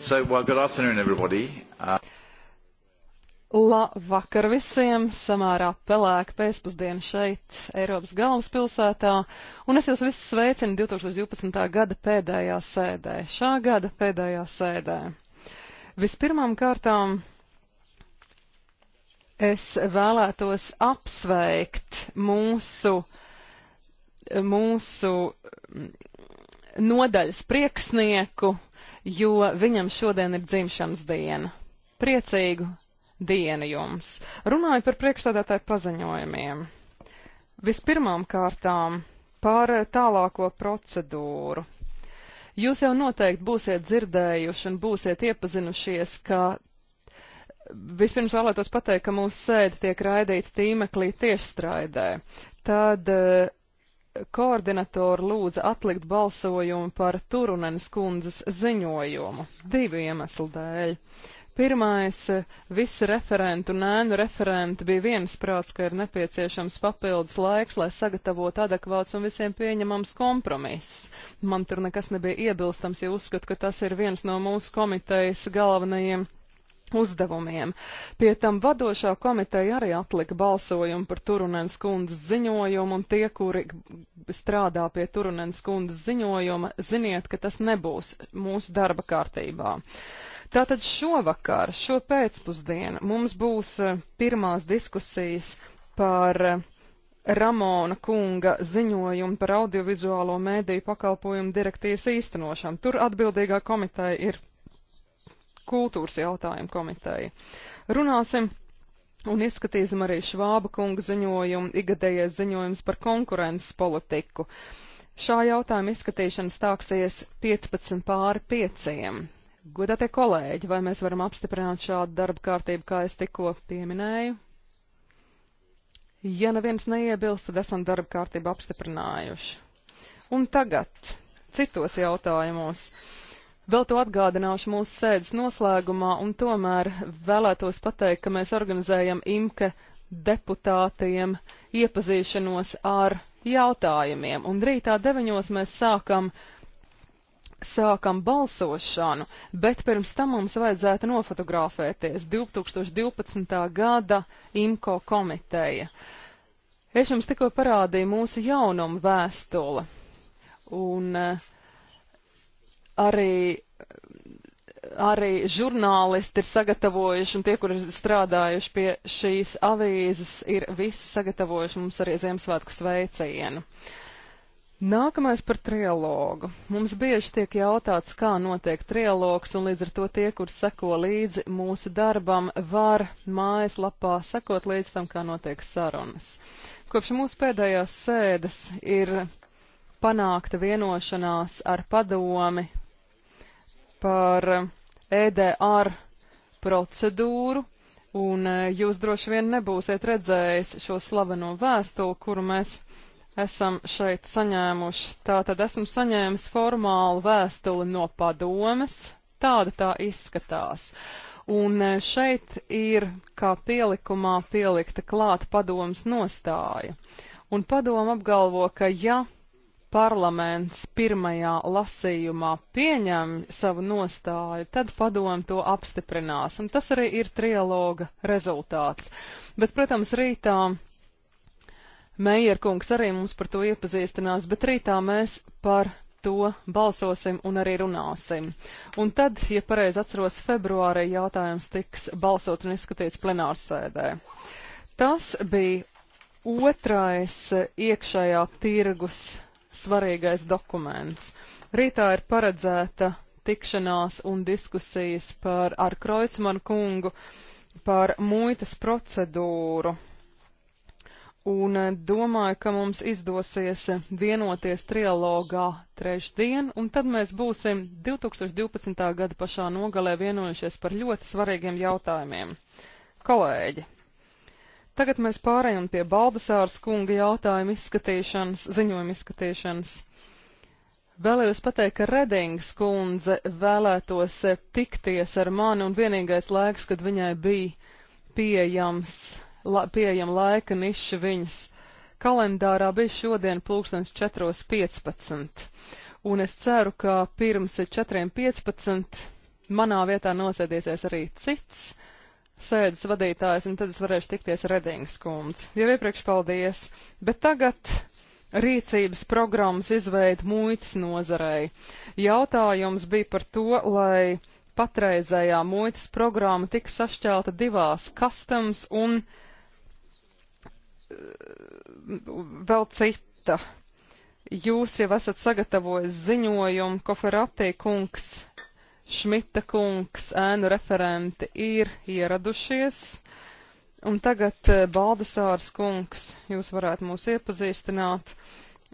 So, well, good afternoon, everybody. Uh... Labvakar visiem! Samērā pelēka pēcpusdiena šeit, Eiropas galvaspilsētā, un es jūs visus sveicinu 2012. gada pēdējā sēdē, šā gada pēdējā sēdē. Vispirmām kārtām es vēlētos apsveikt mūsu, mūsu mm, nodaļas priekšnieku jo viņam šodien ir dzimšanas diena. Priecīgu dienu jums! Runāju par priekšstādātāju paziņojumiem. Vispirmām kārtām par tālāko procedūru. Jūs jau noteikti būsiet dzirdējuši un būsiet iepazinušies, ka vispirms vēlētos pateikt, ka mūsu sēde tiek raidīta tīmeklī tiešstraidē. Tad koordinatori lūdza atlikt balsojumu par Turunenes kundzes ziņojumu divu iemeslu dēļ. Pirmais, visi referenti un ēnu referenti bija viensprāts, ka ir nepieciešams papildus laiks, lai sagatavotu adekvāts un visiem pieņemams kompromiss. Man tur nekas nebija iebilstams, ja uzskatu, ka tas ir viens no mūsu komitejas galvenajiem uzdevumiem. Pie tam vadošā komiteja arī atlika balsojumu par Turunens kundzes ziņojumu, un tie, kuri strādā pie Turunens kundzes ziņojuma, ziniet, ka tas nebūs mūsu darba kārtībā. Tātad šovakar, šo pēcpusdienu, mums būs eh, pirmās diskusijas par eh, Ramona kunga ziņojumu par audiovizuālo mēdīju pakalpojumu direktīvas īstenošanu. Tur atbildīgā komiteja ir kultūras jautājumu komiteja. Runāsim un izskatīsim arī Švāba kunga ziņojumu, igadējais ziņojums par konkurences politiku. Šā jautājuma izskatīšana stāksies 15 pāri 5. Godātie kolēģi, vai mēs varam apstiprināt šādu darba kārtību, kā es tikko pieminēju? Ja neviens neiebilst, tad esam darba kārtību apstiprinājuši. Un tagad citos jautājumos. Uh, Vēl to atgādināšu mūsu sēdes noslēgumā, un tomēr vēlētos pateikt, ka mēs organizējam IMKE deputātiem iepazīšanos ar jautājumiem, un rītā deviņos mēs sākam sākam balsošanu, bet pirms tam mums vajadzētu nofotografēties 2012. gada IMCO komiteja. Es jums tikko parādīju mūsu jaunumu vēstuli, un uh, arī arī žurnālisti ir sagatavojuši, un tie, kur ir strādājuši pie šīs avīzes, ir visi sagatavojuši mums arī Ziemassvētku sveicienu. Nākamais par trilogu. Mums bieži tiek jautāts, kā notiek trilogs, un līdz ar to tie, kur seko līdzi mūsu darbam, var mājaslapā sekot līdz tam, kā notiek sarunas. Kopš mūsu pēdējās sēdes ir panākta vienošanās ar padomi par EDR eh, e procedūru, un eh, jūs droši vien nebūsiet redzējis šo slaveno vēstuli, kuru mēs esam šeit saņēmuši. Tātad esam saņēmis formālu vēstuli no padomes, tāda tā izskatās. Un eh, šeit ir, kā pielikumā, pielikta klāta padomas nostāja. Un padoma apgalvo, ka ja parlaments pirmajā lasījumā pieņem savu nostāju, tad padomu to apstiprinās. Un tas arī ir trialoga rezultāts. Bet, protams, rītā Meierkungs arī mums par to iepazīstinās, bet rītā mēs par to balsosim un arī runāsim. Un tad, ja pareizi atceros, februārī jautājums tiks balsot un izskatīts plenārsēdē. Tas bija otrais iekšējā tirgus svarīgais dokuments. Rītā ir paredzēta tikšanās un diskusijas par ar Kreutzmanu kungu par muitas procedūru. Un eh, domāju, ka mums izdosies vienoties trialogā trešdien, un tad mēs būsim 2012. gada pašā nogalē vienojušies par ļoti svarīgiem jautājumiem. Kolēģi, Tagad mēs pārējām pie Baldasāras kunga jautājuma izskatīšanas, ziņojuma izskatīšanas. Vēlējos pateikt, ka Redings kundze vēlētos tikties ar mani, un vienīgais laiks, kad viņai bija pieejams, la, pieejama laika niša viņas kalendārā, bija šodien pulkstens 4.15. Un es ceru, ka pirms 4.15 manā vietā nosēdīsies arī cits sēdes vadītājs, un tad es varēšu tikties ar Redingas kundzi. Jau iepriekš paldies, bet tagad rīcības programmas izveida muitas nozarei. Jautājums bija par to, lai patreizējā muitas programma tika sašķelta divās customs un uh, vēl cita. Jūs jau esat sagatavojis ziņojumu, Koferatī kungs Šmita kungs, ēnu referenti ir ieradušies. Un tagad eh, Baldasārs kungs, jūs varētu mūs iepazīstināt.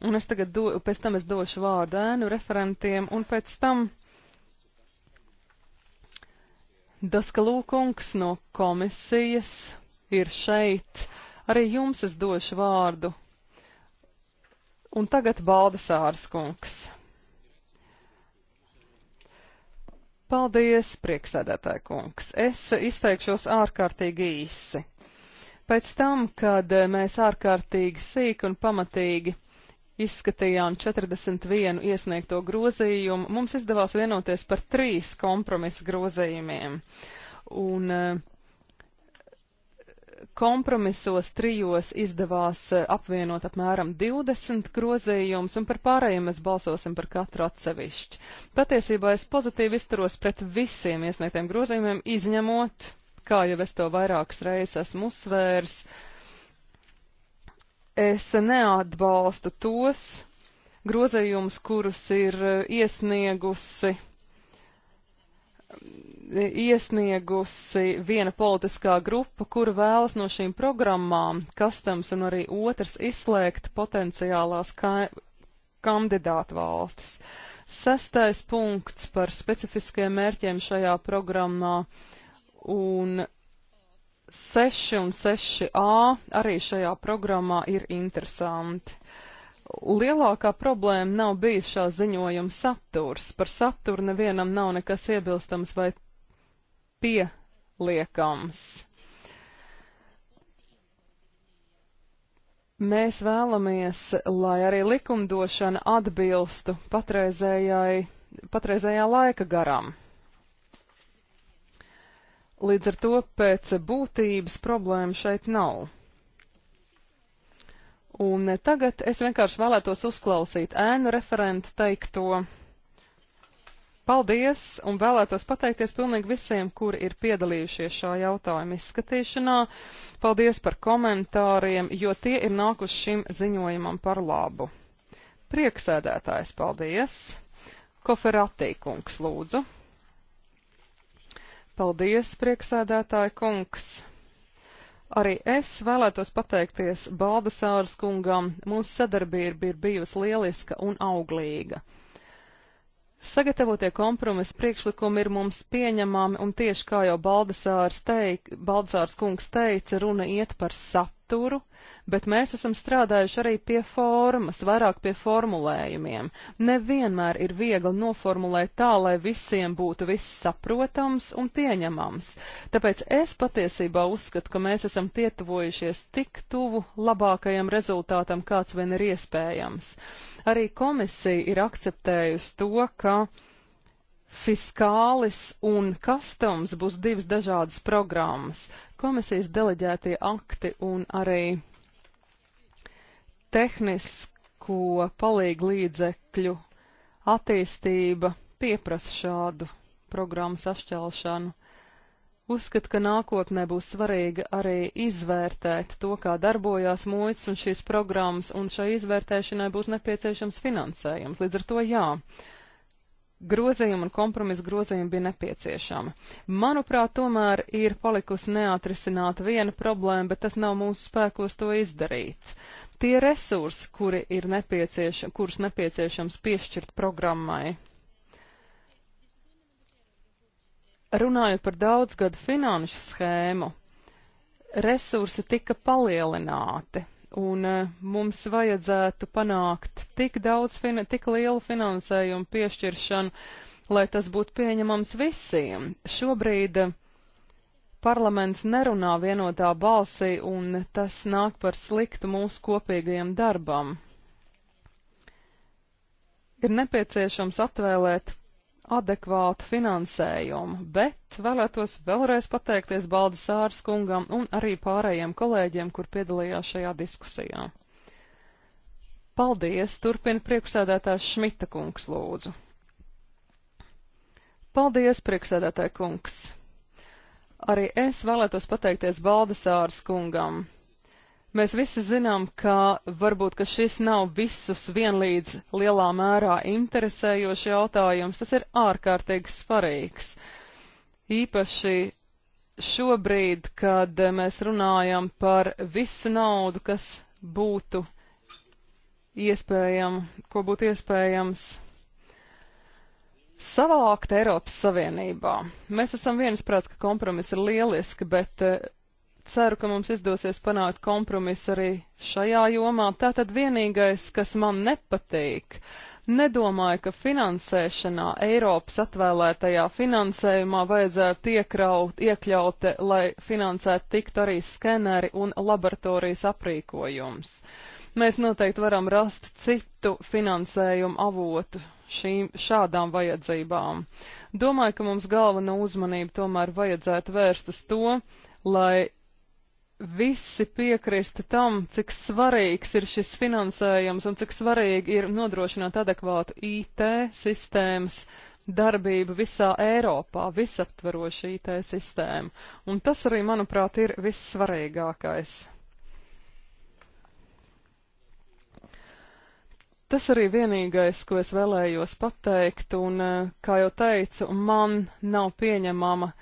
Un es tagad, do, pēc tam es došu vārdu ēnu referentiem, un pēc tam Daskalū kungs no komisijas ir šeit. Arī jums es došu vārdu. Un tagad Baldasārs kungs. Paldies, prieksēdētāji kungs. Es izteikšos ārkārtīgi īsi. Pēc tam, kad mēs ārkārtīgi sīk un pamatīgi izskatījām 41 iesniegto grozījumu, mums izdevās vienoties par trīs kompromisu grozījumiem. Un uh, kompromisos trijos izdevās eh, apvienot apmēram 20 grozījumus, un par pārējiem mēs balsosim par katru atsevišķi. Patiesībā es pozitīvi izturos pret visiem iesniegtiem grozījumiem, izņemot, kā jau es to vairākas reizes esmu uzsvērs, es neatbalstu tos grozījumus, kurus ir eh, iesniegusi iesniegusi viena politiskā grupa, kura vēlas no šīm programmām, kastams un arī otrs, izslēgt potenciālās ka kandidātu valstis. Sestais punkts par specifiskiem mērķiem šajā programmā un 6 un 6a arī šajā programmā ir interesanti. Lielākā problēma nav bijis šā ziņojuma saturs. Par saturu nevienam nav nekas iebilstams vai pieliekams. Mēs vēlamies, lai arī likumdošana atbilstu patreizējā laika garam. Līdz ar to pēc būtības problēma šeit nav. Un tagad es vienkārši vēlētos uzklausīt ēnu referentu teikto. Paldies un vēlētos pateikties pilnīgi visiem, kuri ir piedalījušies šā jautājuma izskatīšanā. Paldies par komentāriem, jo tie ir nākuši šim ziņojumam par labu. Prieksēdētājs, paldies! Koferatī kungs, lūdzu. Paldies, prieksēdētāja kungs! Arī es vēlētos pateikties Baldasāras kungam. Mūsu sadarbība ir bijusi lieliska un auglīga. Sagatavotie kompromisa priekšlikumi ir mums pieņemami, un tieši kā jau Baldasārs, teik, Baldasārs kungs teica, runa iet par sap saturu, bet mēs esam strādājuši arī pie formas, vairāk pie formulējumiem. Nevienmēr ir viegli noformulēt tā, lai visiem būtu viss saprotams un pieņemams. Tāpēc es patiesībā uzskatu, ka mēs esam pietuvojušies tik tuvu labākajam rezultātam, kāds vien ir iespējams. Arī komisija ir akceptējusi to, ka fiskālis un customs būs divas dažādas programmas. Komisijas deleģētie akti un arī tehnisko palīgu līdzekļu attīstība pieprasa šādu programmu sašķelšanu. Uzskat, ka nākotnē būs svarīgi arī izvērtēt to, kā darbojās muitas un šīs programmas, un šai izvērtēšanai būs nepieciešams finansējums. Līdz ar to jā, grozījumi un kompromisa grozījumi bija nepieciešami. Manuprāt, tomēr ir palikusi neatrisināta viena problēma, bet tas nav mūsu spēkos to izdarīt. Tie resursi, kuri ir nepieciešami, kurus nepieciešams piešķirt programmai. Runājot par daudzgadu finanšu schēmu, resursi tika palielināti un eh, mums vajadzētu panākt tik daudz, tik lielu finansējumu piešķiršanu, lai tas būtu pieņemams visiem. Šobrīd eh, parlaments nerunā vienotā balsī, un tas nāk par sliktu mūsu kopīgajam darbam. Ir nepieciešams atvēlēt adekvātu finansējumu, bet vēlētos vēlreiz pateikties Balda Sāras kungam un arī pārējiem kolēģiem, kur piedalījās šajā diskusijā. Paldies! Turpina priekšsēdētājs Šmita kungs lūdzu. Paldies, priekšsēdētāja kungs! Arī es vēlētos pateikties Baldasāras kungam. Mēs visi zinām, ka varbūt, ka šis nav visus vienlīdz lielā mērā interesējošs jautājums, tas ir ārkārtīgi svarīgs. Īpaši šobrīd, kad mēs runājam par visu naudu, kas būtu iespējama, ko būtu iespējams savākt Eiropas Savienībā. Mēs esam viensprāts, ka kompromiss ir lieliski, bet eh, ceru, ka mums izdosies panākt kompromisu arī šajā jomā. Tātad vienīgais, kas man nepatīk, nedomāju, ka finansēšanā Eiropas atvēlētajā finansējumā vajadzētu iekraut, iekļaut, lai finansētu tiktu arī skeneri un laboratorijas aprīkojums. Mēs noteikti varam rast citu finansējumu avotu šīm, šādām vajadzībām. Domāju, ka mums galveno uzmanību tomēr vajadzētu vērst uz to, lai visi piekrist tam, cik svarīgs ir šis finansējums un cik svarīgi ir nodrošināt adekvātu IT sistēmas darbību visā Eiropā, visaptvaroša IT sistēma. Un tas arī, manuprāt, ir vissvarīgākais. Tas arī vienīgais, ko es vēlējos pateikt, un, eh, kā jau teicu, man nav pieņemama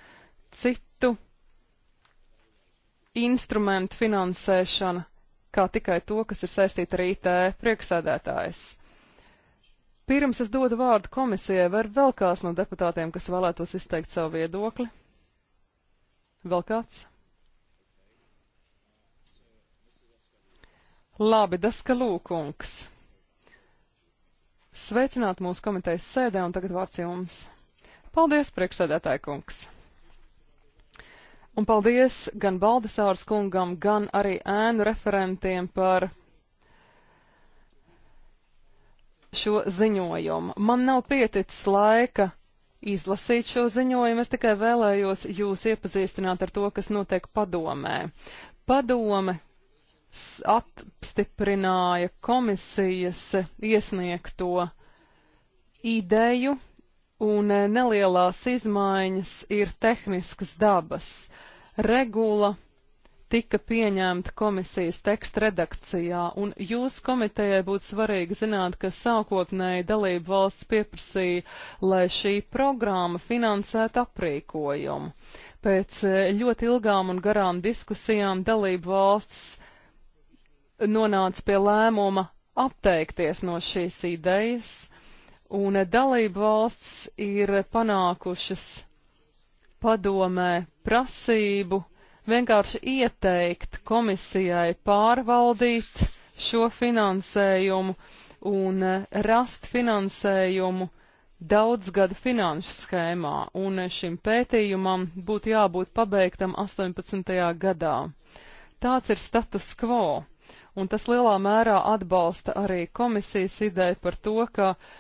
citu instrumentu finansēšana, kā tikai to, kas ir saistīta ar IT priekšsēdētājs. Pirms es dodu vārdu komisijai, var vēl kāds no deputātiem, kas vēlētos izteikt savu viedokli? Vēl kāds? Labi, Daska Lūkungs. Sveicināt mūsu komitejas sēdē un tagad vārds jums. Paldies, priekšsēdētāji kungs. Un paldies gan Baldesāras kungam, gan arī ēnu referentiem par šo ziņojumu. Man nav pieticis laika izlasīt šo ziņojumu, es tikai vēlējos jūs iepazīstināt ar to, kas notiek padomē. Padome apstiprināja komisijas iesniegto ideju un eh, nelielās izmaiņas ir tehniskas dabas. Regula tika pieņemta komisijas teksta redakcijā, un jūs komitejai būtu svarīgi zināt, ka sākotnēji dalību valsts pieprasīja, lai šī programma finansētu aprīkojumu. Pēc eh, ļoti ilgām un garām diskusijām dalību valsts nonāca pie lēmuma atteikties no šīs idejas, un dalību valsts ir panākušas padomē prasību vienkārši ieteikt komisijai pārvaldīt šo finansējumu un rast finansējumu daudzgadu finanšu schēmā, un šim pētījumam būtu jābūt pabeigtam 18. gadā. Tāds ir status quo, un tas lielā mērā atbalsta arī komisijas ideju par to, ka uh,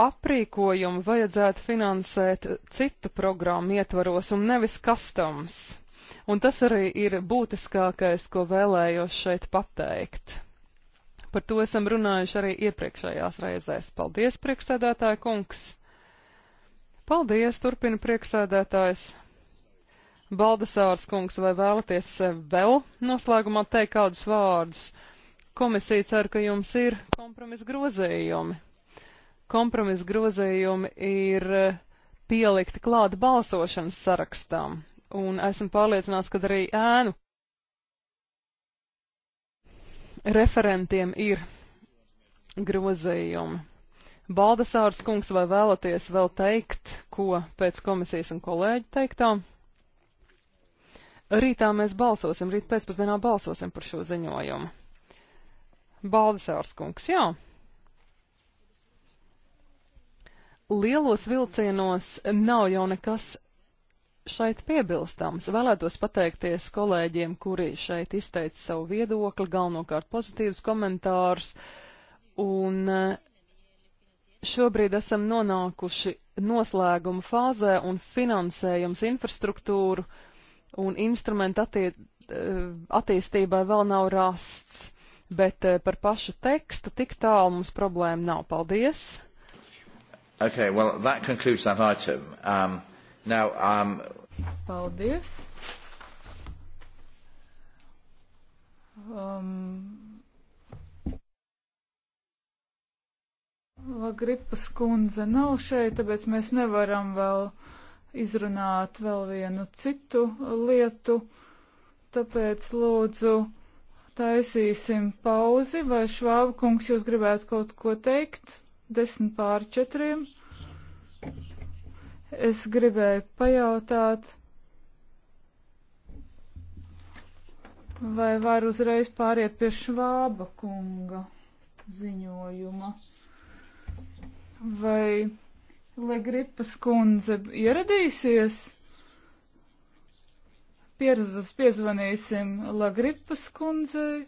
aprīkojumu vajadzētu finansēt citu programmu ietvaros un nevis customs. Un tas arī ir būtiskākais, ko vēlējos šeit pateikt. Par to esam runājuši arī iepriekšējās reizēs. Paldies, priekšsēdētāja kungs! Paldies, turpina priekšsēdētājs. Baldasārs kungs, vai vēlaties vēl noslēgumā teikt kādus vārdus? Komisija cer, ka jums ir kompromisa grozījumi kompromisa grozējumi ir eh, pielikti klāt balsošanas sarakstam, un esmu pārliecināts, ka arī ēnu referentiem ir grozījumi. Baldasārs kungs, vai vēlaties vēl teikt, ko pēc komisijas un kolēģi teiktā? Rītā mēs balsosim, rīt pēcpusdienā balsosim par šo ziņojumu. Baldasārs kungs, jā. lielos vilcienos nav jau nekas šeit piebilstams. Vēlētos pateikties kolēģiem, kuri šeit izteica savu viedokli, galvenokārt pozitīvus komentārus. Un eh, šobrīd esam nonākuši noslēguma fāzē un finansējums infrastruktūru un instrumentu attie, eh, attīstībai vēl nav rasts, bet eh, par pašu tekstu tik tālu mums problēma nav. Paldies! Okay, well, that concludes that item. Um, now, um... Paldies. Um, Lagripas kundze nav šeit, tāpēc mēs nevaram vēl izrunāt vēl vienu citu lietu. Tāpēc lūdzu taisīsim pauzi, vai Švāba kungs jūs gribētu kaut ko teikt? 10 pār 4. Es gribēju pajautāt, vai var uzreiz pāriet pie Švāba kunga ziņojuma. Vai Legripas kundze ieradīsies? Pierzvas piezvanīsim Legripas kundzei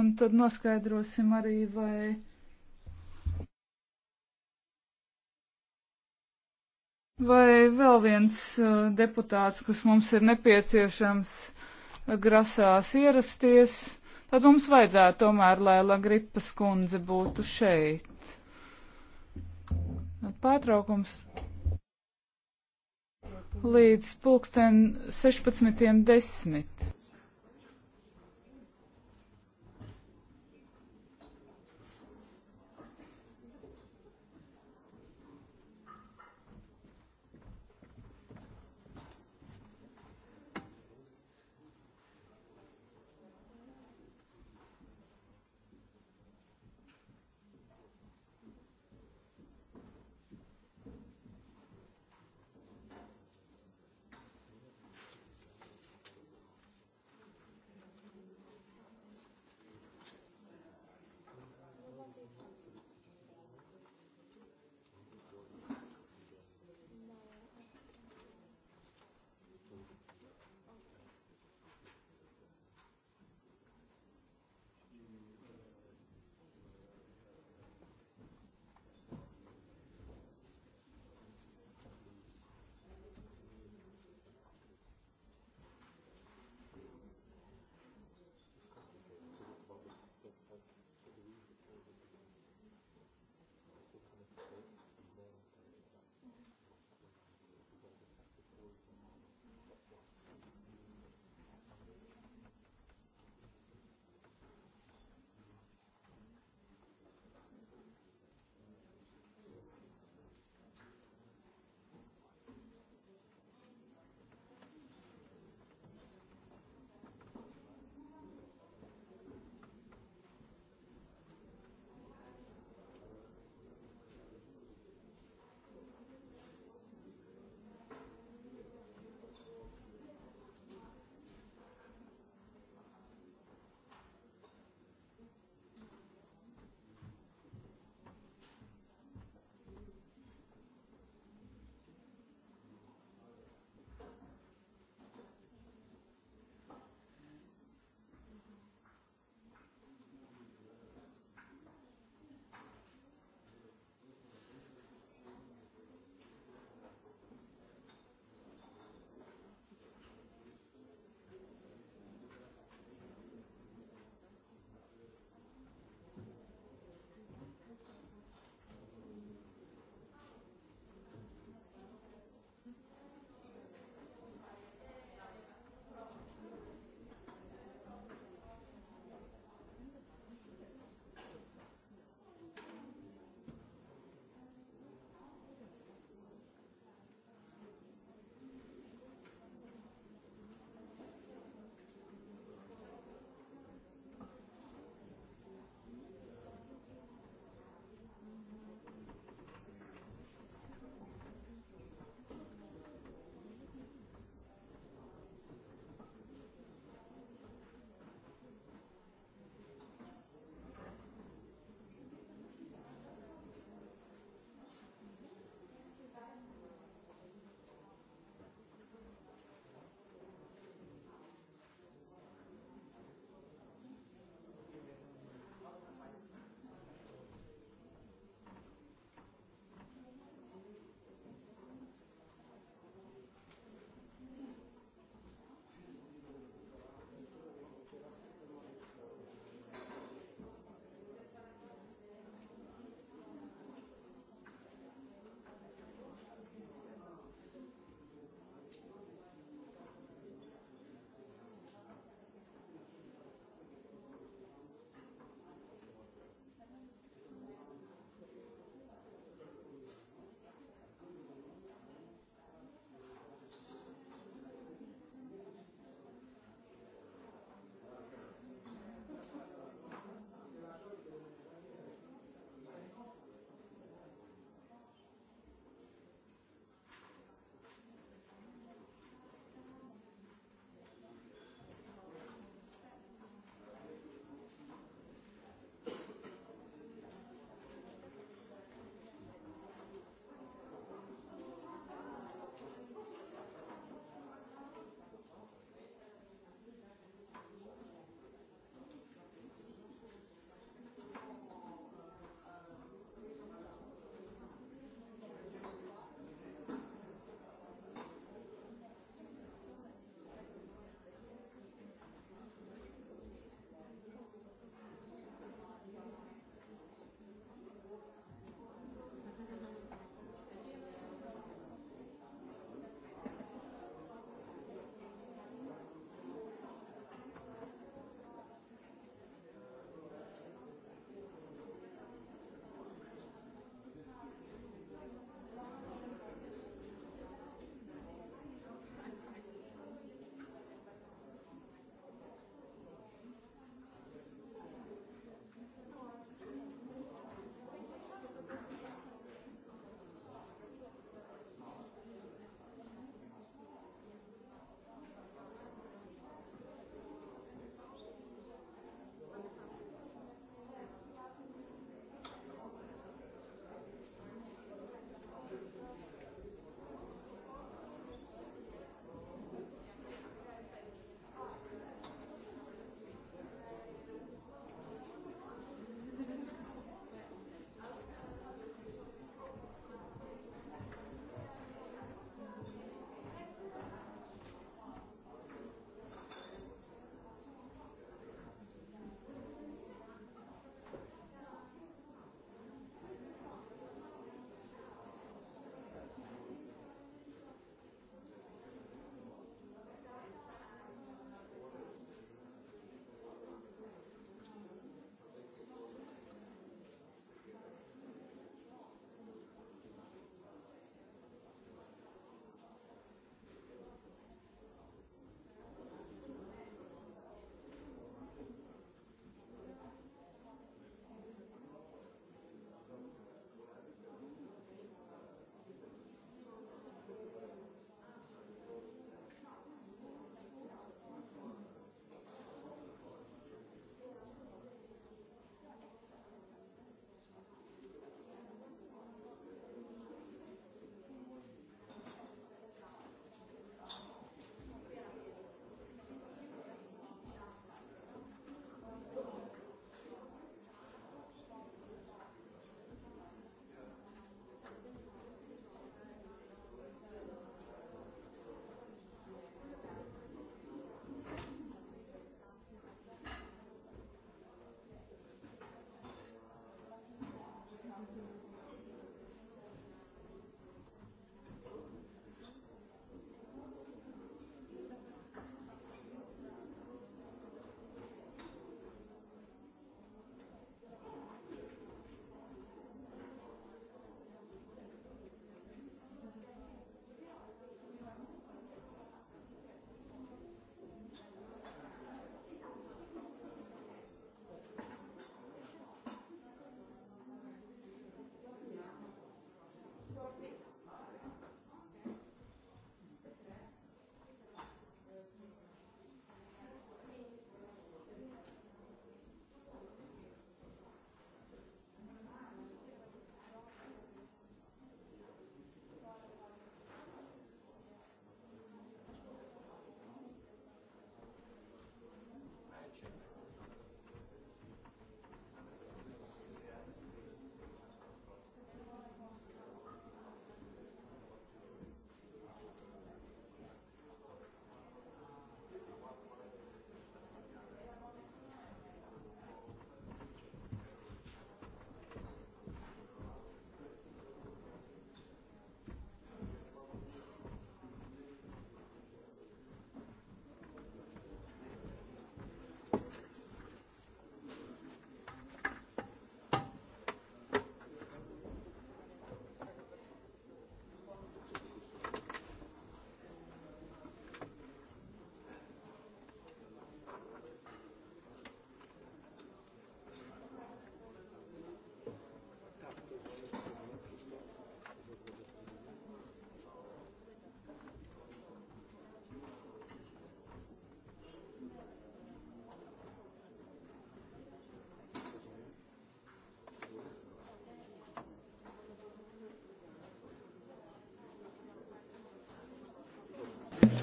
un tad noskaidrosim arī, vai Vai vēl viens uh, deputāts, kas mums ir nepieciešams, uh, grasās ierasties, tad mums vajadzētu tomēr, lai Lagripas kundze būtu šeit. Pārtraukums līdz pulksten 16.10.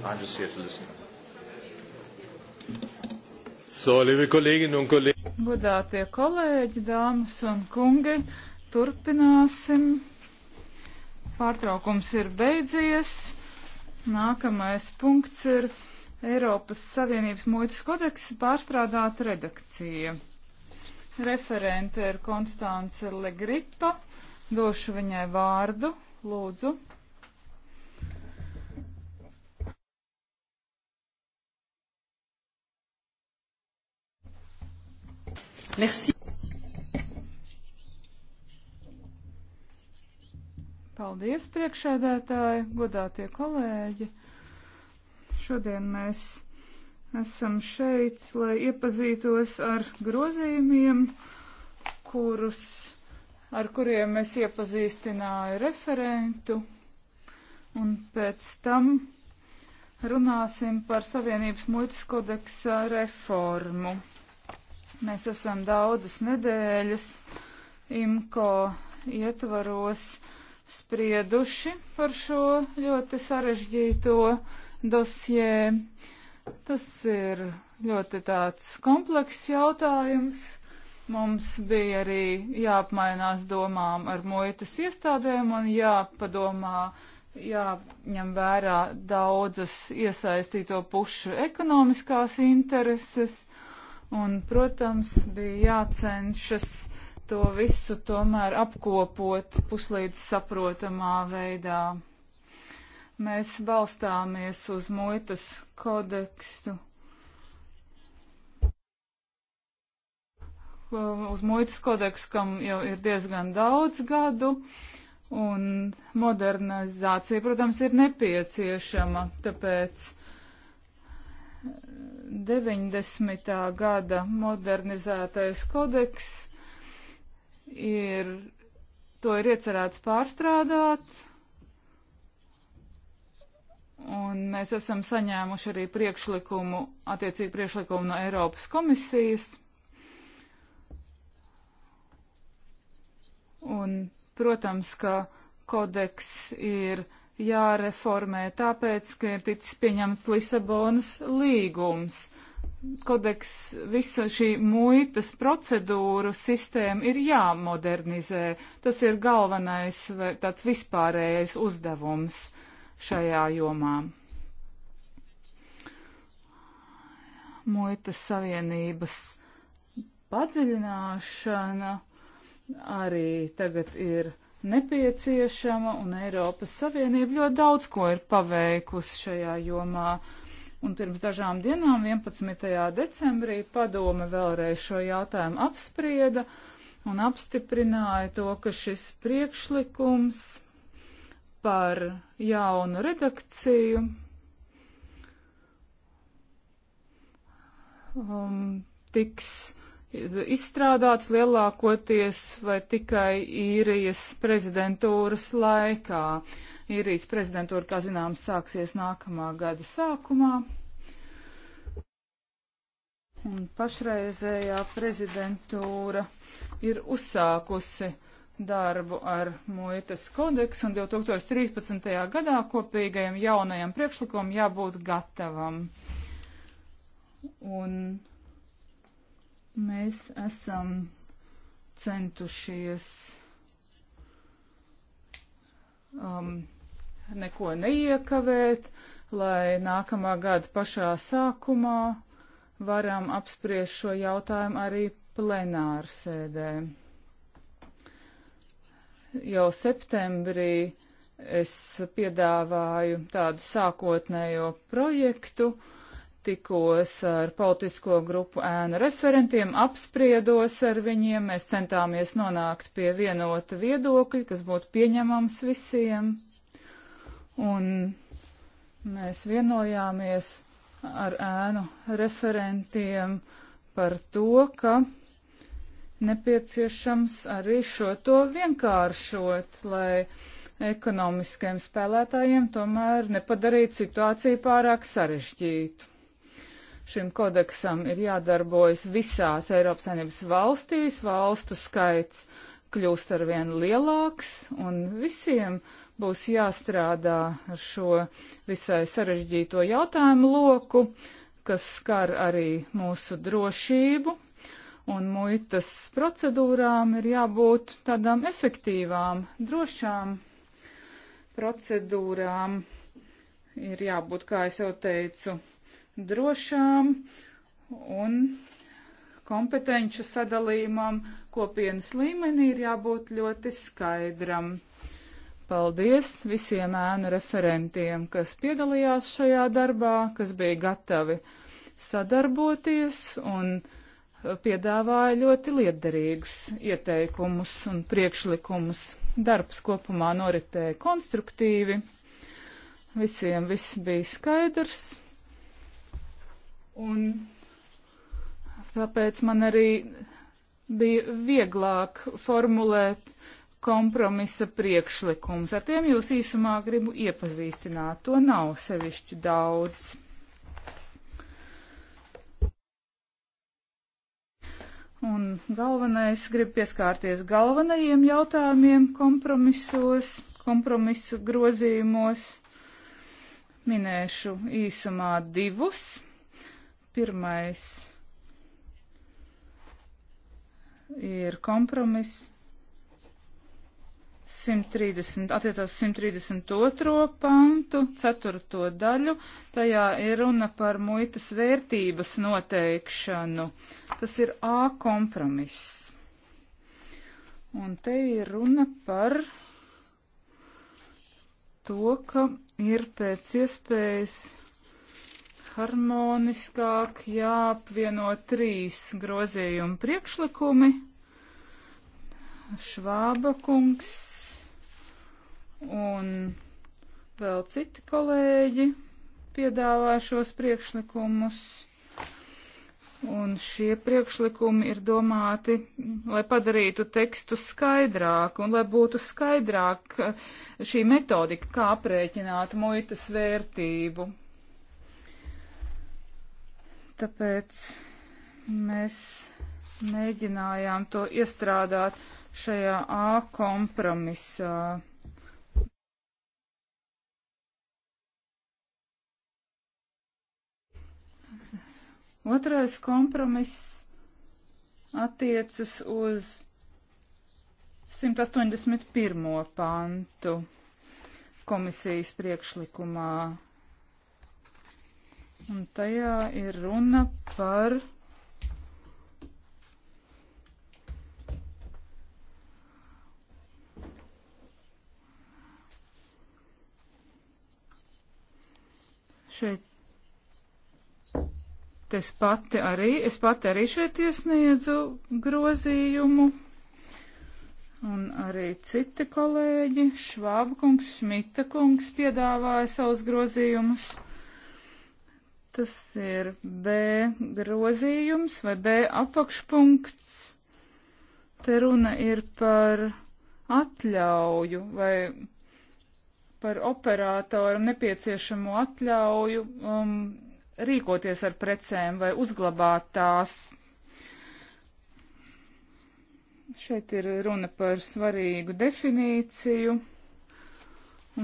I'm just here to listen. So, liebe Kolleginnen un Kollegen. Godātie kolēģi, dāmas un kungi, turpināsim. Pārtraukums ir beidzies. Nākamais punkts ir Eiropas Savienības muitas kodeksa pārstrādāta redakcija. Referente ir Konstance Legripa. Došu viņai vārdu. Lūdzu. Merci. Paldies, priekšēdētāji, godātie kolēģi. Šodien mēs esam šeit, lai iepazītos ar grozījumiem, kurus, ar kuriem es iepazīstināju referentu, un pēc tam runāsim par Savienības muitas kodeksa reformu. Mēs esam daudzas nedēļas IMCO ietvaros sprieduši par šo ļoti sarežģīto dosjē. Tas ir ļoti tāds komplekss jautājums. Mums bija arī jāapmainās domām ar muitas iestādēm un jāpadomā, jāņem vērā daudzas iesaistīto pušu ekonomiskās intereses. Un, protams, bija jācenšas to visu tomēr apkopot puslīdz saprotamā veidā. Mēs balstāmies uz muitas kodekstu, uz muitas kodeksu, kam jau ir diezgan daudz gadu, un modernizācija, protams, ir nepieciešama, tāpēc 90. gada modernizētais kodeks ir, to ir iecerēts pārstrādāt, un mēs esam saņēmuši arī priekšlikumu, attiecīgi priekšlikumu no Eiropas komisijas. Un, protams, ka kodeks ir jāreformē, tāpēc, ka ir ticis pieņemts Lisabonas līgums. Kodeks visa šī muitas procedūru sistēma ir jāmodernizē. Tas ir galvenais vai tāds vispārējais uzdevums šajā jomā. Muitas savienības padziļināšana arī tagad ir nepieciešama, un Eiropas Savienība ļoti daudz ko ir paveikusi šajā jomā. Un pirms dažām dienām, 11. decembrī, padome vēlreiz šo jautājumu apsprieda un apstiprināja to, ka šis priekšlikums par jaunu redakciju um, tiks izstrādāts lielākoties vai tikai īrijas prezidentūras laikā. Īrijas prezidentūra, kā zināms, sāksies nākamā gada sākumā. Un pašreizējā prezidentūra ir uzsākusi darbu ar muitas kodeksu un 2013. gadā kopīgajam jaunajam priekšlikumam jābūt gatavam. Un Mēs esam centušies um, neko neiekavēt, lai nākamā gada pašā sākumā varam apspriest šo jautājumu arī plenāru sēdē. Jau septembrī es piedāvāju tādu sākotnējo projektu, tikos ar politisko grupu ēnu referentiem, apspriedos ar viņiem, mēs centāmies nonākt pie vienota viedokļa, kas būtu pieņemams visiem. Un mēs vienojāmies ar ēnu referentiem par to, ka nepieciešams arī šo to vienkāršot, lai ekonomiskiem spēlētājiem tomēr nepadarītu situāciju pārāk sarežģītu. Šim kodeksam ir jādarbojas visās Eiropas Savienības valstīs, valstu skaits kļūst arvien lielāks, un visiem būs jāstrādā ar šo visai sarežģīto jautājumu loku, kas skar arī mūsu drošību, un muitas procedūrām ir jābūt tādām efektīvām, drošām procedūrām. Ir jābūt, kā es jau teicu, drošām un kompetenču sadalījumam kopienas līmenī ir jābūt ļoti skaidram. Paldies visiem ēnu referentiem, kas piedalījās šajā darbā, kas bija gatavi sadarboties un piedāvāja ļoti liederīgus ieteikumus un priekšlikumus. Darbs kopumā noritēja konstruktīvi, visiem viss bija skaidrs. Un tāpēc man arī bija vieglāk formulēt kompromisa priekšlikums. Ar tiem jūs īsumā gribu iepazīstināt. To nav sevišķi daudz. Un galvenais, grib pieskārties galvenajiem jautājumiem kompromisos, kompromisu grozījumos. Minēšu īsumā divus. Pirmais ir kompromiss 130, attiecās 132. pantu, 4. daļu. Tajā ir runa par muitas vērtības noteikšanu. Tas ir A kompromiss. Un te ir runa par to, ka ir pēc iespējas harmoniskāk jāapvieno trīs grozījumu priekšlikumi. Švāba kungs un vēl citi kolēģi piedāvā šos priekšlikumus. Un šie priekšlikumi ir domāti, lai padarītu tekstu skaidrāku un lai būtu skaidrāk šī metodika, kā aprēķināt muitas vērtību. Tāpēc mēs mēģinājām to iestrādāt šajā A kompromisā. Otrais kompromiss attiecas uz 181. pantu komisijas priekšlikumā. Un tajā ir runa par šeit es pati arī, es pati arī šeit iesniedzu grozījumu, un arī citi kolēģi, Švābkungs, Šmita kungs piedāvāja savus grozījumus. Tas ir B grozījums vai B apakšpunkts. Te runa ir par atļauju vai par operātoru nepieciešamo atļauju um, rīkoties ar precēm vai uzglabāt tās. Šeit ir runa par svarīgu definīciju,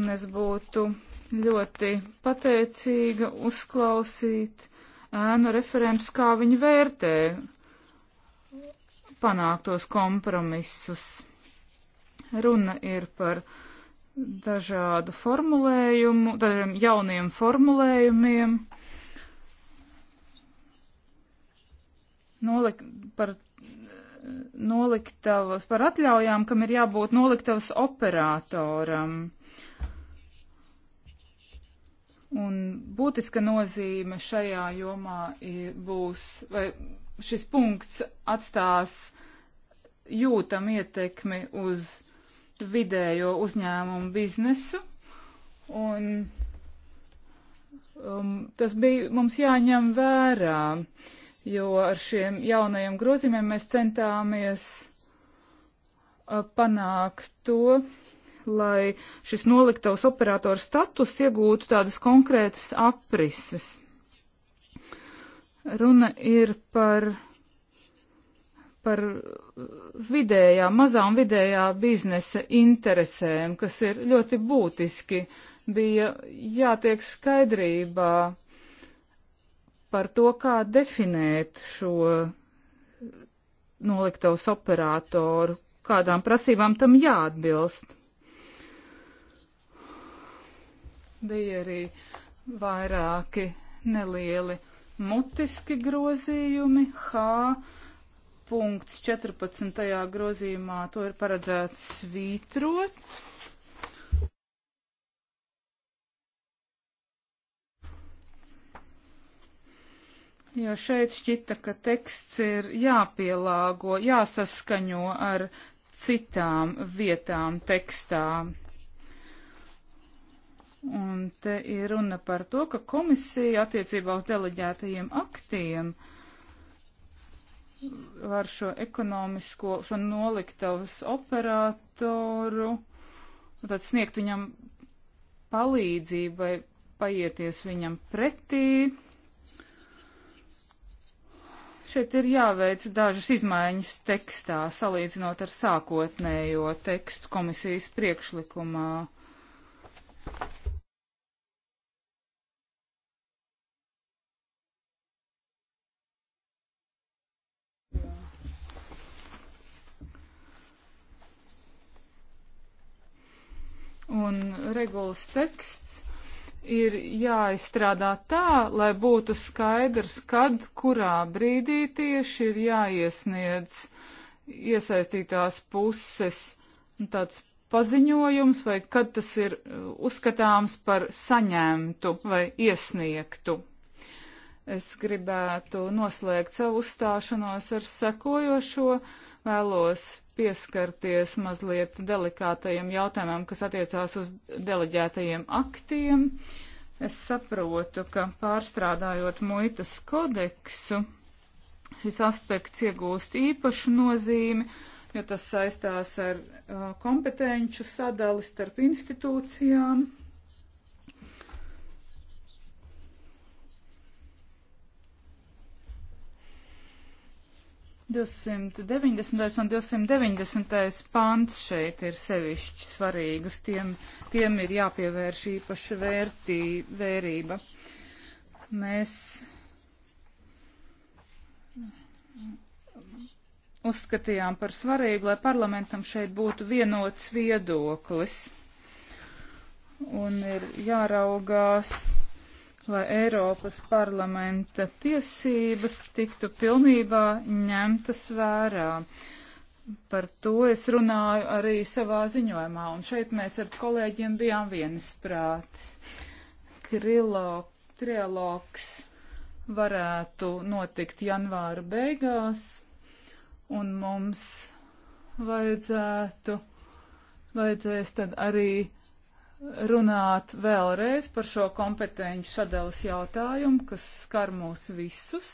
un es būtu ļoti pateicīga uzklausīt ēnu referentus, kā viņi vērtē panāktos kompromisus. Runa ir par dažādu formulējumu, dažiem jauniem formulējumiem, nolik, par noliktavas, par atļaujām, kam ir jābūt noliktavas operatoram. Un būtiska nozīme šajā jomā būs, vai šis punkts atstās jūtam ietekmi uz vidējo uzņēmumu biznesu. Un um, tas bija mums jāņem vērā, jo ar šiem jaunajiem grozījumiem mēs centāmies uh, panākt to, lai šis noliktavas operators status iegūtu tādas konkrētas aprises. Runa ir par, par vidējā, mazā un vidējā biznesa interesēm, kas ir ļoti būtiski. Bija jātiek skaidrībā par to, kā definēt šo noliktavas operātoru, kādām prasībām tam jāatbilst. Bija arī vairāki nelieli mutiski grozījumi. H. punkts 14. grozījumā to ir paredzēts svītrot. Jo šeit šķita, ka teksts ir jāpielāgo, jāsaskaņo ar citām vietām tekstām. Un te ir runa par to, ka komisija attiecībā uz deleģētajiem aktiem var šo ekonomisko, šo noliktavas operatoru, tad sniegt viņam palīdzību vai paieties viņam pretī. Šeit ir jāveic dažas izmaiņas tekstā, salīdzinot ar sākotnējo tekstu komisijas priekšlikumā. un regulas teksts ir jāizstrādā tā, lai būtu skaidrs, kad, kurā brīdī tieši ir jāiesniedz iesaistītās puses tāds paziņojums, vai kad tas ir uh, uzskatāms par saņemtu vai iesniegtu. Es gribētu noslēgt savu uzstāšanos ar sekojošo. Uh, Vēlos pieskarties mazliet delikātajiem jautājumam, kas attiecās uz deleģētajiem aktiem. Es saprotu, ka pārstrādājot muitas kodeksu, šis aspekts iegūst īpašu nozīmi, jo tas saistās ar uh, kompetenču sadali starp institūcijām. 290. un 290. pants šeit ir sevišķi svarīgus, tiem, tiem ir jāpievērš īpaša vērtī, vērība. Mēs uzskatījām par svarīgu, lai parlamentam šeit būtu vienots viedoklis. Un ir jāraugās lai Eiropas parlamenta tiesības tiktu pilnībā ņemtas vērā. Par to es runāju arī savā ziņojumā, un šeit mēs ar kolēģiem bijām vienisprātis. Krilo, trialogs varētu notikt janvāra beigās, un mums vajadzētu, vajadzēs tad arī runāt vēlreiz par šo kompetenci sadalas jautājumu, kas skar mūs visus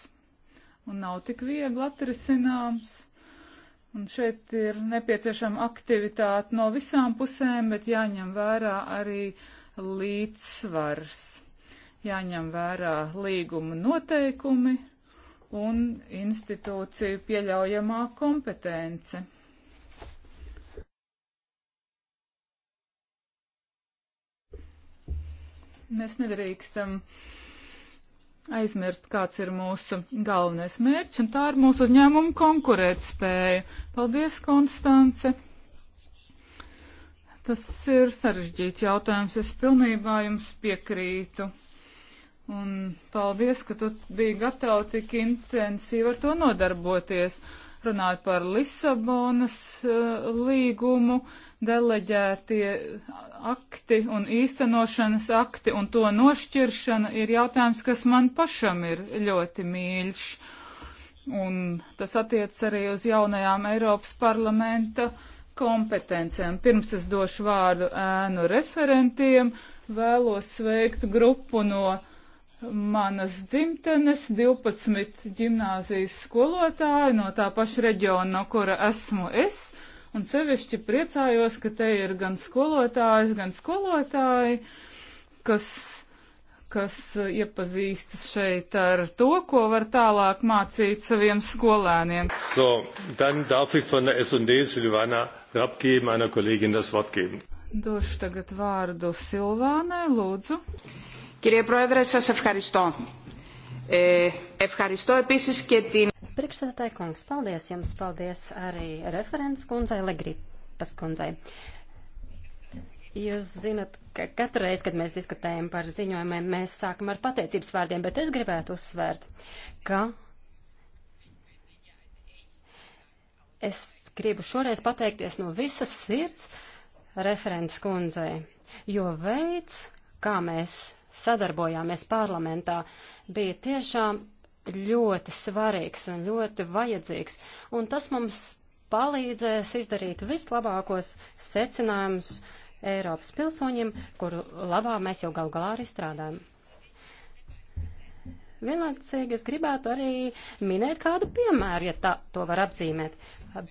un nav tik viegli atrisināms. Un šeit ir nepieciešama aktivitāte no visām pusēm, bet jāņem vērā arī līdzsvars. Jāņem vērā līguma noteikumi un institūciju pieļaujamā kompetence. Mēs nedrīkstam aizmirst, kāds ir mūsu galvenais mērķis, un tā ir mūsu uzņēmuma konkurētspēja. Paldies, Konstance! Tas ir sarežģīts jautājums. Es pilnībā jums piekrītu. Un paldies, ka tu biji gatava tik intensīvi ar to nodarboties runāt par Lisabonas uh, līgumu, deleģētie akti un īstenošanas akti un to nošķiršana ir jautājums, kas man pašam ir ļoti mīļš. Un tas attiec arī uz jaunajām Eiropas parlamenta kompetencēm. Pirms es došu vārdu ēnu referentiem, vēlos sveikt grupu no manas dzimtenes 12 gimnāzijas skolotāji no tā paša reģiona, no kura esmu es. Un sevišķi priecājos, ka te ir gan skolotājs, gan skolotāji, kas, kas iepazīstas šeit ar to, ko var tālāk mācīt saviem skolēniem. So, dann darf ich von der S&D Silvana Rapke, meiner Kollegin, das Wort geben. Došu tagad vārdu Silvānai, lūdzu. Uh, Κύριε Πρόεδρε, σας ευχαριστώ. Ε, ευχαριστώ επίσης και την... Priekšsēdētāji kungs, paldies jums, paldies arī referents kundzei Legripas kundzei. Jūs zinat, ka katru reizi, kad mēs diskutējam par ziņojumiem, mēs sākam ar pateicības vārdiem, bet es gribētu uzsvērt, ka es gribu šoreiz pateikties no visas sirds referents kundzei, jo veids, kā mēs sadarbojāmies parlamentā, bija tiešām ļoti svarīgs un ļoti vajadzīgs, un tas mums palīdzēs izdarīt vislabākos secinājumus Eiropas pilsoņiem, kuru labā mēs jau gal galā arī strādājam. Vienlaicīgi es gribētu arī minēt kādu piemēru, ja tā to var apzīmēt.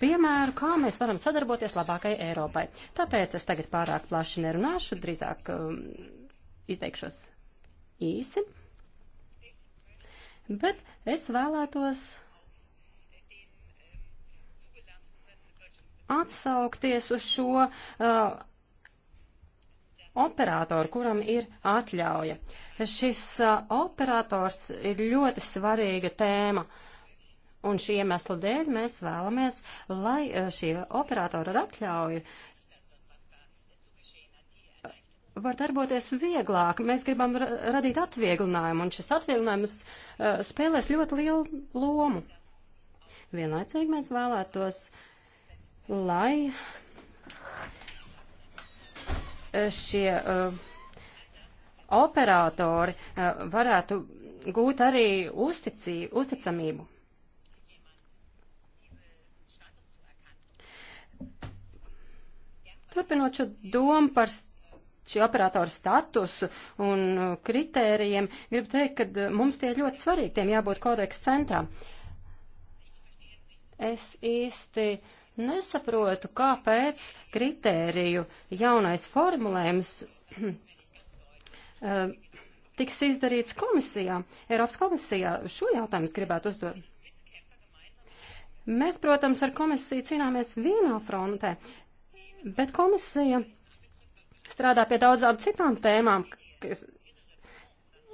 Piemēru, kā mēs varam sadarboties labākai Eiropai. Tāpēc es tagad pārāk plaši nerunāšu, drīzāk um, izteikšos īsi, bet es vēlētos atsaukties uz šo uh, operatoru, kuram ir atļauja. Šis uh, operators ir ļoti svarīga tēma. Un šī iemesla dēļ mēs vēlamies, lai uh, šie operatori ar atļauju var darboties vieglāk. Mēs gribam ra radīt atvieglinājumu, un šis atvieglinājums uh, spēlēs ļoti lielu lomu. Vienlaicīgi mēs vēlētos, lai uh, šie uh, operatori uh, varētu gūt arī uzticī, uzticamību. Turpinot šo domu par šī operatora statusu un uh, kritērijiem, gribu teikt, ka uh, mums tie ļoti svarīgi, tiem jābūt kodeks centrā. Es īsti nesaprotu, kāpēc kritēriju jaunais formulējums uh, tiks izdarīts komisijā, Eiropas komisijā. Šo jautājumu es gribētu uzdot. Mēs, protams, ar komisiju cīnāmies vienā frontē, bet komisija strādā pie daudzām citām tēmām kas,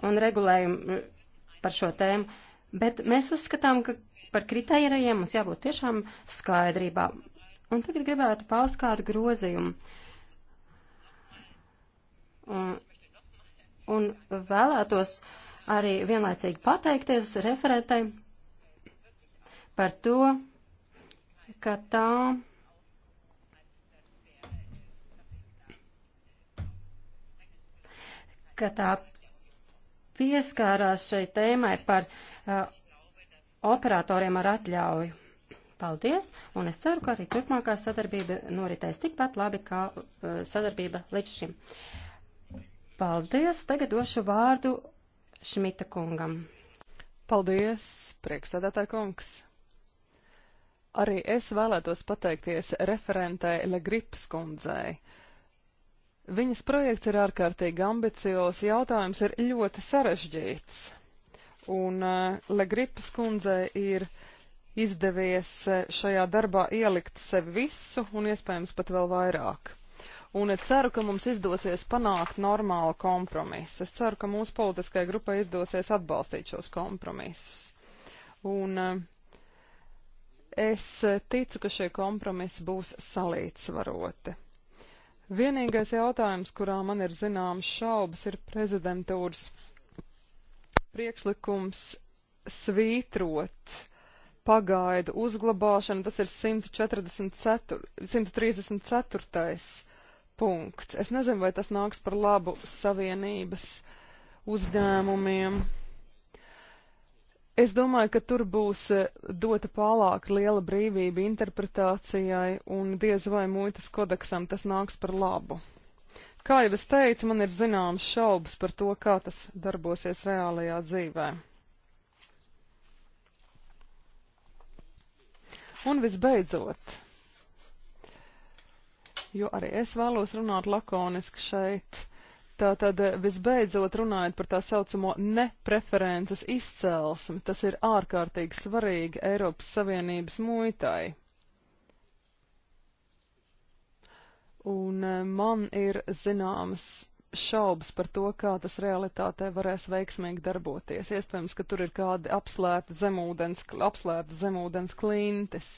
un regulējumu e, par šo tēmu, bet mēs uzskatām, ka par kritērijiem mums jābūt tiešām skaidrībā. Un tagad gribētu paust kādu grozījumu. Un, un vēlētos arī vienlaicīgi pateikties referentei par to, ka tā ka tā pieskārās šai tēmai par uh, operatoriem ar atļauju. Paldies, un es ceru, ka arī turpmākā sadarbība noritēs tikpat labi kā uh, sadarbība līdz šim. Paldies, tagad došu vārdu Šmita kungam. Paldies, priekšsēdētāj kungs. Arī es vēlētos pateikties referentē Legrips kundzei Viņas projekts ir ārkārtīgi ambiciozs, jautājums ir ļoti sarežģīts. Un uh, Legripas kundzei ir izdevies eh, šajā darbā ielikt sev visu un iespējams pat vēl vairāk. Un ceru, ka mums izdosies panākt normālu kompromisu. Es ceru, ka mūsu politiskajai grupai izdosies atbalstīt šos kompromisus. Un uh, es ticu, ka šie kompromisi būs salīdzvaroti. Vienīgais jautājums, kurā man ir zināmas šaubas, ir prezidentūras priekšlikums svītrot pagaidu uzglabāšanu. Tas ir 144, 134. punkts. Es nezinu, vai tas nāks par labu savienības uzņēmumiem. Es domāju, ka tur būs eh, dota pārāk liela brīvība interpretācijai, un diez vai muitas kodeksam tas nāks par labu. Kā jau es teicu, man ir zināmas šaubas par to, kā tas darbosies reālajā dzīvē. Un visbeidzot, jo arī es vēlos runāt lakoniski šeit, Tātad eh, visbeidzot runājot par tā saucamo nepreferences izcelsmi, tas ir ārkārtīgi svarīgi Eiropas Savienības muitai. Un eh, man ir zināmas šaubas par to, kā tas realitātē varēs veiksmīgi darboties. Iespējams, ka tur ir kādi apslēpti zemūdens, apslēpti zemūdens klintis.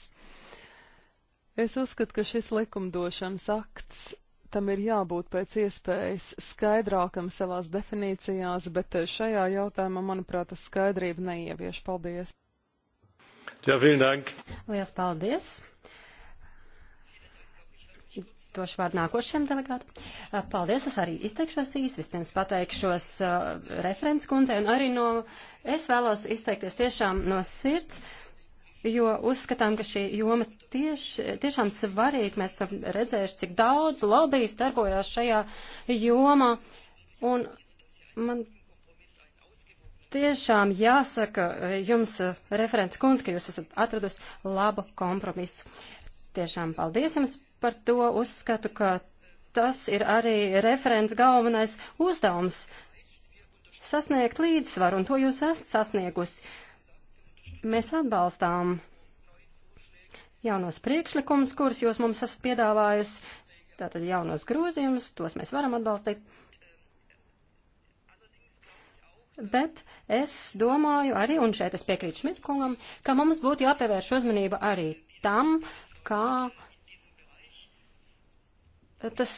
Es uzskatu, ka šis likumdošanas akts tam ir jābūt pēc iespējas skaidrākam savās definīcijās, bet eh, šajā jautājumā, manuprāt, tas skaidrība neievieš. Paldies! Jā, dank. Lielas paldies! Došu vārdu nākošajam delegātam. Eh, paldies, es arī izteikšos īsi. Vispirms pateikšos uh, referents kundzei un arī no, es vēlos izteikties tiešām no sirds. Uh, jo uzskatām, ka šī joma tieši, tiešām svarīga. Mēs esam redzējuši, cik daudz lobijas darbojās šajā jomā. Un man tiešām jāsaka jums, referents kundz, ka jūs esat atradusi labu kompromisu. Tiešām paldies jums par to. Uzskatu, ka tas ir arī referents galvenais uzdevums sasniegt līdzsvaru, un to jūs esat sasniegusi. Uh, Mēs atbalstām jaunos priekšlikumus, kurus jūs mums esat piedāvājusi, tātad jaunos grozījumus, tos mēs varam atbalstīt. Bet es domāju arī, un šeit es piekrītu Šmitkungam, ka mums būtu jāpievērš uzmanība arī tam, kā tas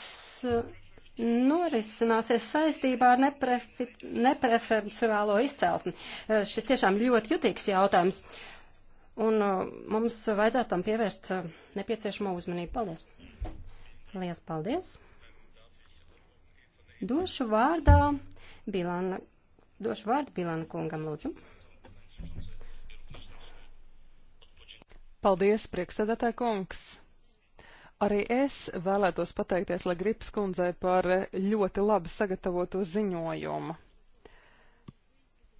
norisināsies saistībā ar neprefi, nepreferenciālo izcelsmi. Eh, šis tiešām ļoti jutīgs jautājums, un eh, mums vajadzētu tam pievērst eh, nepieciešamo uzmanību. Paldies! Lielas paldies! Došu vārdā Bilana, došu vārdu Bilana kungam, lūdzu. Paldies, priekšsēdētāji kungs! Arī es vēlētos pateikties Legrips kundzei par ļoti labi sagatavoto ziņojumu.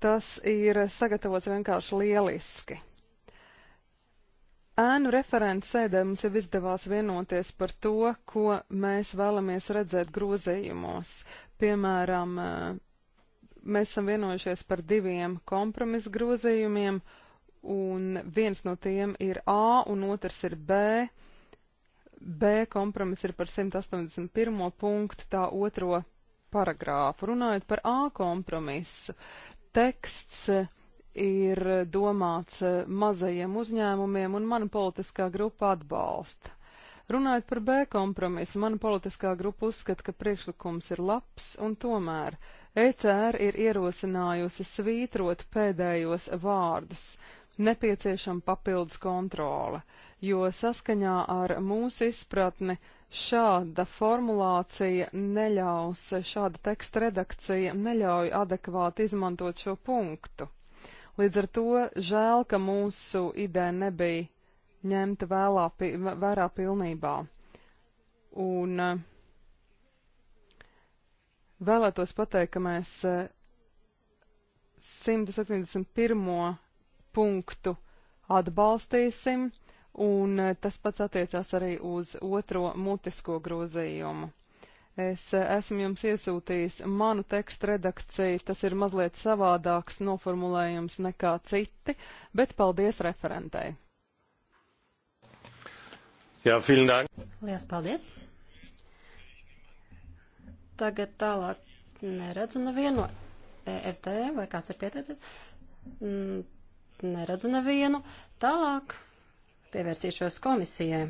Tas ir sagatavots vienkārši lieliski. Ēnu referents sēdē mums jau izdevās vienoties par to, ko mēs vēlamies redzēt grozījumos. Piemēram, eh, mēs esam vienojušies par diviem kompromisu grozījumiem, un viens no tiem ir A, un otrs ir B B kompromis ir par 181. punktu, tā otro paragrāfu. Runājot par A kompromisu, teksts ir domāts mazajiem uzņēmumiem un mana politiskā grupa atbalsta. Runājot par B kompromisu, mana politiskā grupa uzskata, ka priekšlikums ir labs un tomēr ECR ir ierosinājusi svītrot pēdējos vārdus nepieciešama papildus kontrole, jo saskaņā ar mūsu izpratni šāda formulācija neļaus, šāda teksta redakcija neļauj adekvāti izmantot šo punktu. Līdz ar to žēl, ka mūsu ideja nebija ņemta vēlā, pi, vērā pilnībā. Un eh, vēlētos pateikt, ka mēs 171 eh, punktu atbalstīsim, un eh, tas pats attiecās arī uz otro mutisko grozījumu. Es eh, esmu jums iesūtījis manu tekstu redakciju, tas ir mazliet savādāks noformulējums nekā citi, bet paldies referentei. Jā, vielen dank. Lielas paldies. Tagad tālāk neredzu nevienu EFT vai kāds ir pieteicis. Mm, neredzu nevienu. Tālāk pievērsīšos komisijai.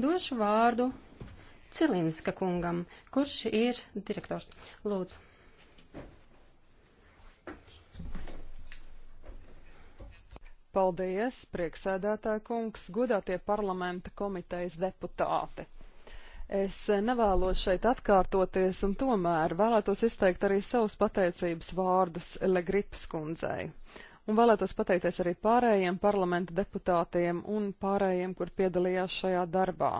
Došu vārdu Cilinska kungam, kurš ir direktors. Lūdzu. Paldies, prieksēdētāja kungs, godātie parlamenta komitejas deputāti. Es nevēlos šeit atkārtoties un tomēr vēlētos izteikt arī savus pateicības vārdus Legrips kundzei un vēlētos pateikties arī pārējiem parlamenta deputātiem un pārējiem, kur piedalījās šajā darbā.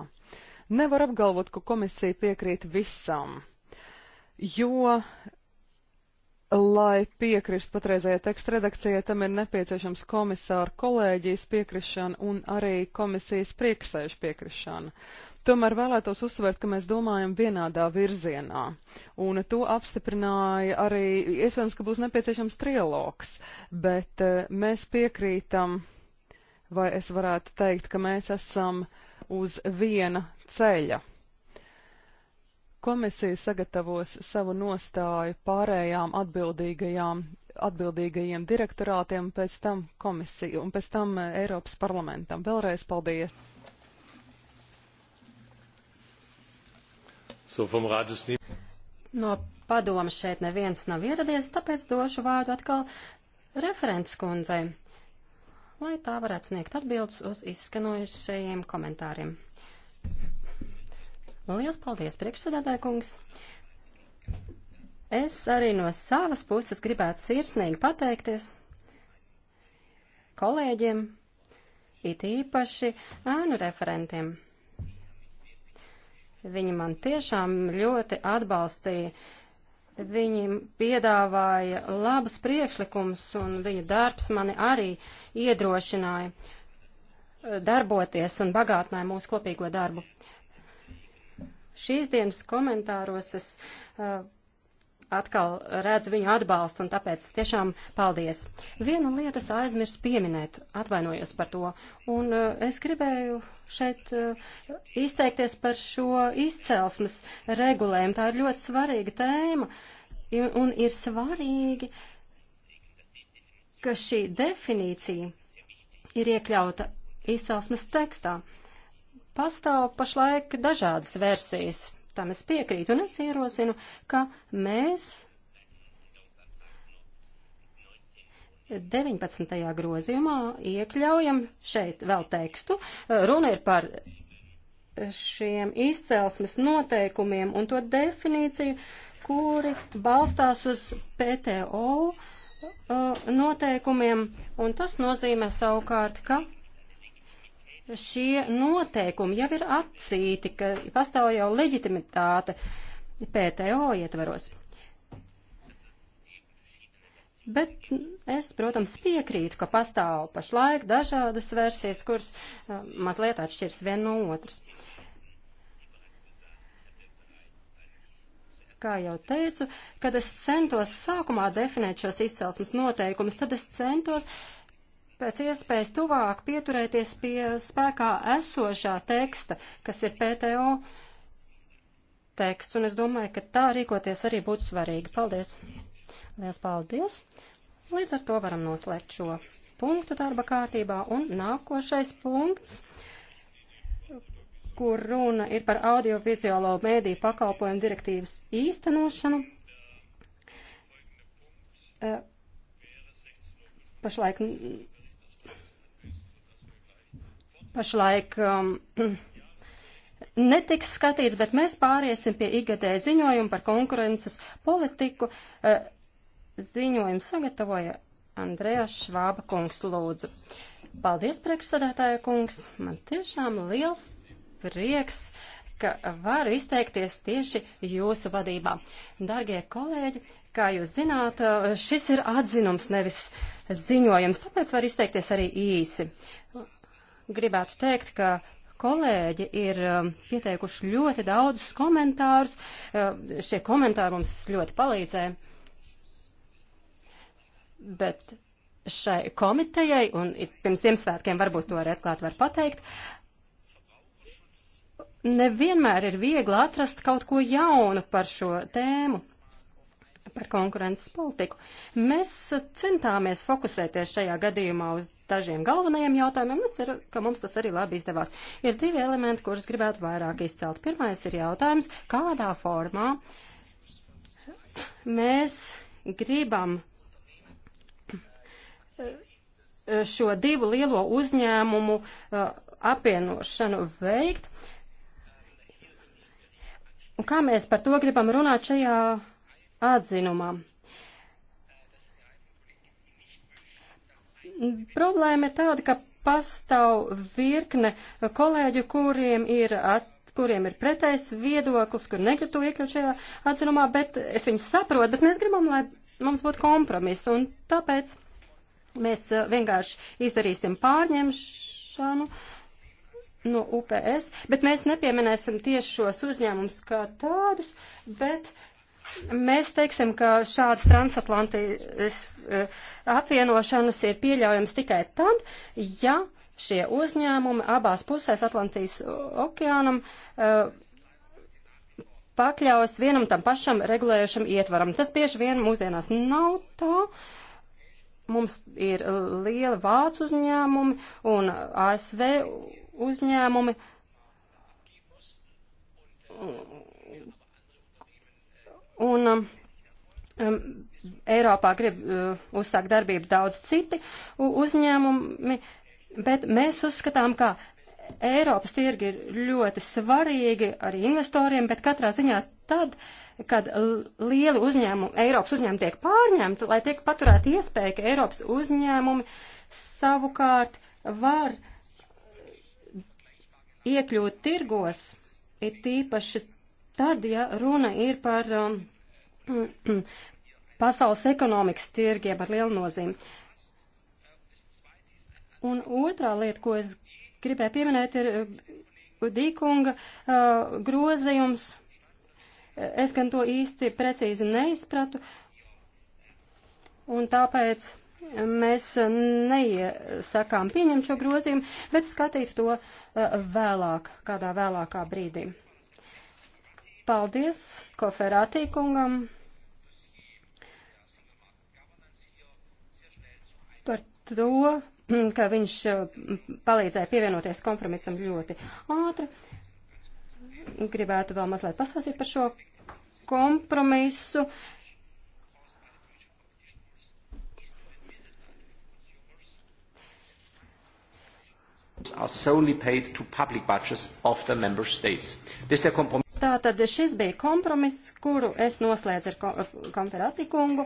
Nevar apgalvot, ka komisija piekrīt visam, jo Lai piekristu patreizējai teksta redakcijai, tam ir nepieciešams komisāra kolēģijas piekrišana un arī komisijas priekšsēžu piekrišana. Tomēr vēlētos uzsvērt, ka mēs domājam vienādā virzienā, un to apstiprināja arī, iespējams, ka būs nepieciešams trialogs, bet eh, mēs piekrītam, vai es varētu teikt, ka mēs esam uz viena ceļa. Komisija sagatavos savu nostāju pārējām atbildīgajām atbildīgajiem direktorātiem, pēc tam komisiju un pēc tam eh, Eiropas parlamentam. Vēlreiz paldies! So vom Rat ist nie... No padoma šeit neviens nav ieradies, tāpēc došu vārdu atkal referents kundzei, lai tā varētu sniegt atbildes uz izskanojušajiem komentāriem. Lielas paldies, priekšsēdētāja kungs! Es arī no savas puses gribētu sirsnīgi pateikties kolēģiem, it īpaši ēnu referentiem. Viņi man tiešām ļoti atbalstīja. Viņi piedāvāja labus priekšlikumus, un viņu darbs mani arī iedrošināja eh, darboties un bagātināja mūsu kopīgo darbu. Šīs dienas komentāros es uh, atkal redzu viņu atbalstu, un tāpēc tiešām paldies. Vienu lietu es aizmirsu pieminēt, atvainojos par to, un eh, es gribēju šeit eh, izteikties par šo izcelsmes regulējumu. Tā ir ļoti svarīga tēma, un ir svarīgi, ka šī definīcija ir iekļauta izcelsmes tekstā. Pastāv pašlaik dažādas versijas tam es piekrītu, un es ierosinu, ka mēs 19. grozījumā iekļaujam šeit vēl tekstu. Runa ir par šiem izcelsmes noteikumiem un to definīciju, kuri balstās uz PTO uh, noteikumiem, un tas nozīmē savukārt, ka šie noteikumi jau ir atcīti, ka pastāv jau leģitimitāte PTO ietveros. Bet es, protams, piekrītu, ka pastāv pašlaik dažādas versijas, kuras eh, mazliet atšķirs vien no otras. Kā jau teicu, kad es centos sākumā definēt šos izcelsmes noteikumus, tad es centos uh, pēc iespējas tuvāk pieturēties pie spēkā esošā teksta, kas ir PTO teksts, un es domāju, ka tā rīkoties arī būtu svarīgi. Paldies! Lielas paldies! Līdz ar to varam noslēgt šo punktu darba kārtībā, un nākošais punkts, kur runa ir par audiovizuālo mēdīju pakalpojumu direktīvas īstenošanu. Uh, pašlaik pašlaik um, netiks skatīts, bet mēs pāriesim pie IGD ziņojuma par konkurences politiku. Uh, ziņojumu sagatavoja Andrejas Švāba kungs lūdzu. Paldies, priekšsadētāja kungs. Man tiešām liels prieks, ka varu izteikties tieši jūsu vadībā. Dargie kolēģi, kā jūs zināt, uh, šis ir atzinums, nevis ziņojums, tāpēc var izteikties arī īsi gribētu teikt, ka kolēģi ir um, pieteikuši ļoti daudzus komentārus. Um, šie komentāri mums ļoti palīdzēja. Bet šai komitejai, un pirms Ziemassvētkiem varbūt to arī atklāt var pateikt, nevienmēr ir viegli atrast kaut ko jaunu par šo tēmu, par konkurences politiku. Mēs centāmies fokusēties šajā gadījumā uz dažiem galvenajiem jautājumiem. Es ceru, ka mums tas arī labi izdevās. Ir divi elementi, kurus gribētu vairāk izcelt. Pirmais ir jautājums, kādā formā mēs gribam eh, šo divu lielo uzņēmumu eh, apvienošanu veikt. Un kā mēs par to gribam runāt šajā atzinumā? Problēma ir tāda, ka pastāv virkne kolēģu, kuriem ir at, kuriem ir pretējs viedoklis, kur negrib to iekļaut šajā atzinumā, bet es viņus saprotu, bet mēs gribam, lai mums būtu kompromiss, un tāpēc mēs eh, vienkārši izdarīsim pārņemšanu no UPS, bet mēs nepieminēsim tieši šos uzņēmumus kā tādus, bet uh, Mēs teiksim, ka šādas transatlantijas eh, apvienošanas ir pieļaujams tikai tad, ja šie uzņēmumi abās pusēs Atlantijas okeānam eh, pakļaus vienam tam pašam regulējušam ietvaram. Tas bieži vien mūsdienās nav tā. Mums ir liela vācu uzņēmumi un ASV uzņēmumi un um, um, Eiropā grib uh, uzsākt darbību daudz citi uzņēmumi, bet mēs uzskatām, ka Eiropas tirgi ir ļoti svarīgi arī investoriem, bet katrā ziņā tad, kad lieli uzņēmumi, Eiropas uzņēmumi tiek pārņemti, lai tiek paturēta iespēja, ka Eiropas uzņēmumi savukārt var iekļūt tirgos, it īpaši tad, ja runa ir par um, pasaules ekonomikas tirgiem ar lielu nozīmi. Un otrā lieta, ko es gribēju pieminēt, ir eh, Dīkunga uh, grozījums. Es gan to īsti precīzi neizpratu, un tāpēc mēs neiesakām pieņemt šo grozījumu, bet skatīt to uh, vēlāk, kādā vēlākā brīdī. Paldies Koferātī kungam par to, ka viņš eh, palīdzēja pievienoties kompromisam ļoti ātri. Gribētu vēl mazliet pastāstīt par šo kompromisu. are solely paid to public budgets of the member states. This is the compromise. Tātad šis bija kompromiss, kuru es noslēdzu ar konferāti kungu,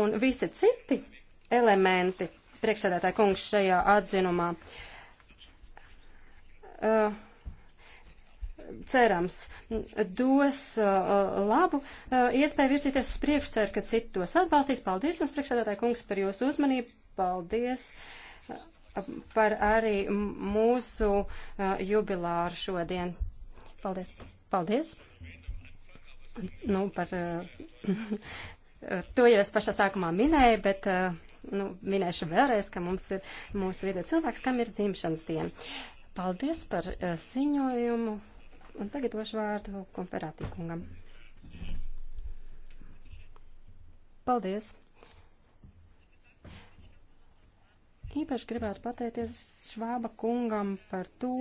un visi citi elementi priekšsēdētāja kungs šajā atzinumā. Uh, cerams, dos uh, labu uh, iespēju virzīties uz priekšu, ceru, ka citi tos atbalstīs. Paldies jums, priekšsēdētāji kungs, par jūsu uzmanību. Paldies uh, par arī mūsu uh, jubilāru šodien. Paldies. Paldies. Nu, par eh, to jau es pašā sākumā minēju, bet eh, nu, minēšu vēlreiz, ka mums ir mūsu vidē cilvēks, kam ir dzimšanas diena. Paldies par eh, ziņojumu. Un tagad došu vārdu komperātī kungam. Paldies. Īpaši gribētu pateikties Švāba kungam par to,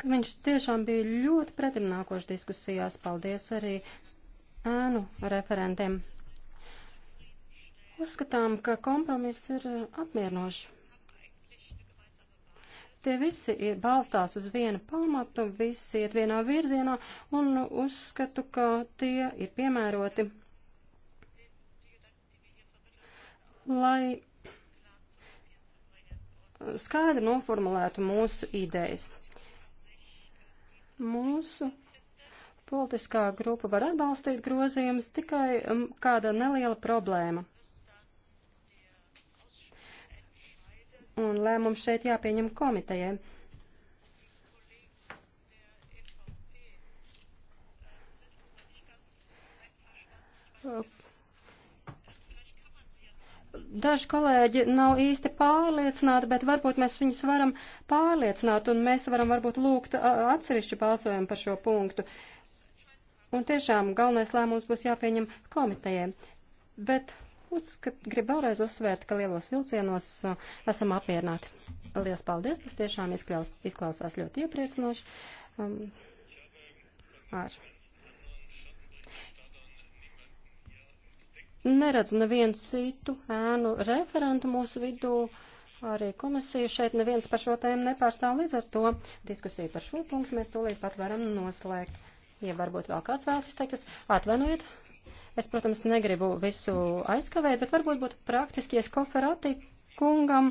ka viņš tiešām bija ļoti pretimnākošs diskusijās. Paldies arī ēnu referentiem. Uzskatām, ka kompromiss ir apmierinošs. Tie visi ir balstās uz viena pamata, visi iet vienā virzienā, un uzskatu, ka tie ir piemēroti, lai skaidri noformulētu mūsu idejas. Mūsu politiskā grupa var atbalstīt grozījumus tikai um, kāda neliela problēma. Un lēmums šeit jāpieņem komitejai. Uh, daži kolēģi nav īsti pārliecināti, bet varbūt mēs viņus varam pārliecināt un mēs varam varbūt lūgt atsevišķu balsojumu par šo punktu. Un tiešām galvenais lēmums būs jāpieņem komitejai. Bet uzskat, gribu vēlreiz uzsvērt, ka lielos vilcienos esam apmierināti. Lielas paldies, tas tiešām izklaus, izklausās ļoti iepriecinoši. Um, ar neredzu nevienu citu ēnu referentu mūsu vidū. Arī komisija šeit neviens par šo tēmu nepārstāv līdz ar to. Diskusiju par šo punktu mēs tūlīt pat varam noslēgt. Ja varbūt vēl kāds vēlas izteikties, atvainojiet. Es, protams, negribu visu aizkavēt, bet varbūt būtu praktiski, ja Skoferati kungam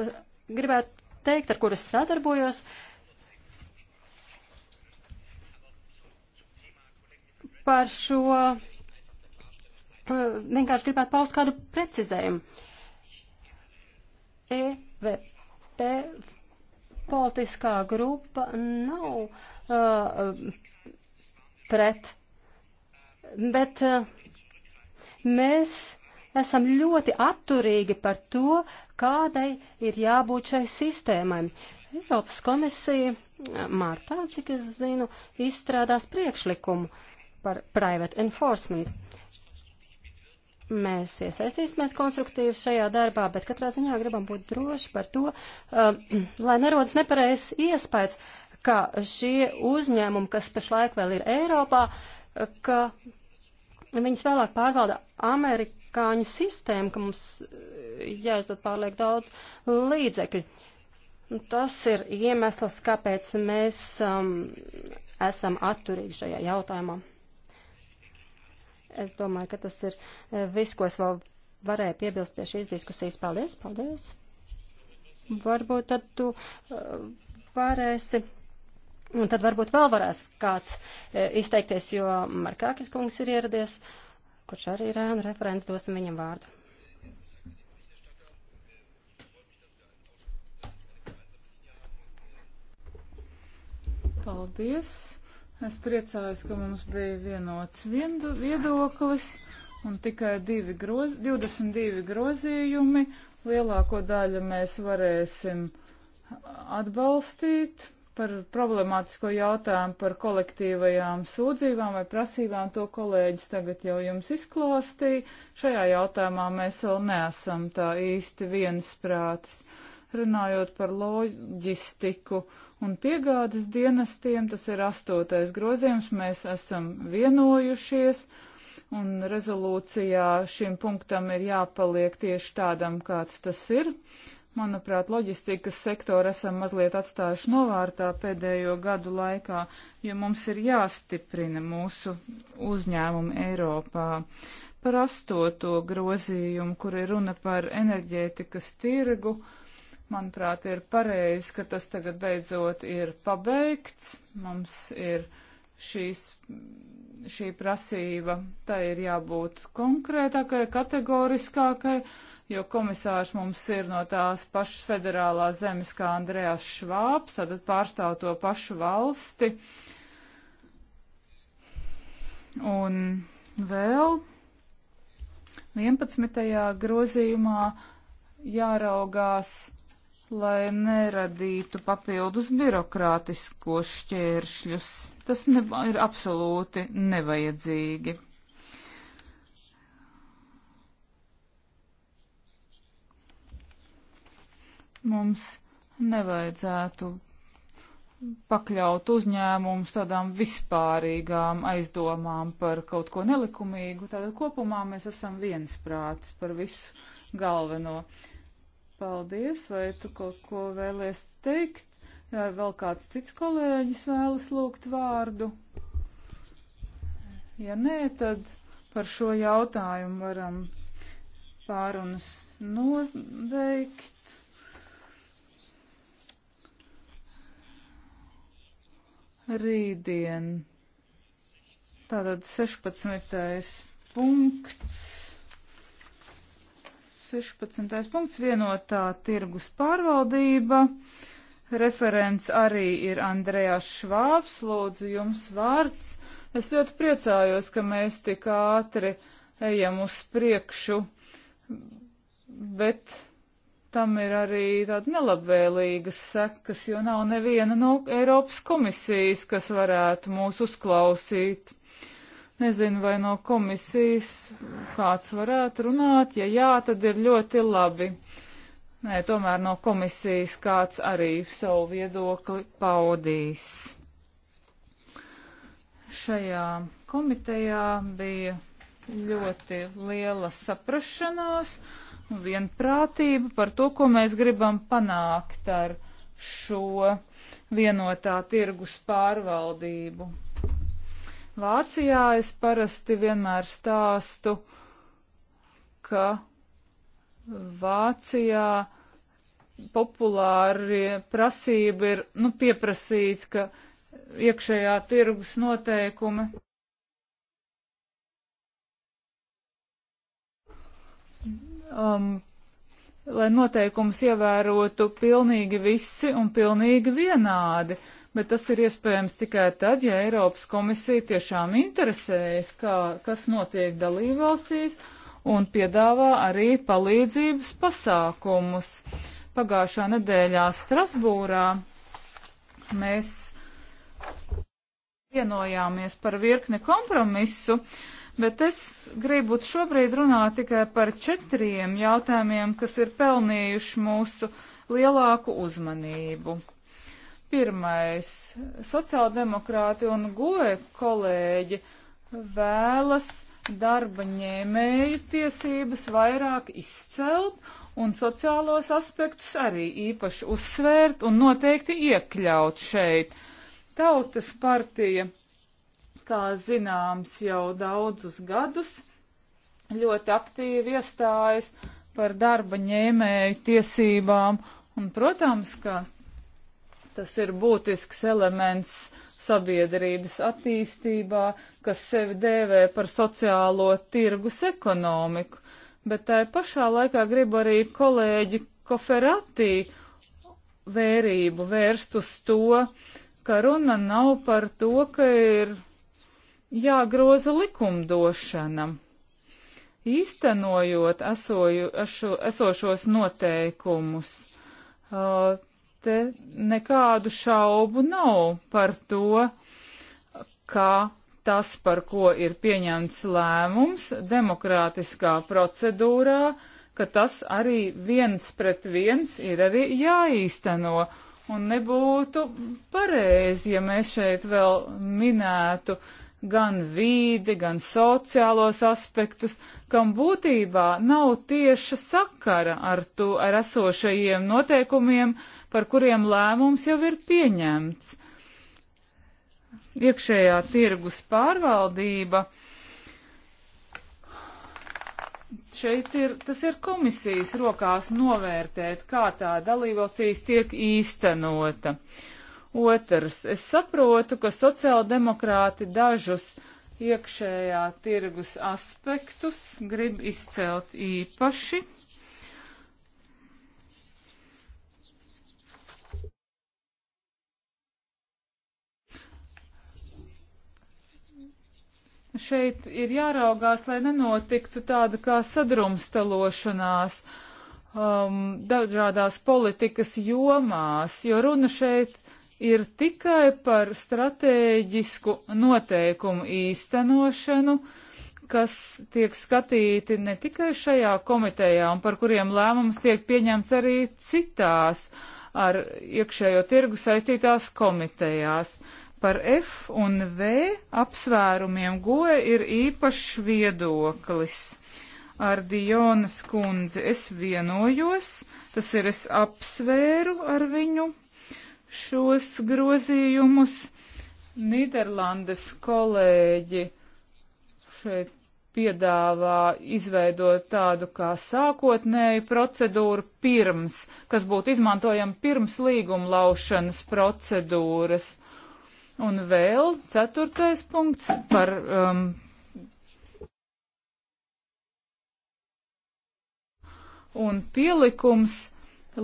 eh, gribētu teikt, ar kuras sadarbojos. Uh, par šo eh, vienkārši gribētu paust kādu precizējumu. EVP politiskā grupa nav uh, pret, bet uh, mēs esam ļoti atturīgi par to, kādai ir jābūt šai sistēmai. Eiropas komisija martā, cik es zinu, izstrādās priekšlikumu. Uh, par private enforcement. Mēs iesaistīsimies konstruktīvi šajā darbā, bet katrā ziņā gribam būt droši par to, uh, lai nerodas nepareizs iespējas, ka šie uzņēmumi, kas pašlaik vēl ir Eiropā, uh, ka viņas vēlāk pārvalda amerikāņu sistēmu, ka mums uh, jāizdod pārliek daudz līdzekļu. Tas ir iemesls, kāpēc mēs um, esam atturīgi šajā jautājumā. Es domāju, ka tas ir e, viss, ko es vēl varēju piebilst pie šīs diskusijas. Paldies, paldies. Varbūt tad tu e, varēsi. Un tad varbūt vēl varēs kāds e, izteikties, jo Markākis kungs ir ieradies, kurš arī ir ēnu referents, dosim viņam vārdu. Paldies! Es priecājos, ka mums bija vienots viendu, viedoklis un tikai divi groz, 22 grozījumi. Lielāko daļu mēs varēsim atbalstīt par problemātisko jautājumu par kolektīvajām sūdzībām vai prasībām. To kolēģis tagad jau jums izklāstīja. Šajā jautājumā mēs vēl neesam tā īsti viensprātis. Runājot par loģistiku. Uh, un piegādes dienestiem. Tas ir astotais grozījums, mēs esam vienojušies, un rezolūcijā šim punktam ir jāpaliek tieši tādam, kāds tas ir. Manuprāt, loģistikas sektoru esam mazliet atstājuši novārtā pēdējo gadu laikā, jo mums ir jāstiprina mūsu uzņēmumi Eiropā par astoto grozījumu, kur ir runa par enerģētikas tirgu. Uh, Manuprāt, ir pareizi, ka tas tagad beidzot ir pabeigts. Mums ir šīs, šī prasība, tā ir jābūt konkrētākai, kategoriskākai, jo komisārs mums ir no tās pašas federālās zemes kā Andrējas Švāps, tad pārstāv to pašu valsti. Un vēl 11. grozījumā jāraugās lai neradītu papildus birokrātisko šķēršļus. Tas ne, ir absolūti nevajadzīgi. Mums nevajadzētu pakļaut uzņēmumus tādām vispārīgām aizdomām par kaut ko nelikumīgu. Tātad kopumā mēs esam viensprāts par visu galveno. Uh, Paldies, vai tu kaut ko vēlies teikt? Jā, vēl kāds cits kolēģis vēlas lūgt vārdu. Ja nē, tad par šo jautājumu varam pārunas noveikt. Rītdien. Tātad 16. punkts. 16. punkts vienotā tirgus pārvaldība. Referents arī ir Andrejās Švābs. Lūdzu, jums vārds. Es ļoti priecājos, ka mēs tik ātri ejam uz priekšu, bet tam ir arī tāda nelabvēlīgas sekas, jo nav neviena no Eiropas komisijas, kas varētu mūs uzklausīt. Nezinu, vai no komisijas kāds varētu runāt. Ja jā, tad ir ļoti labi. Nē, tomēr no komisijas kāds arī savu viedokli paudīs. Šajā komitejā bija ļoti liela saprašanās un vienprātība par to, ko mēs gribam panākt ar šo vienotā tirgus pārvaldību. Vācijā es parasti vienmēr stāstu, ka Vācijā populāri prasība ir, nu, pieprasīt, ka iekšējā tirgus noteikumi. Um, lai noteikumus ievērotu pilnīgi visi un pilnīgi vienādi, bet tas ir iespējams tikai tad, ja Eiropas komisija tiešām interesējas, kā, kas notiek dalībvalstīs un piedāvā arī palīdzības pasākumus. Pagājušā nedēļā Strasbūrā mēs vienojāmies par virkni kompromisu, uh, bet es gribu šobrīd runāt tikai par četriem jautājumiem, kas ir pelnījuši mūsu lielāku uzmanību. Pirmais - sociāldemokrāti un goe kolēģi vēlas darba ņēmēju tiesības vairāk izcelt un sociālos aspektus arī īpaši uzsvērt un noteikti iekļaut šeit. Tautas partija kā zināms, jau daudzus gadus ļoti aktīvi iestājas par darba ņēmēju tiesībām. Un, protams, ka tas ir būtisks elements sabiedrības attīstībā, kas sevi dēvē par sociālo tirgus ekonomiku. Bet tai pašā laikā gribu arī kolēģi Koferatī vērību vērst uz to, ka runa nav par to, ka ir jāgroza likumdošana. Īstenojot esoju, eso, esošos noteikumus, te nekādu šaubu nav par to, ka tas, par ko ir pieņemts lēmums demokrātiskā procedūrā, ka tas arī viens pret viens ir arī jāīsteno. Un nebūtu pareizi, ja mēs šeit vēl minētu uh, gan vīdi, gan sociālos aspektus, kam būtībā nav tieša sakara ar, tu, ar esošajiem noteikumiem, par kuriem lēmums jau ir pieņemts. Iekšējā tirgus pārvaldība šeit ir, tas ir komisijas rokās novērtēt, kā tā dalībvalstīs tiek īstenota. Uh, Otrs, es saprotu, ka sociāldemokrāti dažus iekšējā tirgus aspektus grib izcelt īpaši. Šeit ir jāraugās, lai nenotiktu tāda kā sadrumstalošanās um, dažādās politikas jomās, jo runa šeit ir tikai par stratēģisku noteikumu īstenošanu, kas tiek skatīti ne tikai šajā komitejā un par kuriem lēmums tiek pieņemts arī citās ar iekšējo tirgu saistītās komitejās. Par F un V apsvērumiem goja ir īpašs viedoklis. Ar Dionas kundzi es vienojos, tas ir es apsvēru ar viņu šos grozījumus. Nīderlandes kolēģi šeit piedāvā izveidot tādu kā sākotnēju procedūru pirms, kas būtu izmantojama pirms līguma laušanas procedūras. Un vēl ceturtais punkts par. Um, un pielikums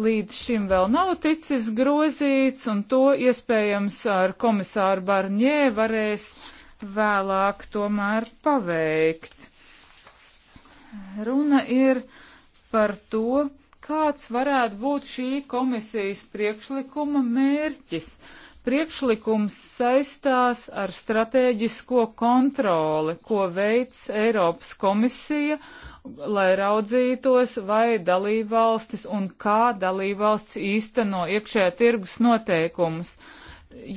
līdz šim vēl nav ticis grozīts, un to iespējams ar komisāru Barņē varēs vēlāk tomēr paveikt. Runa ir par to, kāds varētu būt šī komisijas priekšlikuma mērķis. Uh, Priekšlikums saistās ar strateģisko kontroli, ko veids Eiropas komisija, lai raudzītos, vai dalībvalstis un kā dalībvalsts īsteno iekšējā tirgus noteikumus.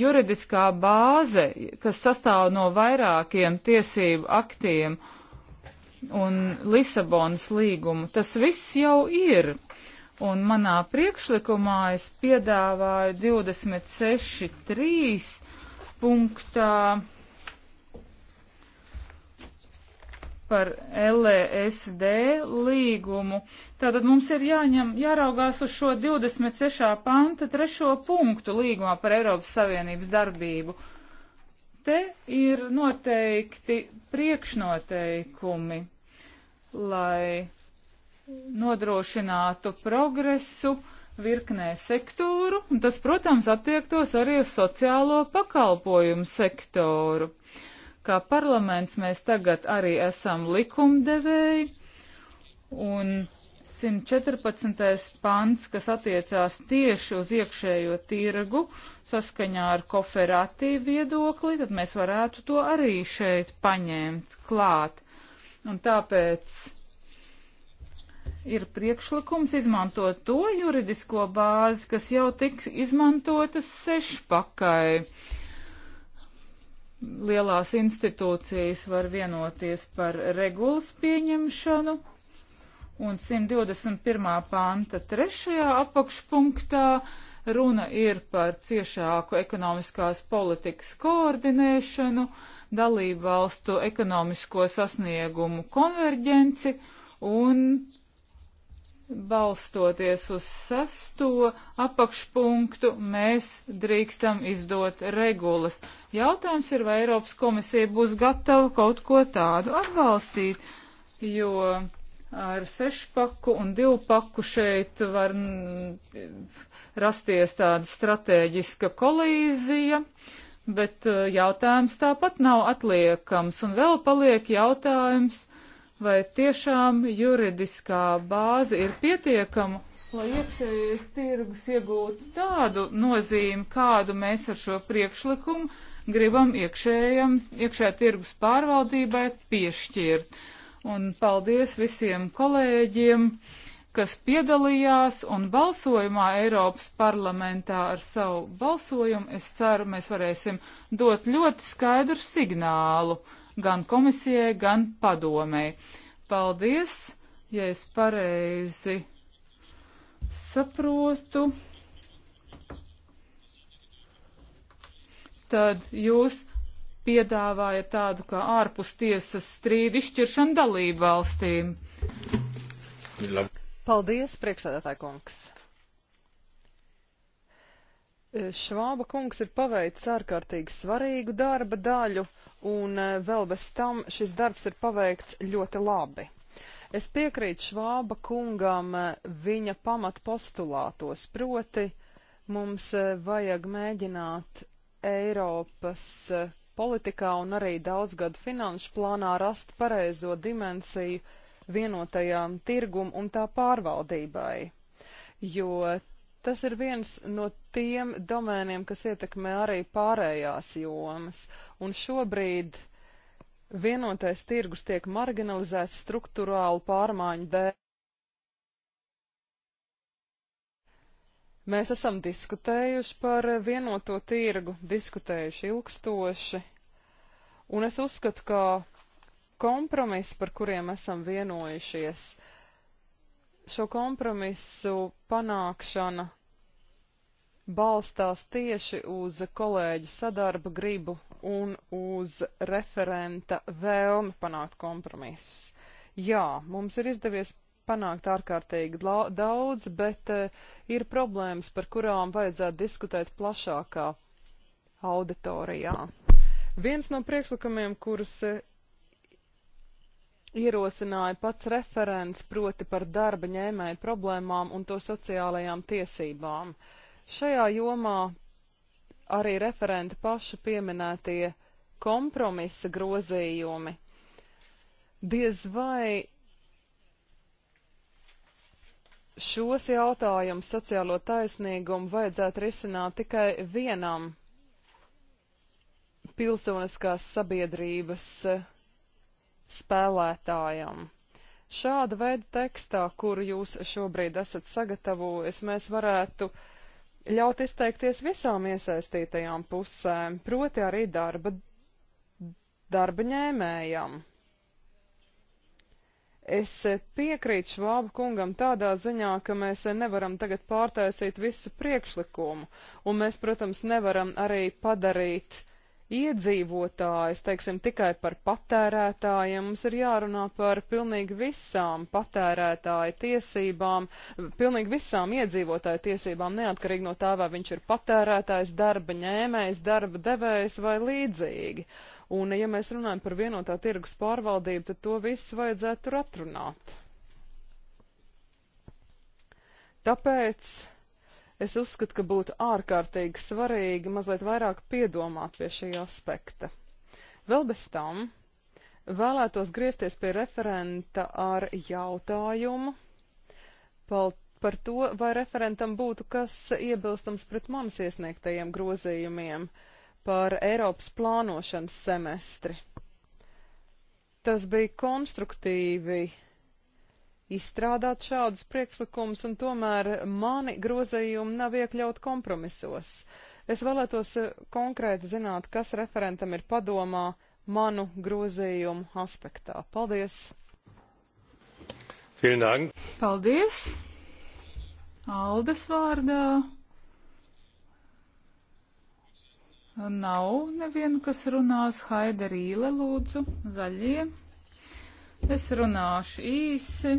Juridiskā bāze, kas sastāv no vairākiem tiesību aktiem un Lisabonas līgumu, tas viss jau ir Un manā priekšlikumā es piedāvāju 26.3 punktā par LSD e līgumu. Tātad mums ir jāņem, jāraugās uz šo 26. panta trešo punktu līgumā par Eiropas Savienības darbību. Te ir noteikti priekšnoteikumi, lai nodrošinātu progresu virknē sektoru, un tas, protams, attiektos arī uz sociālo pakalpojumu sektoru. Kā parlaments mēs tagad arī esam likumdevēji, un 114. pants, kas attiecās tieši uz iekšējo tirgu, saskaņā ar koferatīvu viedokli, tad mēs varētu to arī šeit paņemt klāt. Un tāpēc ir priekšlikums izmantot to juridisko bāzi, kas jau tiks izmantotas sešpakai. Lielās institūcijas var vienoties par regulas pieņemšanu, un 121. panta trešajā apakšpunktā runa ir par ciešāku ekonomiskās politikas koordinēšanu, dalību valstu ekonomisko sasniegumu konverģenci un balstoties uz sesto apakšpunktu, mēs drīkstam izdot regulas. Jautājums ir, vai Eiropas komisija būs gatava kaut ko tādu atbalstīt, jo ar sešpaku un divpaku šeit var rasties tāda strateģiska kolīzija. Bet uh, jautājums tāpat nav atliekams, un vēl paliek jautājums, vai tiešām juridiskā bāze ir pietiekama, lai iekšējais tirgus iegūtu tādu nozīmi, kādu mēs ar šo priekšlikumu gribam iekšējam, iekšējā tirgus pārvaldībai piešķirt. Un paldies visiem kolēģiem, kas piedalījās un balsojumā Eiropas parlamentā ar savu balsojumu. Es ceru, mēs varēsim dot ļoti skaidru signālu gan komisijai, gan padomei. Paldies, ja es pareizi saprotu. Tad jūs piedāvāja tādu kā ārpus tiesas strīdu izšķiršanu dalību valstīm. Paldies, priekšsēdētāja kungs. Švāba kungs ir paveicis ārkārtīgi svarīgu darba daļu, un eh, vēl bez tam šis darbs ir paveikts ļoti labi. Es piekrītu Švāba kungam eh, viņa pamat postulātos, proti mums eh, vajag mēģināt Eiropas politikā un arī daudzgadu finanšu plānā rast pareizo dimensiju vienotajām tirgum un tā pārvaldībai, jo Tas ir viens no tiem domēniem, kas ietekmē arī pārējās jomas, un šobrīd vienotais tirgus tiek marginalizēts struktūrālu pārmaiņu dēļ. Mēs esam diskutējuši par vienoto tirgu, diskutējuši ilgstoši, un es uzskatu, ka kompromisi, par kuriem esam vienojušies, šo kompromisu panākšana balstās tieši uz kolēģu sadarba gribu un uz referenta vēlmi panākt kompromisus. Jā, mums ir izdevies panākt ārkārtīgi daudz, bet e, ir problēmas, par kurām vajadzētu diskutēt plašākā auditorijā. Viens no priekšlikumiem, kurus e, ierosināja pats referents, proti par darba ņēmēju problēmām un to sociālajām tiesībām. Uh, Šajā jomā arī referenta paša pieminētie kompromisa grozījumi. Diez vai šos jautājumus sociālo taisnīgumu vajadzētu risināt tikai vienam pilsoniskās sabiedrības eh, spēlētājam. Šāda veida tekstā, kuru jūs šobrīd esat sagatavojis, mēs varētu uh, ļaut izteikties visām iesaistītajām pusēm, proti arī darba, darba ņēmējam. Es piekrītu Švābu kungam tādā ziņā, ka mēs nevaram tagad pārtaisīt visu priekšlikumu, un mēs, protams, nevaram arī padarīt uh, iedzīvotājus, teiksim, tikai par patērētājiem. Mums ir jārunā par pilnīgi visām patērētāju tiesībām, pilnīgi visām iedzīvotāju tiesībām, neatkarīgi no tā, vai viņš ir patērētājs, darba ņēmējs, darba devējs vai līdzīgi. Un, ja mēs runājam par vienotā tirgus pārvaldību, tad to visu vajadzētu tur atrunāt. Tāpēc Es uzskatu, ka būtu ārkārtīgi svarīgi mazliet vairāk piedomāt pie šī aspekta. Vēl bez tam vēlētos griezties pie referenta ar jautājumu par, par to, vai referentam būtu kas iebilstams pret manas iesniegtajiem grozījumiem par Eiropas plānošanas semestri. Tas bija konstruktīvi izstrādāt šādus priekšlikumus, un tomēr mani grozījumi nav iekļaut kompromisos. Es vēlētos eh, konkrēti zināt, kas referentam ir padomā manu grozījumu aspektā. Paldies! Paldies! Aldes vārdā. Nav nevienu, kas runās. Haida Rīle, lūdzu, zaļie. Es runāšu īsi.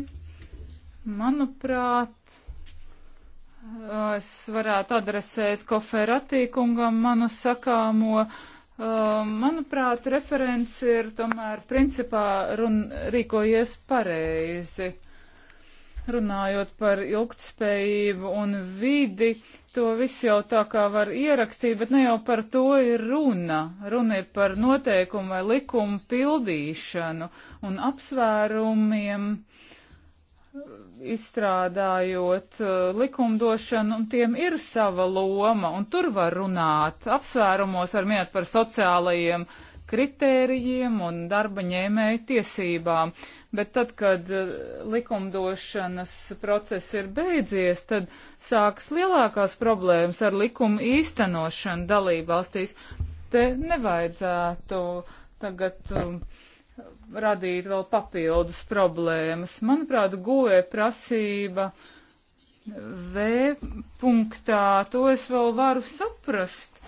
Manuprāt, es varētu adresēt koferatī kungam manu sakāmo. Um, manuprāt, referents ir tomēr principā run, rīkojies pareizi runājot par ilgtspējību un vidi, to viss jau tā kā var ierakstīt, bet ne jau par to ir runa. Runa ir par noteikumu vai likumu pildīšanu un apsvērumiem. Uh, izstrādājot uh, likumdošanu, un tiem ir sava loma, un tur var runāt. Apsvērumos var minēt par sociālajiem kritērijiem un darba ņēmēju tiesībām, bet tad, kad uh, likumdošanas process ir beidzies, tad sāks lielākās problēmas ar likumu īstenošanu dalībvalstīs. Te nevajadzētu tagad. Um, radīt vēl papildus problēmas. Manuprāt, guvē prasība V punktā, to es vēl varu saprast.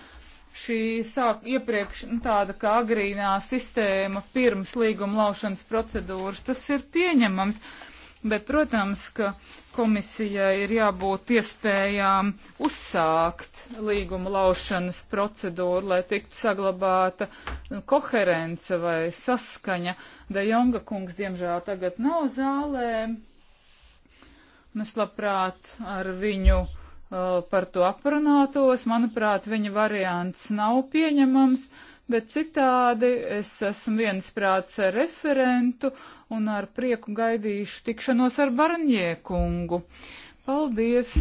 Šī sāk iepriekš nu, tāda kā agrīnā sistēma pirms līguma laušanas procedūras, tas ir pieņemams. Bet, protams, ka komisijai ir jābūt iespējām uzsākt līguma laušanas procedūru, lai tiktu saglabāta koherence vai saskaņa. De Jonga kungs, diemžēl, tagad nav zālē. Un es labprāt ar viņu uh, par to aprunātos. Manuprāt, viņa variants nav pieņemams, bet citādi es esmu viensprāts ar referentu un ar prieku gaidīšu tikšanos ar Barņiekungu. Paldies!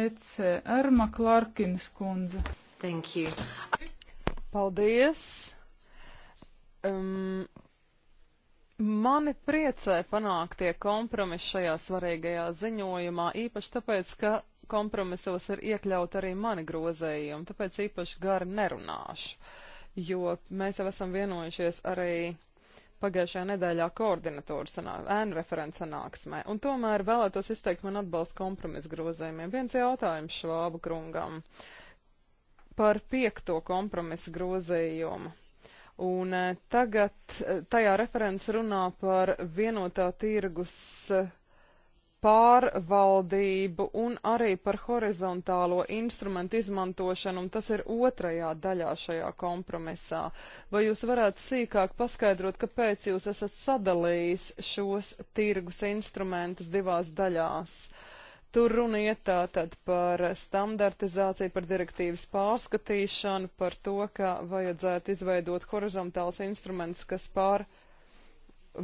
Ece Erma Klarkins kundze. Thank you. Paldies! Um, Mani priecē panāktie kompromisi šajā svarīgajā ziņojumā, īpaši tāpēc, ka kompromisos ir iekļaut arī mani grozējumi, tāpēc īpaši gari nerunāšu, jo mēs jau esam vienojušies arī pagājušajā nedēļā koordinatoru sanāk, ēnu referents sanāksmē, un tomēr vēlētos izteikt man atbalstu kompromisu grozējumiem. Viens jautājums Švābu krungam par piekto kompromisu grozējumu. Un eh, tagad eh, tajā referents runā par vienotā tirgus uh, pārvaldību un arī par horizontālo instrumentu izmantošanu, un tas ir otrajā daļā šajā kompromisā. Vai jūs varētu sīkāk paskaidrot, kāpēc jūs esat sadalījis šos tirgus instrumentus divās daļās? Tur runa iet tātad par standartizāciju, par direktīvas pārskatīšanu, par to, ka vajadzētu izveidot horizontāls instruments, kas pārvaldību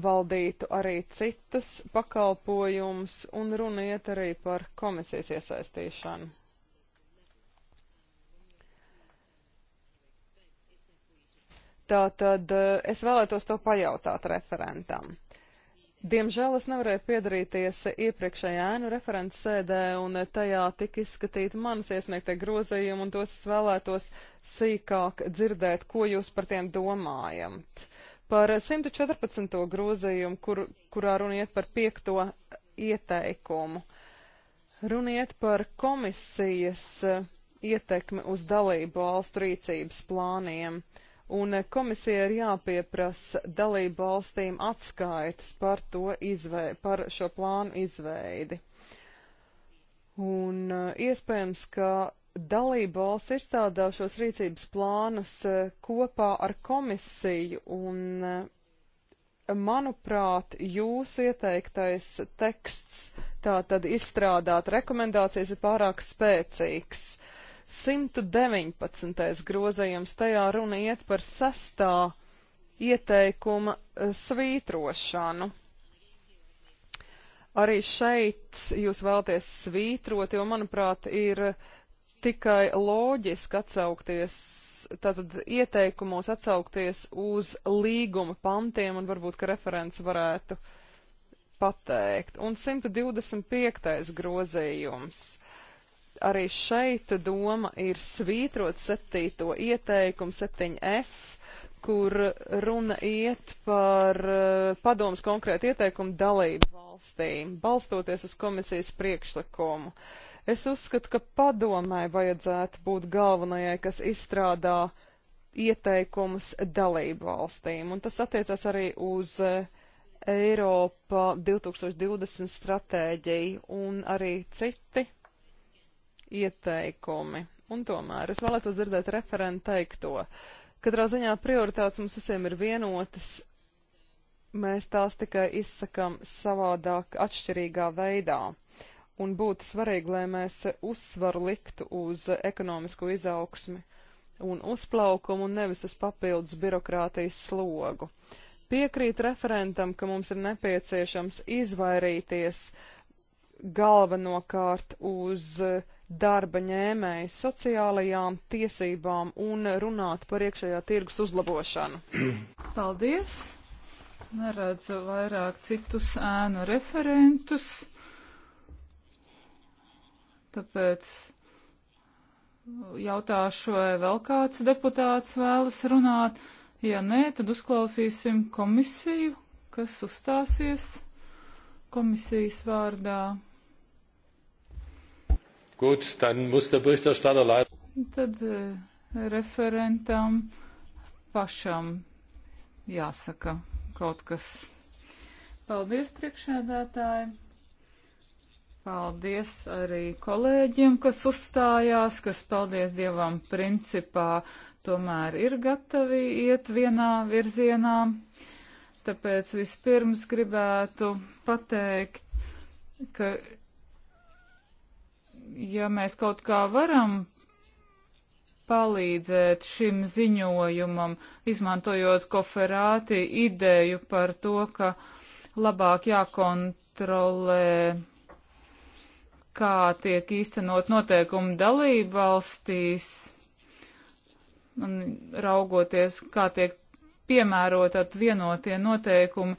valdītu arī citus pakalpojumus un runiet arī par komisijas iesaistīšanu. Tātad eh, es vēlētos to pajautāt referentam. Diemžēl es nevarēju piedalīties iepriekšējā ēnu referents sēdē, un tajā tika izskatīti manas iesniegtie grozījumi, un tos es vēlētos sīkāk dzirdēt, ko jūs par tiem domājat. Par 114. grozījumu, kur, kurā runiet par piekto ieteikumu, runiet par komisijas eh, ietekmi uz dalību valstu rīcības plāniem, un eh, komisija ir jāpieprasa dalību valstīm atskaitas par, izvei, par šo plānu izveidi. Un eh, iespējams, ka dalībvalsts izstrādā šos rīcības plānus e, kopā ar komisiju, un, e, manuprāt, jūsu ieteiktais teksts tātad izstrādāt rekomendācijas ir pārāk spēcīgs. 119. grozējums tajā runa iet par sastā ieteikuma e, svītrošanu. Arī šeit jūs vēlaties svītrot, jo, manuprāt, ir uh, tikai loģiski atsaukties, tātad ieteikumos atsaukties uz līguma pantiem un varbūt, ka referents varētu pateikt. Un 125. grozījums. Arī šeit doma ir svītrot 7. ieteikumu 7F kur runa iet par uh, padomus konkrētu ieteikumu dalību valstīm, balstoties uz komisijas priekšlikumu. Uh, Es uzskatu, ka padomai vajadzētu būt galvenajai, kas izstrādā ieteikumus dalību valstīm, un tas attiecas arī uz eh, Eiropa 2020 stratēģiju un arī citi ieteikumi. Un tomēr es vēlētos dzirdēt referentu teikto. Katrā ziņā prioritātes mums visiem ir vienotas. Mēs tās tikai izsakam savādāk, atšķirīgā veidā. Uh, un būtu svarīgi, lai mēs uzsvaru liktu uz ekonomisko izaugsmi un uzplaukumu un nevis uz papildus birokrātijas slogu. Piekrīt referentam, ka mums ir nepieciešams izvairīties galvenokārt uz darba ņēmēju sociālajām tiesībām un runāt par iekšējā tirgus uzlabošanu. Paldies! Neredzu vairāk citus ēnu referentus. Tāpēc jautāšu, vai vēl kāds deputāts vēlas runāt. Ja nē, tad uzklausīsim komisiju, kas uzstāsies komisijas vārdā. Gut, dann muss der Berichterstatter leider. Tad eh, referentam pašam jāsaka kaut kas. Paldies, priekšēdētāji! Paldies arī kolēģiem, kas uzstājās, kas, paldies Dievam, principā tomēr ir gatavi iet vienā virzienā. Tāpēc vispirms gribētu pateikt, ka ja mēs kaut kā varam palīdzēt šim ziņojumam, izmantojot koferāti ideju par to, ka labāk jākontrolē kā tiek īstenot noteikumi dalību valstīs, un raugoties, kā tiek piemērot vienotie noteikumi.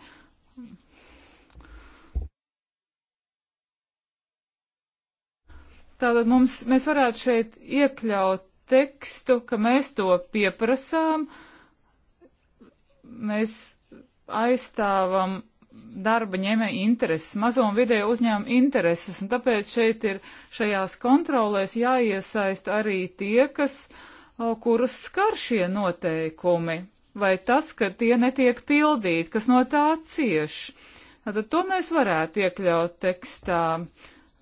Tātad mums, mēs varētu šeit iekļaut tekstu, ka mēs to pieprasām, mēs aizstāvam darba ņēmēja intereses, mazo un vidēju uzņēmumu intereses, un tāpēc šeit ir šajās kontrolēs jāiesaist arī tie, kas, kurus skar šie noteikumi, vai tas, ka tie netiek pildīti, kas no tā cieš. Tad to mēs varētu iekļaut tekstā,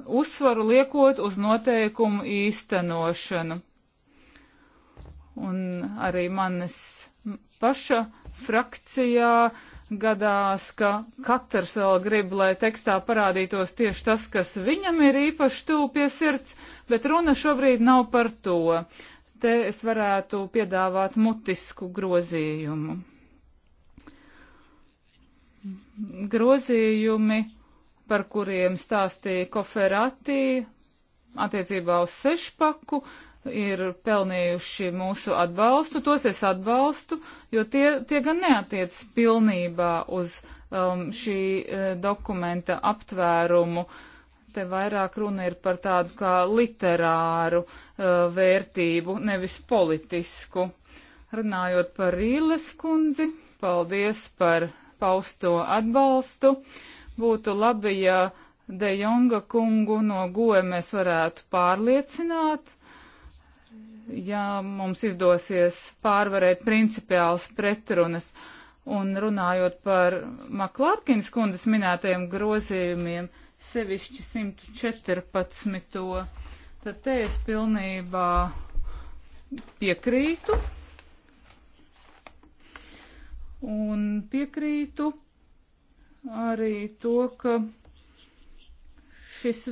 uzsvaru liekot uz noteikumu īstenošanu. Un arī manis paša frakcijā uh, gadās, ka katrs vēl grib, lai tekstā parādītos tieši tas, kas viņam ir īpaši tuvu pie sirds, bet runa šobrīd nav par to. Te es varētu piedāvāt mutisku grozījumu. Grozījumi, par kuriem stāstīja Koferatī attiecībā uz sešpaku, ir pelnījuši mūsu atbalstu, tos es atbalstu, jo tie, tie gan neatiec pilnībā uz um, šī uh, dokumenta aptvērumu. Te vairāk runa ir par tādu kā literāru uh, vērtību, nevis politisku. Runājot par Rīles kundzi, paldies par pausto atbalstu. Būtu labi, ja De Jonga kungu no goja mēs varētu pārliecināt, uh, ja mums izdosies pārvarēt principiāls pretrunas. Un runājot par Maklārkins kundzes minētajiem grozījumiem, sevišķi 114. Tad te es pilnībā piekrītu. Un piekrītu arī to, ka šis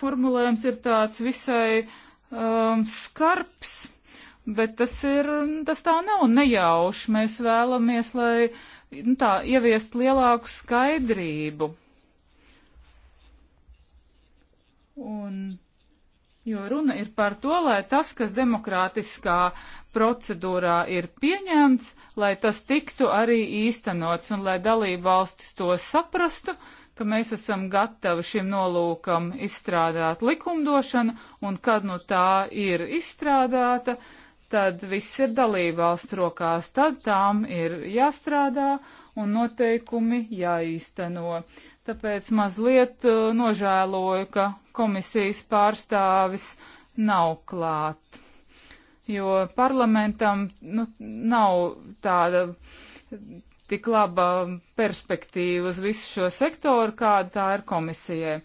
formulējums ir tāds visai uh, um, skarbs, bet tas, ir, tas tā nav nejauši. Mēs vēlamies, lai nu, tā ieviest lielāku skaidrību. Un, jo runa ir par to, lai tas, kas demokrātiskā procedūrā ir pieņemts, lai tas tiktu arī īstenots un lai dalība valstis to saprastu, ka mēs esam gatavi šim nolūkam izstrādāt likumdošanu, un kad nu tā ir izstrādāta, tad viss ir dalībvalstu rokās, tad tām ir jāstrādā un noteikumi jāīsteno. Tāpēc mazliet uh, nožēloju, ka komisijas pārstāvis nav klāt, jo parlamentam nu, nav tāda tik laba perspektīva uz visu šo sektoru, kāda tā ir komisijai.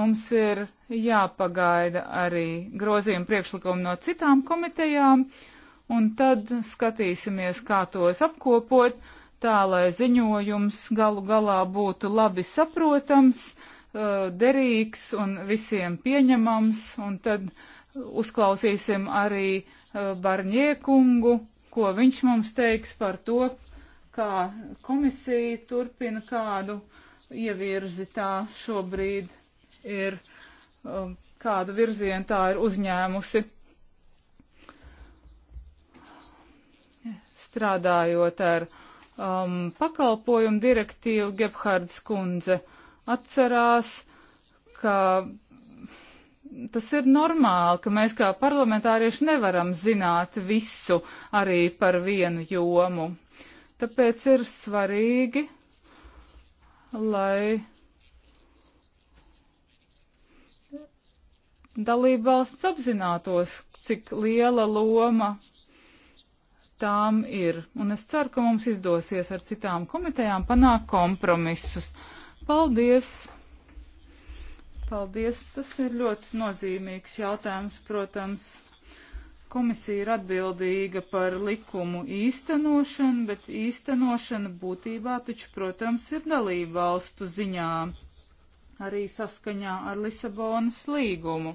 Mums ir jāpagaida arī grozījuma priekšlikumi no citām komitejām, un tad skatīsimies, kā tos apkopot, tā lai ziņojums galu galā būtu labi saprotams, eh, derīgs un visiem pieņemams, un tad uzklausīsim arī eh, Barņiekungu, ko viņš mums teiks par to, kā komisija turpina kādu ievirzi tā šobrīd ir, um, kādu virzienu tā ir uzņēmusi. Strādājot ar um, pakalpojumu direktīvu, Gebhards kundze atcerās, ka tas ir normāli, ka mēs kā parlamentārieši nevaram zināt visu arī par vienu jomu. Tāpēc ir svarīgi, lai dalībvalsts apzinātos, cik liela loma tām ir. Un es ceru, ka mums izdosies ar citām komitejām panākt kompromisus. Paldies! Paldies! Tas ir ļoti nozīmīgs jautājums, protams. Komisija ir atbildīga par likumu īstenošanu, bet īstenošana būtībā taču, protams, ir dalību valstu ziņā, arī saskaņā ar Lisabonas līgumu.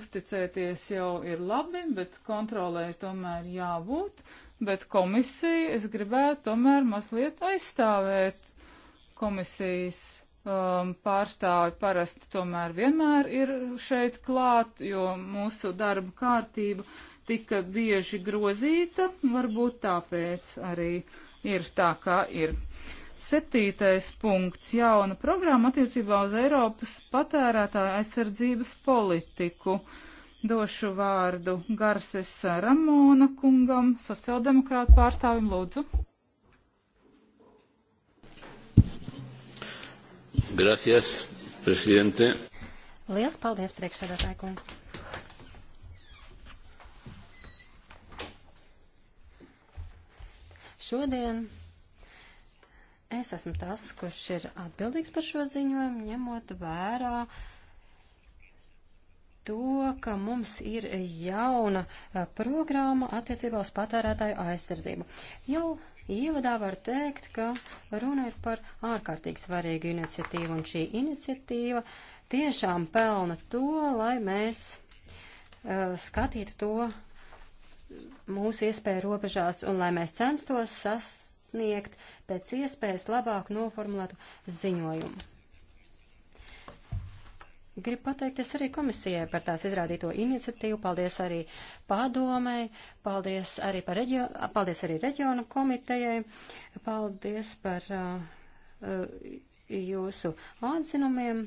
Uzticēties jau ir labi, bet kontrolē tomēr jābūt, bet komisija es gribētu tomēr mazliet aizstāvēt komisijas um, pārstāvi parasti tomēr vienmēr ir šeit klāt, jo mūsu darba kārtība tika bieži grozīta, varbūt tāpēc arī ir tā, kā ir. Septītais punkts - jauna programma attiecībā uz Eiropas patērētāja aizsardzības politiku. Došu vārdu Garses Ramona kungam, sociāldemokrāta pārstāvim lūdzu. Gracias, prezidente. Liels paldies, priekšsēdētāji kungs. Šodien es esmu tas, kurš ir atbildīgs par šo ziņojumu, ņemot vērā to, ka mums ir jauna eh, programma attiecībā uz patērētāju aizsardzību. Jau Ievadā var teikt, ka runa ir par ārkārtīgi svarīgu iniciatīvu, un šī iniciatīva tiešām pelna to, lai mēs uh, skatītu to mūsu iespēju robežās, un lai mēs censtos sasniegt pēc iespējas labāk noformulētu ziņojumu. Gribu pateikties arī komisijai par tās izrādīto iniciatīvu, paldies arī pārdomai, paldies arī, par reģio, paldies arī reģionu komitejai, paldies par uh, uh, jūsu atzinumiem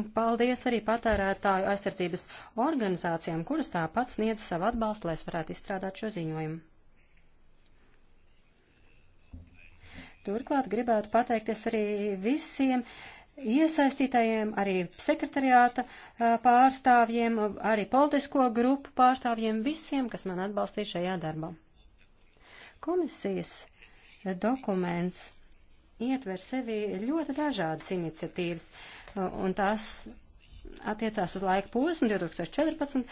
un paldies arī patērētāju aizsardzības organizācijām, kuras tāpat sniedz savu atbalstu, lai es varētu izstrādāt šo ziņojumu. Turklāt gribētu pateikties arī visiem uh, iesaistītajiem, arī sekretariāta pārstāvjiem, arī politisko grupu pārstāvjiem, visiem, kas man atbalstīja šajā darbā. Komisijas dokuments ietver sevi ļoti dažādas iniciatīvas, un tās attiecās uz laika posmu 2014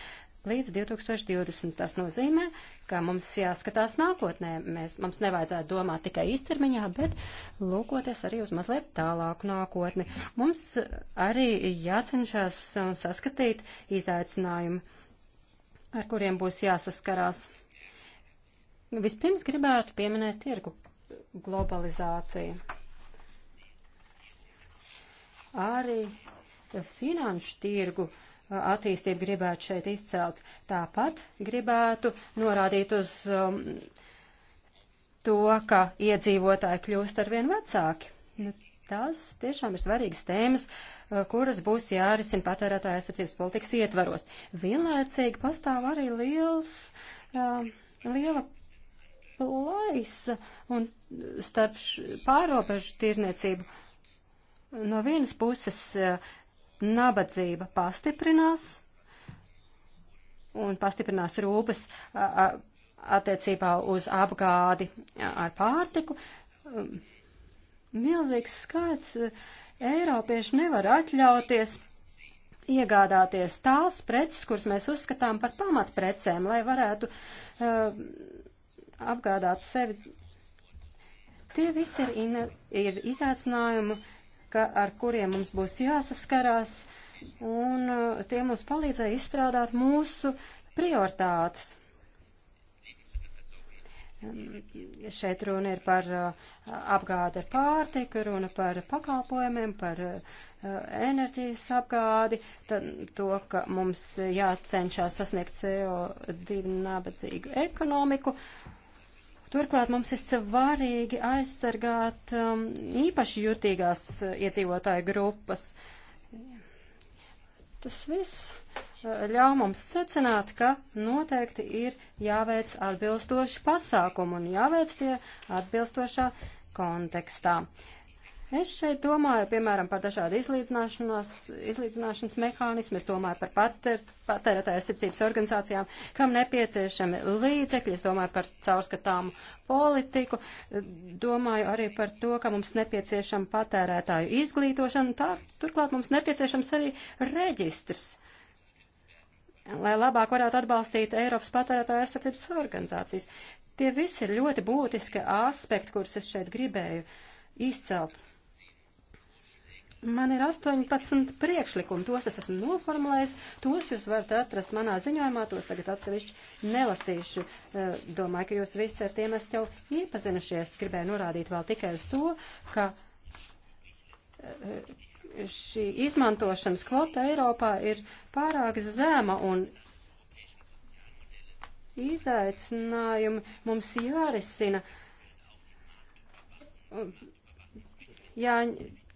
līdz 2020. Tas nozīmē, ka mums jāskatās nākotnē. Mēs, mums nevajadzētu domāt tikai īstermiņā, bet lūkoties arī uz mazliet tālāku nākotni. Mums arī jācenšas uh, saskatīt izaicinājumi, ar kuriem būs jāsaskarās. Vispirms gribētu pieminēt tirgu globalizāciju. Arī finanšu tirgu uh, attīstību gribētu šeit izcelt. Tāpat gribētu norādīt uz um, to, ka iedzīvotāji kļūst arvien vecāki. Nu, tās tiešām ir svarīgas tēmas, uh, kuras būs jārisina patērētāja aizsardzības politikas ietvaros. Vienlaicīgi pastāv arī liels, um, liela plaisa un starp pārobežu tirniecību. No vienas puses uh, nabadzība pastiprinās un pastiprinās rūpes attiecībā uz apgādi ar pārtiku. Um, milzīgs skaits e, Eiropieši nevar atļauties iegādāties tās preces, kuras mēs uzskatām par pamatprecēm, lai varētu uh, apgādāt sevi. Tie visi ir, in, ir izaicinājumi ka, ar kuriem mums būs jāsaskarās, un uh, tie mums palīdzēja izstrādāt mūsu prioritātes. Um, šeit runa ir par uh, apgādi ar pārtiku, runa par pakalpojumiem, par uh, enerģijas apgādi, tad to, ka mums jācenšas sasniegt CO2 nabadzīgu ekonomiku. Turklāt mums ir svarīgi aizsargāt um, īpaši jutīgās uh, iedzīvotāju grupas. Tas viss uh, ļauj mums secināt, ka noteikti ir jāveic atbilstoši pasākumi un jāveic tie atbilstošā kontekstā. Es šeit domāju, piemēram, par dažādu izlīdzināšanas mehānismu, es domāju par pater, patērētāju aizsardzības organizācijām, kam nepieciešami līdzekļi, es domāju par caurskatāmu politiku, domāju arī par to, ka mums nepieciešama patērētāju izglītošana, tā, turklāt mums nepieciešams arī reģistrs, lai labāk varētu atbalstīt Eiropas patērētāju aizsardzības organizācijas. Tie visi ir ļoti būtiski aspekti, kurus es šeit gribēju izcelt. Man ir 18 priekšlikumi, tos es esmu noformulējis, tos jūs varat atrast manā ziņojumā, tos tagad atsevišķi nelasīšu. Eh, domāju, ka jūs visi ar tiem esat jau iepazinušies. Gribēju norādīt vēl tikai uz to, ka eh, šī izmantošanas kvota Eiropā ir pārāk zema un izaicinājumi mums jārisina. Jā,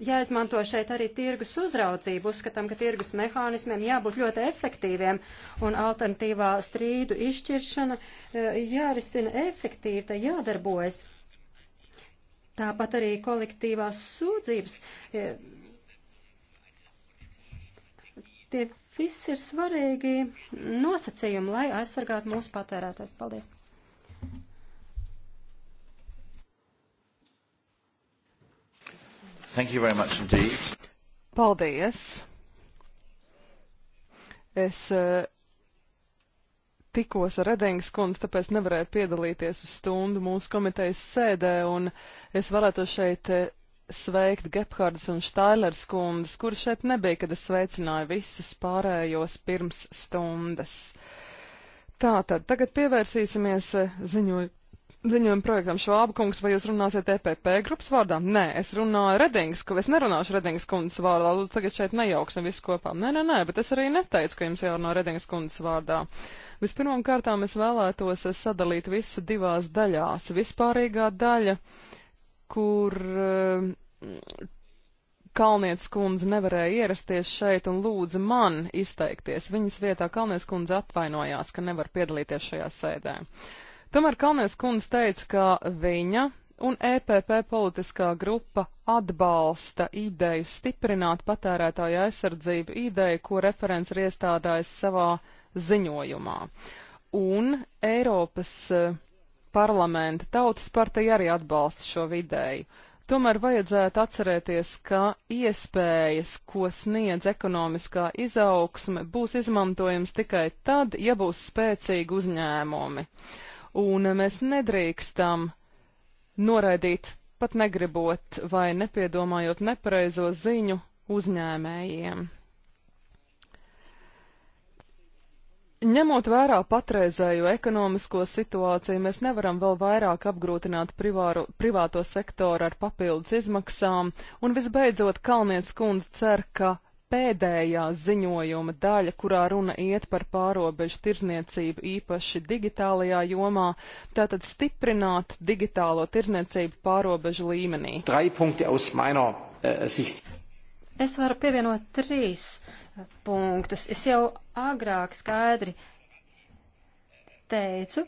jāizmanto šeit arī tirgus uzraudzību. Uzskatām, ka tirgus mehānismiem jābūt ļoti efektīviem un alternatīvā strīdu izšķiršana e, jārisina efektīvi, tai jādarbojas. Tāpat arī kolektīvās sūdzības. E, tie viss ir svarīgi nosacījumi, lai aizsargātu mūsu patērētājs. Paldies! Thank you very much indeed. Paldies! Es uh, tikos ar Redingas kundzi, tāpēc nevarēju piedalīties uz stundu mūsu komitejas sēdē, un es varētu šeit eh, sveikt Gephardas un Štailers kundzes, kur šeit nebija, kad es sveicināju visus pārējos pirms stundas. Tātad, tagad pievērsīsimies eh, ziņojumu ziņojumu projektam Švāba kungs, vai jūs runāsiet EPP grupas vārdā? Nē, es runāju Redings, ka es nerunāšu Redings kundzes vārdā, lūdzu tagad šeit nejauksim visu kopā. Nē, nē, nē, bet es arī neteicu, ka jums jārunā Redings kundzes vārdā. Vispirmām kārtām es vēlētos es sadalīt visu divās daļās. Vispārīgā daļa, kur eh, Kalnietes kundze nevarēja ierasties šeit un lūdza man izteikties. Viņas vietā Kalnietes kundze atvainojās, ka nevar piedalīties šajā sēdē. Tomēr Kalnies kundze teica, ka viņa un EPP politiskā grupa atbalsta ideju stiprināt patērētāju aizsardzību ideju, ko referents ir iestādājis savā ziņojumā. Un Eiropas eh, parlamenta tautas partija arī atbalsta šo ideju. Tomēr vajadzētu atcerēties, ka iespējas, ko sniedz ekonomiskā izaugsme, būs izmantojams tikai tad, ja būs spēcīgi uzņēmumi. Uh, un mēs nedrīkstam noraidīt pat negribot vai nepiedomājot nepareizo ziņu uzņēmējiem. Ņemot vērā patreizējo ekonomisko situāciju, mēs nevaram vēl vairāk apgrūtināt privāru, privāto sektoru ar papildus izmaksām, un visbeidzot Kalniets kundze cer, ka pēdējā ziņojuma daļa, kurā runa iet par pārobežu tirzniecību īpaši digitālajā jomā, tātad stiprināt digitālo tirzniecību pārobežu līmenī. Äh, es varu pievienot trīs punktus. Es jau agrāk skaidri teicu,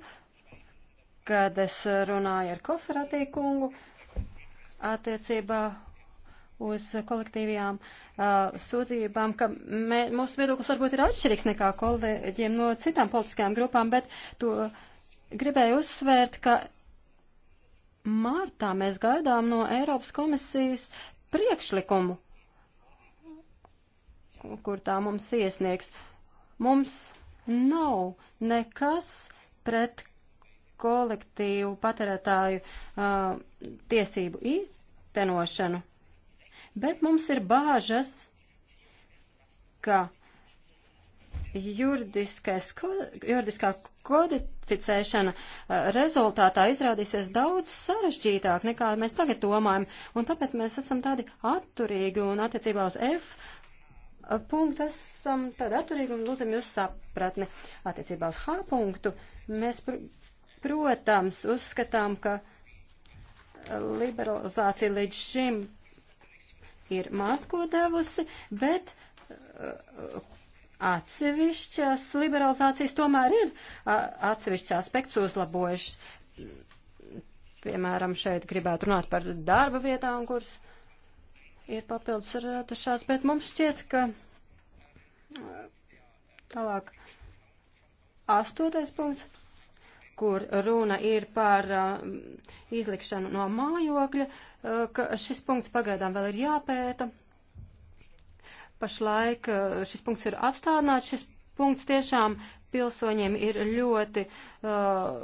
kad es runāju ar Koferatī kungu attiecībā uz kolektīvajām uh, sūdzībām, ka mē, mūsu viedoklis varbūt ir atšķirīgs nekā kolēģiem no citām politiskajām grupām, bet to gribēju uzsvērt, ka martā mēs gaidām no Eiropas komisijas priekšlikumu, kur tā mums iesniegs. Mums nav nekas pret kolektīvu patērētāju uh, tiesību īstenošanu bet mums ir bāžas, ka ko, juridiskā kodificēšana uh, rezultātā izrādīsies daudz sarežģītāk nekā mēs tagad domājam, un tāpēc mēs esam tādi atturīgi un attiecībā uz F uh, punktu esam tad atturīgi un lūdzam jūs sapratni. Attiecībā uz H punktu mēs, pr protams, uzskatām, ka uh, liberalizācija līdz šim ir maz ko devusi, bet uh, atsevišķas liberalizācijas tomēr ir uh, atsevišķs aspekts uzlabojušs. Piemēram, šeit gribētu runāt par darba vietām, kuras ir papildus radušās, bet mums šķiet, ka uh, tālāk astotais punkts kur runa ir par uh, izlikšanu no mājokļa, uh, ka šis punkts pagaidām vēl ir jāpēta. Pašlaik uh, šis punkts ir apstādināts, šis punkts tiešām pilsoņiem ir ļoti uh,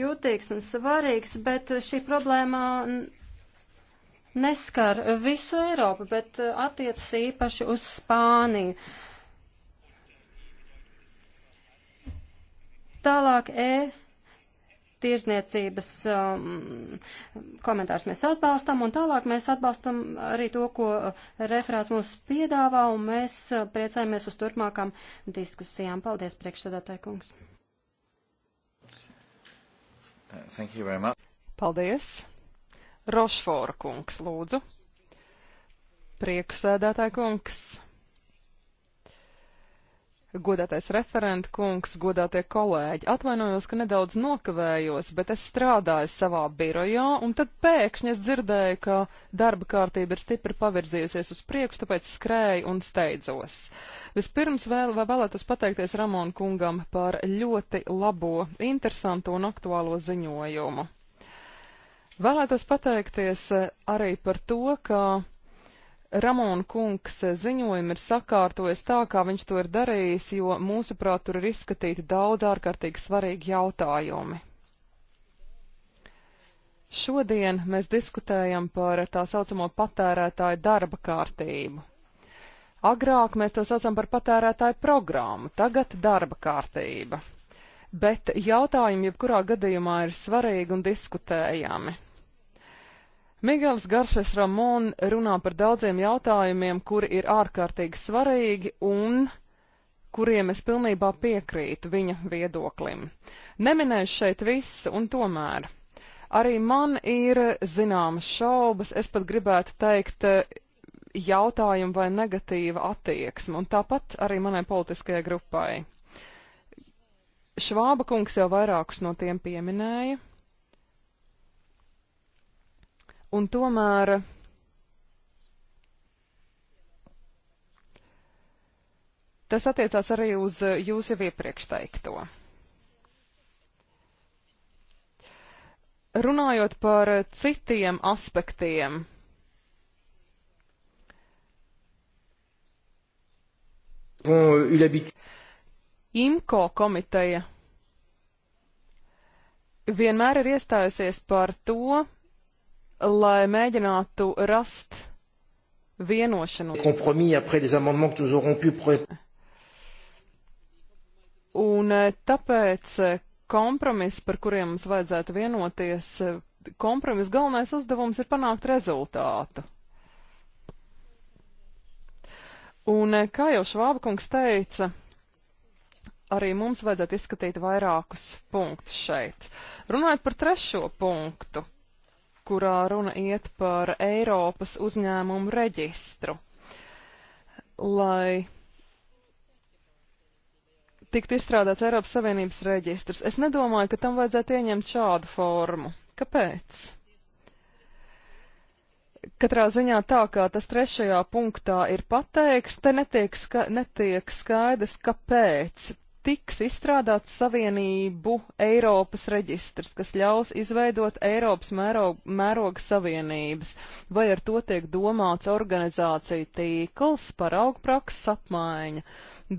jūtīgs un svarīgs, bet šī problēma neskar visu Eiropu, bet uh, attiecas īpaši uz Spāniju. Uh, Tālāk E tirzniecības um, komentārs mēs atbalstam, un tālāk mēs atbalstam arī to, ko uh, referāts mums piedāvā, un mēs uh, priecājamies uz turpmākām diskusijām. Paldies, priekšsēdētāji kungs. Uh, Paldies. Rošfora kungs, lūdzu. Priekšsēdētāji kungs godātais referenta kungs, godātie kolēģi. Atvainojos, ka nedaudz nokavējos, bet es strādāju savā birojā, un tad pēkšņi es dzirdēju, ka darba kārtība ir stipri pavirzījusies uz priekšu, tāpēc skrēju un steidzos. Vispirms vēl, vēlētos pateikties Ramon kungam par ļoti labo, interesantu un aktuālo ziņojumu. Vēlētos pateikties eh, arī par to, ka Ramona kungs ziņojumu ir sakārtojis tā, kā viņš to ir darījis, jo mūsuprāt tur ir izskatīti daudz ārkārtīgi svarīgi jautājumi. Šodien mēs diskutējam par tā saucamo patērētāju darba kārtību. Agrāk mēs to saucam par patērētāju programmu, tagad darba kārtība. Bet jautājumi jebkurā gadījumā ir svarīgi un diskutējami. Migels Garšes Ramon runā par daudziem jautājumiem, kuri ir ārkārtīgi svarīgi un kuriem es pilnībā piekrītu viņa viedoklim. Neminēšu šeit visu un tomēr. Arī man ir zināmas šaubas, es pat gribētu teikt eh, jautājumu vai negatīva attieksme, un tāpat arī manai politiskajai grupai. Švāba kungs jau vairākus no tiem pieminēja, Un tomēr tas attiecās arī uz jūs jau iepriekš teikto. Runājot par citiem aspektiem, IMCO komiteja vienmēr ir iestājusies par to, lai mēģinātu rast vienošanos. Un eh, tāpēc eh, kompromiss, par kuriem mums vajadzētu vienoties, eh, kompromiss galvenais uzdevums ir panākt rezultātu. Un, kā jau Švābakungs teica, arī mums vajadzētu izskatīt vairākus punktus šeit. Runājot par trešo punktu, kurā runa iet par Eiropas uzņēmumu reģistru, lai tiktu izstrādāts Eiropas Savienības reģistrs. Es nedomāju, ka tam vajadzētu ieņemt šādu formu. Kāpēc? katrā ziņā tā, kā tas trešajā punktā ir pateikts, te netiek, ska netiek skaidrs, kāpēc tiks izstrādāts Savienību Eiropas reģistrs, kas ļaus izveidot Eiropas mēroga, mēroga savienības, vai ar to tiek domāts organizāciju tīkls, paraugu prakses apmaiņa.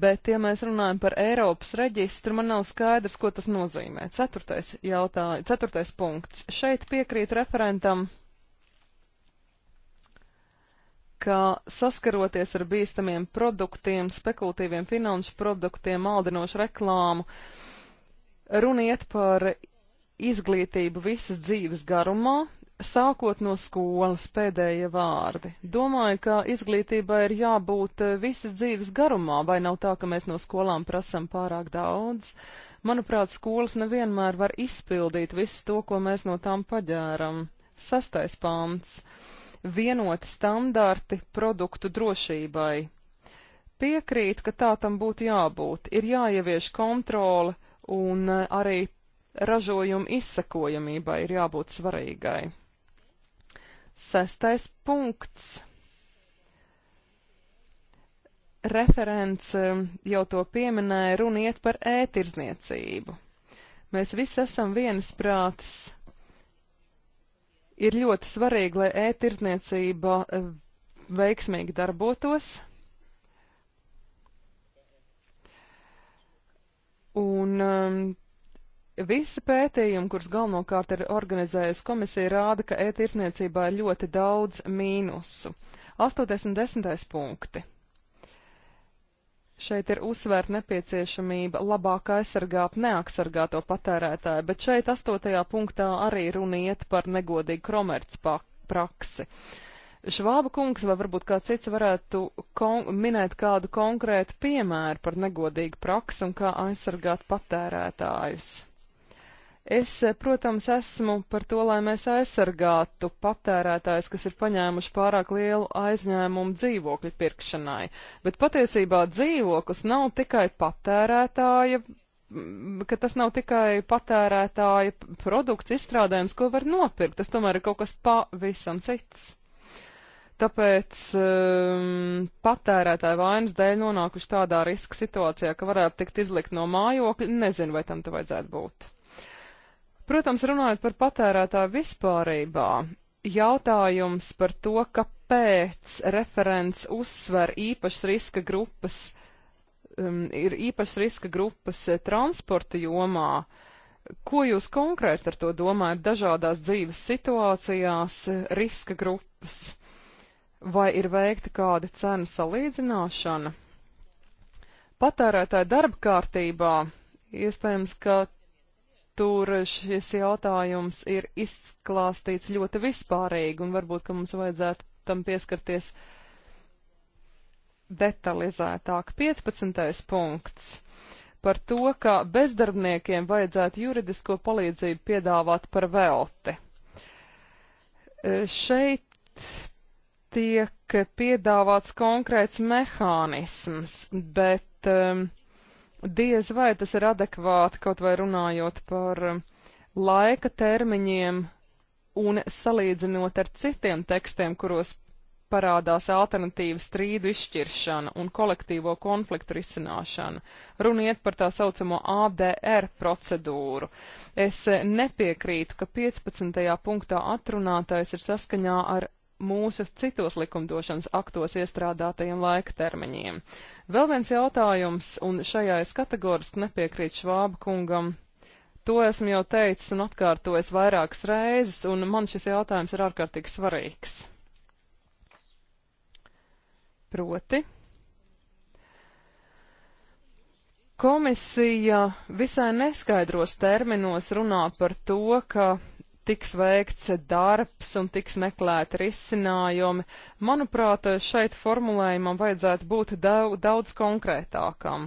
Bet, ja mēs runājam par Eiropas reģistru, man nav skaidrs, ko tas nozīmē. Ceturtais, jautā, ceturtais punkts. Šeit piekrīt referentam ka saskaroties ar bīstamiem produktiem, spekulatīviem finanšu produktiem, maldinošu reklāmu, runiet par izglītību visas dzīves garumā, sākot no skolas pēdējie vārdi. Domāju, ka izglītībai ir jābūt eh, visas dzīves garumā, vai nav tā, ka mēs no skolām prasam pārāk daudz? Manuprāt, skolas nevienmēr var izpildīt visu to, ko mēs no tām paģēram. Sastais pāns. Uh, vienoti standarti produktu drošībai. Piekrīt, ka tā tam būtu jābūt. Ir jāievieš kontrole un eh, arī ražojuma izsakojamībai ir jābūt svarīgai. Sestais punkts. Referents eh, jau to pieminēja, runiet par ētirzniecību. E Mēs visi esam viensprātis Ir ļoti svarīgi, lai e-tirdzniecība eh, veiksmīgi darbotos. Un um, Visi pētījumi, kurus galvenokārt ir organizējusi komisija, rāda, ka e-tirsniecībā ir ļoti daudz mīnusu. 80. punkti. Šeit ir uzsvērta nepieciešamība labāk aizsargāt neaizsargāto patērētāju, bet šeit astotajā punktā arī runa iet par negodīgu komercpraksi. Švāba kungs vai varbūt kāds cits varētu minēt kādu konkrētu piemēru par negodīgu praksi un kā aizsargāt patērētājus. Es, eh, protams, esmu par to, lai mēs aizsargātu patērētājs, kas ir paņēmuši pārāk lielu aizņēmumu dzīvokļu pirkšanai, bet patiesībā dzīvoklis nav tikai patērētāja ka tas nav tikai patērētāja produkts, izstrādājums, ko var nopirkt. Tas tomēr ir kaut kas pavisam cits. Tāpēc um, patērētāja vainas dēļ nonākuši tādā riska situācijā, ka varētu tikt izlikt no mājokļa. Nezinu, vai tam te vajadzētu būt. Protams, runājot par patērētāju vispārībā, jautājums par to, kāpēc referents uzsver īpašas riska grupas, um, ir īpašas riska grupas transporta jomā. Ko jūs konkrēti ar to domājat dažādās dzīves situācijās, riska grupas? Vai ir veikta kāda cenu salīdzināšana? Patērētāja darba kārtībā iespējams, ka Tur šis jautājums ir izklāstīts ļoti vispārīgi, un varbūt, ka mums vajadzētu tam pieskarties detalizētāk. 15. punkts par to, ka bezdarbniekiem vajadzētu juridisko palīdzību piedāvāt par velti. E, šeit tiek piedāvāts konkrēts mehānisms, bet um, diez vai tas ir adekvāti kaut vai runājot par um, laika termiņiem un salīdzinot ar citiem tekstiem, kuros parādās alternatīva strīdu izšķiršana un kolektīvo konfliktu risināšana. Runiet par tā saucamo ADR procedūru. Es eh, nepiekrītu, ka 15. punktā atrunātais ir saskaņā ar mūsu citos likumdošanas aktos iestrādātajiem laika termiņiem. Vēl viens jautājums, un šajā es kategoriski nepiekrītu Švāba kungam. To esmu jau teicis un atkārtojis vairākas reizes, un man šis jautājums ir ārkārtīgi svarīgs. Proti. Komisija visai neskaidros terminos runā par to, ka tiks veikts darbs un tiks meklēt risinājumi. Manuprāt, šeit formulējumam vajadzētu būt daudz, daudz konkrētākam.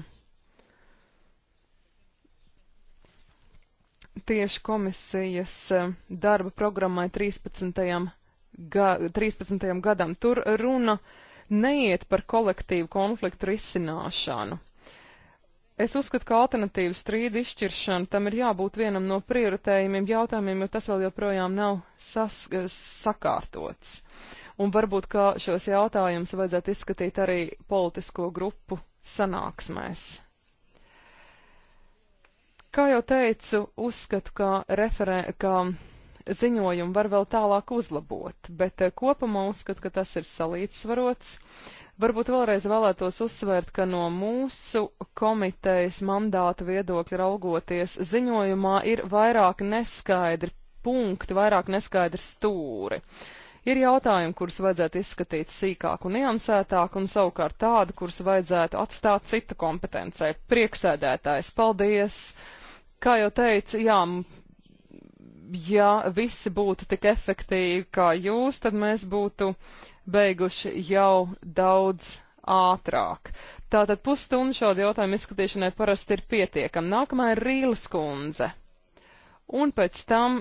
Tieši komisijas eh, darba programmai 13. Ga 13. gadam tur runa neiet par kolektīvu konfliktu risināšanu. Es uzskatu, ka alternatīvu strīdu izšķiršana tam ir jābūt vienam no prioritējumiem jautājumiem, jo tas vēl joprojām nav sas, eh, sakārtots. Un varbūt, ka šos jautājumus vajadzētu izskatīt arī politisko grupu sanāksmēs. Kā jau teicu, uzskatu, ka, referē, ka ziņojumu var vēl tālāk uzlabot, bet eh, kopumā uzskatu, ka tas ir salīdzsvarots Varbūt vēlreiz vēlētos uzsvērt, ka no mūsu komitejas mandāta viedokļa raugoties ziņojumā ir vairāk neskaidri punkti, vairāk neskaidri stūri. Ir jautājumi, kurus vajadzētu izskatīt sīkāk un niansētāk, un savukārt tādi, kurus vajadzētu atstāt citu kompetencē. Prieksēdētājs, paldies! Kā jau teicu, jā, ja visi būtu tik efektīvi kā jūs, tad mēs būtu uh, beiguši jau daudz ātrāk. Tātad pusstunda šādu jautājumu izskatīšanai parasti ir pietiekama. Nākamā ir Rīles kundze. Un pēc tam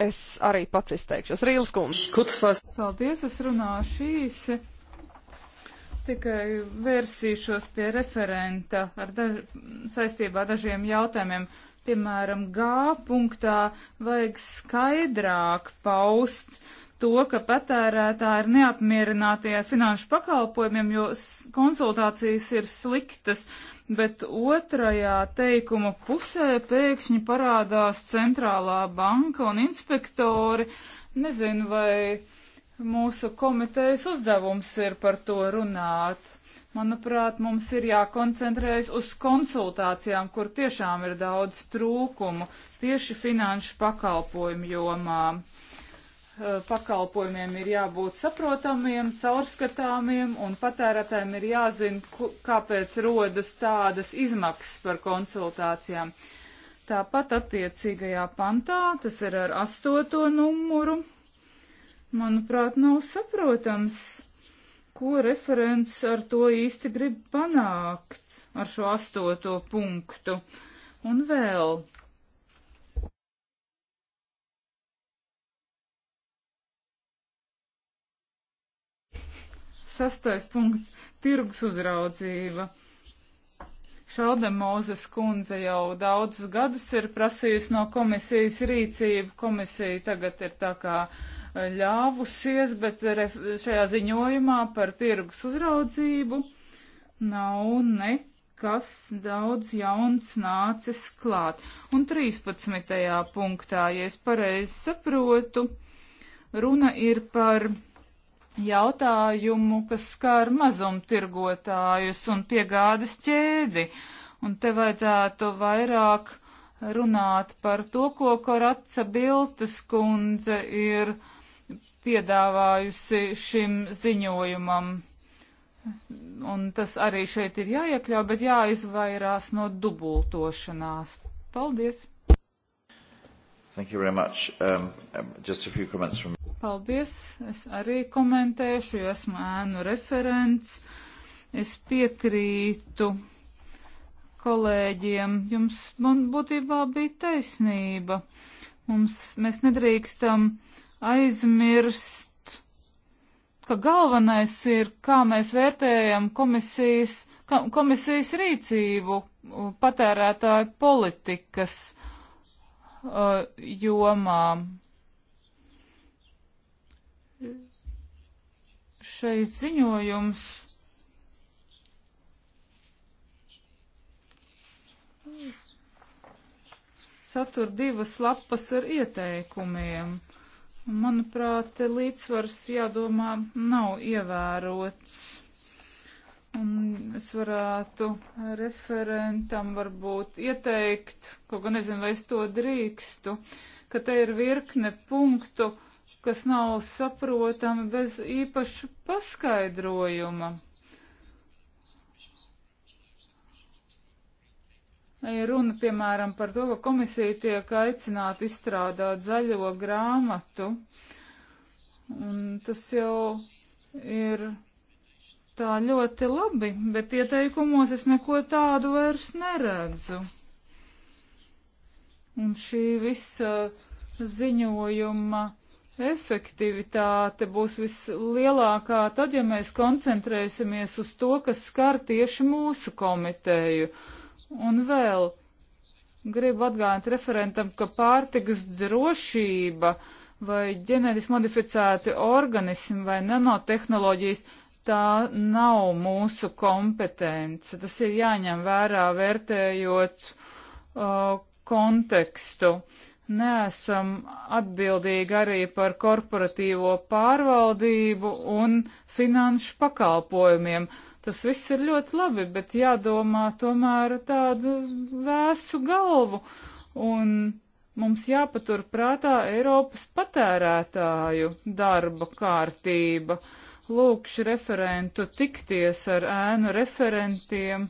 es arī pats izteikšos. Rīles kundze. Kutsvās. Paldies, es runāšu īsi. Tikai vērsīšos pie referenta ar daž saistībā ar dažiem jautājumiem. Piemēram, G punktā vajag skaidrāk paust to, ka patērētāji ir neapmierināti ar finanšu pakalpojumiem, jo konsultācijas ir sliktas, bet otrajā teikuma pusē pēkšņi parādās centrālā banka un inspektori. Nezinu, vai mūsu komitejas uzdevums ir par to runāt. Manuprāt, mums ir jākoncentrējas uz konsultācijām, kur tiešām ir daudz trūkumu tieši finanšu pakalpojumu jomām. Eh, pakalpojumiem ir jābūt saprotamiem, caurskatāmiem, un patērētājiem ir jāzina, kāpēc rodas tādas izmaksas par konsultācijām. Tāpat attiecīgajā pantā, tas ir ar astoto numuru, manuprāt, nav saprotams, ko referents ar to īsti grib panākt ar šo astoto punktu. Un vēl Sastais punkts - tirgus uzraudzība. Šaldemozes kundze jau daudzus gadus ir prasījusi no komisijas rīcību. Komisija tagad ir tā kā e, ļāvusies, bet šajā ziņojumā par tirgus uzraudzību nav nekas daudz jauns nācis klāt. Un 13. punktā, ja es pareizi saprotu, runa ir par jautājumu, kas skar mazumtirgotājus un piegādes ķēdi. Un te vajadzētu vairāk runāt par to, ko Koratsa Biltas kundze ir piedāvājusi šim ziņojumam. Un tas arī šeit ir jāiekļau, bet jāizvairās no dubultošanās. Paldies! Thank you very much. Um, um just a few comments from paldies. Es arī komentēšu, jo esmu ēnu referents. Es piekrītu kolēģiem. Jums, man būtībā bija taisnība. Mums, mēs nedrīkstam aizmirst, ka galvenais ir, kā mēs vērtējam komisijas, komisijas rīcību patērētāju politikas uh, jomām šeit ziņojums satur divas lapas ar ieteikumiem. Manuprāt, līdzsvars jādomā nav ievērots. Un es varētu referentam varbūt ieteikt, kaut gan nezinu, vai es to drīkstu, ka te ir virkne punktu, uh, kas nav saprotami bez īpaša paskaidrojuma. Ja runa, piemēram, par to, ka komisija tiek aicināta izstrādāt zaļo grāmatu, un tas jau ir tā ļoti labi, bet ieteikumos es neko tādu vairs neredzu. Un šī visa ziņojuma efektivitāte būs vislielākā tad, ja mēs koncentrēsimies uz to, kas skar tieši mūsu komiteju. Un vēl gribu atgādināt referentam, ka pārtikas drošība vai ģenētiski modificēti organismi vai nanotehnoloģijas tā nav mūsu kompetence. Tas ir jāņem vērā vērtējot uh, kontekstu. Uh, neesam atbildīgi arī par korporatīvo pārvaldību un finanšu pakalpojumiem. Tas viss ir ļoti labi, bet jādomā tomēr tādu vēsu galvu. Un mums jāpatur prātā Eiropas patērētāju darba kārtība. Lūkšu referentu tikties ar ēnu referentiem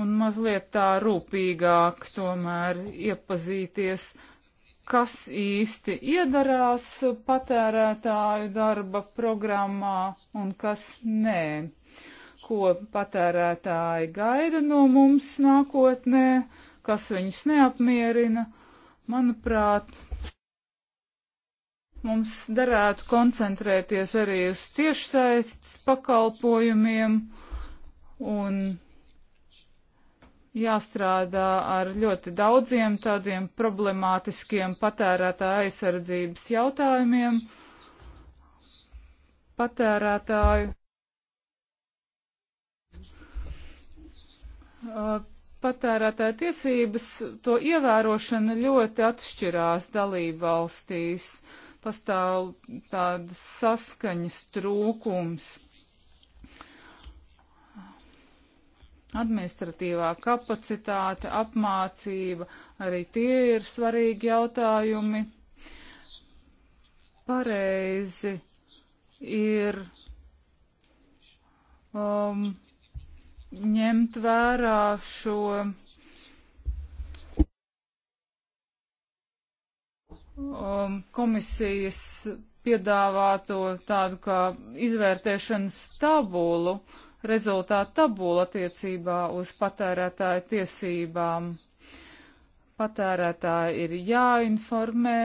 un mazliet tā rūpīgāk tomēr iepazīties ar kas īsti iedarās patērētāju darba programmā un kas nē, ko patērētāji gaida no mums nākotnē, kas viņus neapmierina. Manuprāt, mums darētu koncentrēties arī uz tiešsaistes pakalpojumiem un jāstrādā ar ļoti daudziem tādiem problemātiskiem patērētāja aizsardzības jautājumiem. Patērētāju. Patērētāja tiesības, to ievērošana ļoti atšķirās dalību valstīs. Pastāv tādas saskaņas trūkums administratīvā kapacitāte, apmācība, arī tie ir svarīgi jautājumi. Pareizi ir um, ņemt vērā šo um, komisijas piedāvāto tādu kā izvērtēšanas tabulu. Uh, rezultātu tabulu attiecībā uz patērētāju tiesībām. Patērētāji ir jāinformē,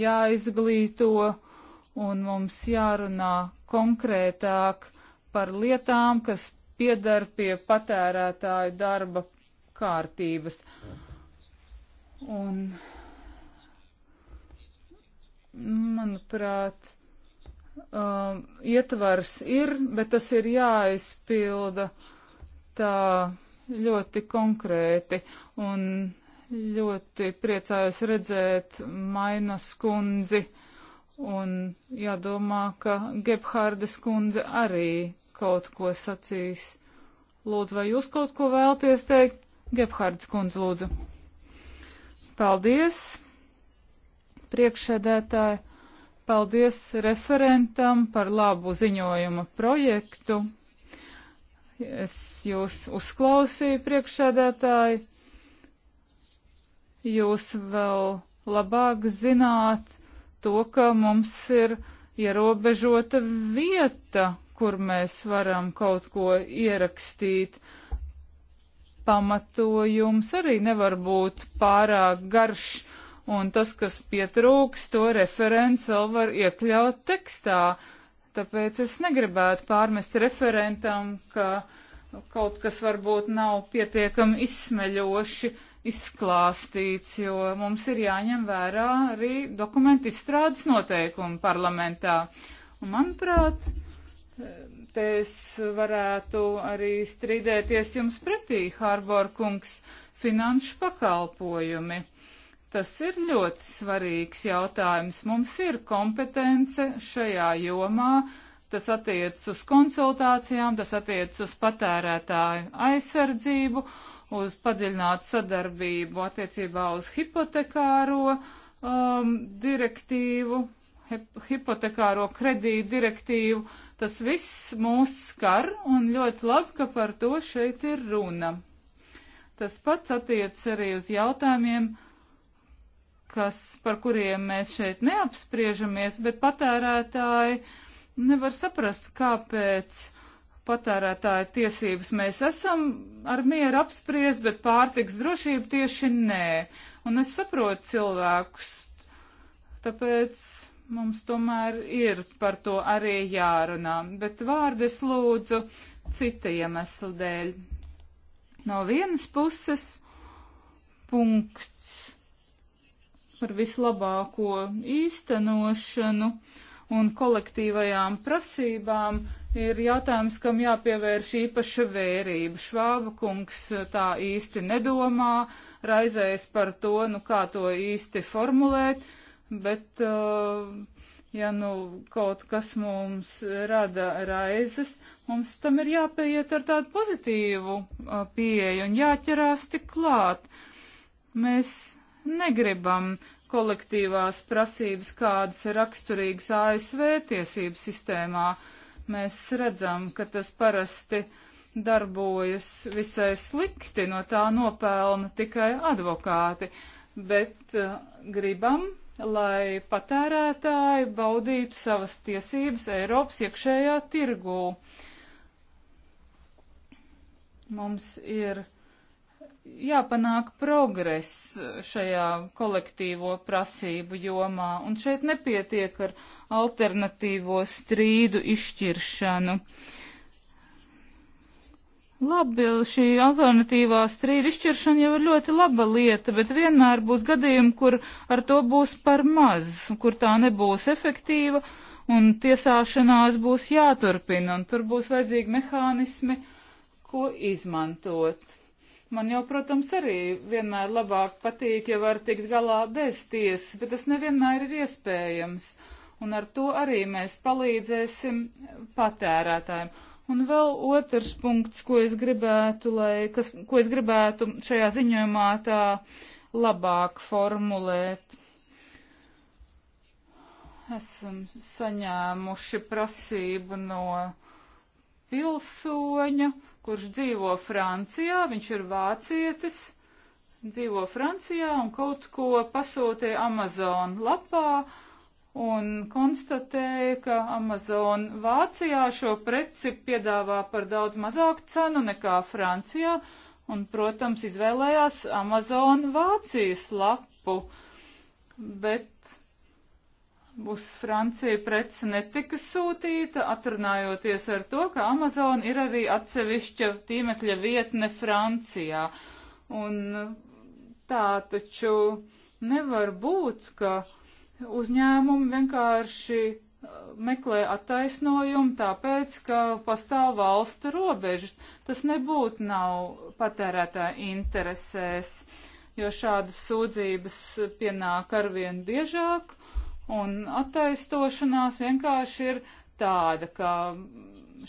jāizglīto un mums jārunā konkrētāk par lietām, kas piedar pie patērētāju darba kārtības. Un, manuprāt, um, ietvars ir, bet tas ir jāizpilda tā ļoti konkrēti. Un ļoti priecājos redzēt Mainas kundzi un jādomā, ka Gebhārdas kundze arī kaut ko sacīs. Lūdzu, vai jūs kaut ko vēlties teikt? Gebhārdas kundze, lūdzu. Paldies, priekšsēdētāji. Paldies referentam par labu ziņojuma projektu. Es jūs uzklausīju priekšsēdētāji. Jūs vēl labāk zināt to, ka mums ir ierobežota vieta, kur mēs varam kaut ko ierakstīt pamatojums arī nevar būt pārāk garš, un tas, kas pietrūks, to referents vēl var iekļaut tekstā. Tāpēc es negribētu pārmest referentam, ka kaut kas varbūt nav pietiekami izsmeļoši izklāstīts, jo mums ir jāņem vērā arī dokumentu izstrādes noteikumi parlamentā. Un, manuprāt, te es varētu arī strīdēties jums pretī, Hārbor kungs, finanšu pakalpojumi Tas ir ļoti svarīgs jautājums. Mums ir kompetence šajā jomā. Tas attiec uz konsultācijām, tas attiec uz patērētāju aizsardzību, uz padziļinātu sadarbību attiecībā uz hipotekāro um, direktīvu, hipotekāro kredītu direktīvu. Tas viss mūs skar un ļoti labi, ka par to šeit ir runa. Tas pats attiec arī uz jautājumiem, kas, par kuriem mēs šeit neapspriežamies, bet patērētāji nevar saprast, kāpēc patērētāju tiesības mēs esam ar mieru apspriest, bet pārtiks drošību tieši nē. Un es saprotu cilvēkus, tāpēc mums tomēr ir par to arī jārunā. Bet vārdu es lūdzu cita iemesla dēļ. No vienas puses punkts par vislabāko īstenošanu un kolektīvajām prasībām ir jautājums, kam jāpievērš īpaša vērība. Švāba kungs tā īsti nedomā, raizējas par to, nu kā to īsti formulēt, bet uh, ja nu kaut kas mums rada raizes, mums tam ir jāpieiet ar tādu pozitīvu uh, pieeju un jāķerās tik klāt. Mēs negribam kolektīvās prasības, kādas ir raksturīgas ASV tiesību sistēmā. Mēs redzam, ka tas parasti darbojas visai slikti, no tā nopelna tikai advokāti, bet uh, gribam, lai patērētāji baudītu savas tiesības Eiropas iekšējā tirgū. Mums ir jāpanāk progress šajā kolektīvo prasību jomā, un šeit nepietiek ar alternatīvo strīdu izšķiršanu. Labi, šī alternatīvā strīda izšķiršana jau ir ļoti laba lieta, bet vienmēr būs gadījumi, kur ar to būs par maz, kur tā nebūs efektīva, un tiesāšanās būs jāturpina, un tur būs vajadzīgi mehānismi, ko izmantot. Man jau, protams, arī vienmēr labāk patīk, ja var tikt galā bez tiesas, bet tas nevienmēr ir iespējams. Un ar to arī mēs palīdzēsim patērētājiem. Un vēl otrs punkts, ko es gribētu, lai, kas, ko es gribētu šajā ziņojumā tā labāk formulēt. Esam saņēmuši prasību no pilsoņa kurš dzīvo Francijā, viņš ir vācietis, dzīvo Francijā un kaut ko pasūtīja Amazon lapā un konstatēja, ka Amazon Vācijā šo preci piedāvā par daudz mazāku cenu nekā Francijā un, protams, izvēlējās Amazon Vācijas lapu. Bet uz Franciju prece netika sūtīta, atrunājoties ar to, ka Amazon ir arī atsevišķa tīmekļa vietne Francijā. Un tā taču nevar būt, ka uzņēmumi vienkārši uh, meklē attaisnojumu tāpēc, ka pastāv valstu robežas. Tas nebūtu nav patērētāja interesēs, jo šādas sūdzības pienāk arvien biežāk Un attaistošanās vienkārši ir tāda, ka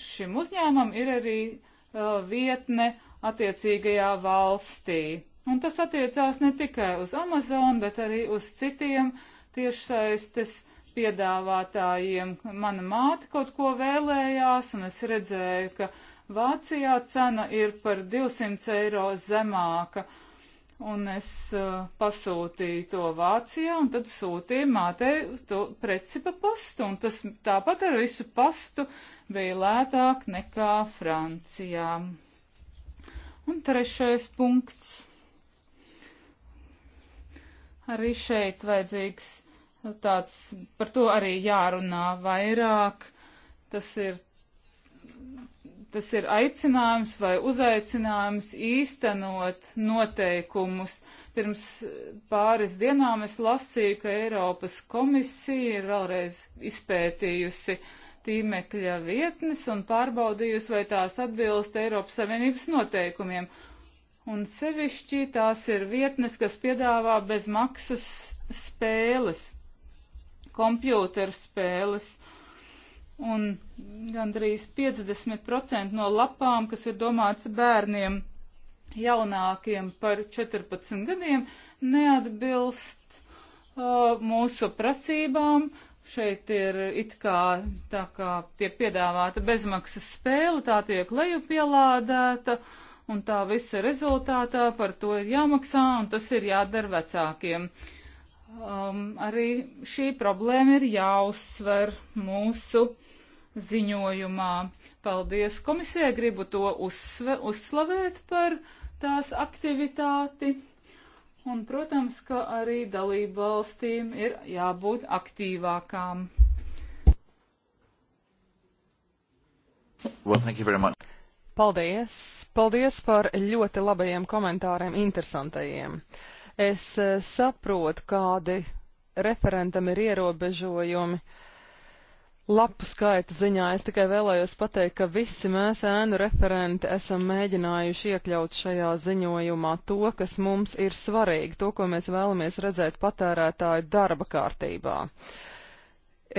šim uzņēmumam ir arī uh, vietne attiecīgajā valstī. Un tas attiecās ne tikai uz Amazon, bet arī uz citiem tiešsaistes piedāvātājiem. Mana māte kaut ko vēlējās, un es redzēju, ka Vācijā cena ir par 200 eiro zemāka un es uh, pasūtīju to Vācijā, un tad sūtīju mātei to preci pa pastu, un tas tāpat ar visu pastu bija lētāk nekā Francijā. Un trešais punkts. Arī šeit vajadzīgs tāds, par to arī jārunā vairāk. Tas ir tas ir aicinājums vai uzaicinājums īstenot noteikumus. Pirms pāris dienām es lasīju, ka Eiropas komisija ir vēlreiz izpētījusi tīmekļa vietnes un pārbaudījusi, vai tās atbilst Eiropas Savienības noteikumiem. Un sevišķi tās ir vietnes, kas piedāvā bezmaksas spēles, kompjūter spēles. Uh, un gandrīz 50% no lapām, kas ir domāts bērniem jaunākiem par 14 gadiem, neatbilst uh, mūsu prasībām. Šeit ir it kā tā kā tiek piedāvāta bezmaksas spēle, tā tiek lejupielādēta, un tā visa rezultātā par to ir jāmaksā, un tas ir jādara vecākiem. Uh, um, arī šī problēma ir jāuzsver mūsu ziņojumā. Paldies komisijai, gribu to uzsve, uzslavēt par tās aktivitāti. Un, protams, ka arī dalību valstīm ir jābūt aktīvākām. Well, thank you very much. Paldies! Paldies par ļoti labajiem komentāriem, interesantajiem. Uh, Es e, saprotu, kādi referentam ir ierobežojumi. Lapu skaita ziņā es tikai vēlējos pateikt, ka visi mēs ēnu referenti esam mēģinājuši iekļaut šajā ziņojumā to, kas mums ir svarīgi, to, ko mēs vēlamies redzēt patērētāju darba kārtībā.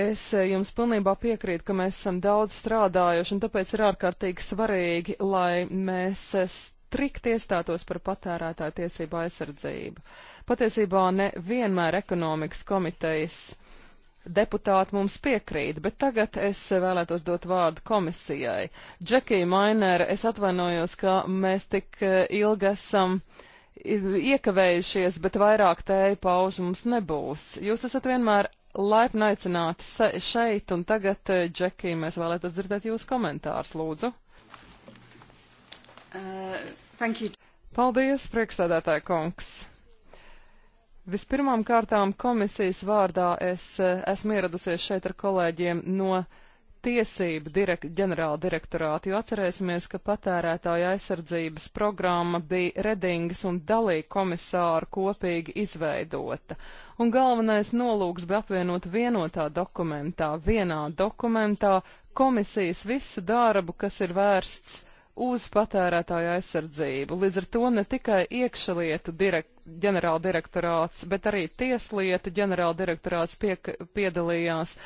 Es e, jums pilnībā piekrītu, ka mēs esam daudz strādājuši, un tāpēc ir ārkārtīgi svarīgi, lai mēs e, strikt iestātos par patērētāju tiesību aizsardzību. Patiesībā ne vienmēr ekonomikas komitejas deputāti mums piekrīt, bet tagad es vēlētos dot vārdu komisijai. Džekija Mainere, es atvainojos, ka mēs tik eh, ilgi esam iekavējušies, bet vairāk tēju paužu mums nebūs. Jūs esat vienmēr laipni aicināti šeit, un tagad, eh, Džekija, mēs vēlētos dzirdēt jūsu komentārus, lūdzu. Uh, Paldies, priekšsēdētāja kungs! Vispirmām kārtām komisijas vārdā es eh, esmu ieradusies šeit ar kolēģiem no tiesību direkt, ģenerāla direktorāta, jo atcerēsimies, ka patērētāja aizsardzības programma bija Redingas un Dalī komisāra kopīgi izveidota. Un galvenais nolūks bija apvienot vienotā dokumentā, vienā dokumentā komisijas visu darbu, kas ir vērsts uz patērētāju aizsardzību. Līdz ar to ne tikai iekšlietu direkt, ģenerāldirektorāts, bet arī tieslietu ģenerāldirektorāts piek, piedalījās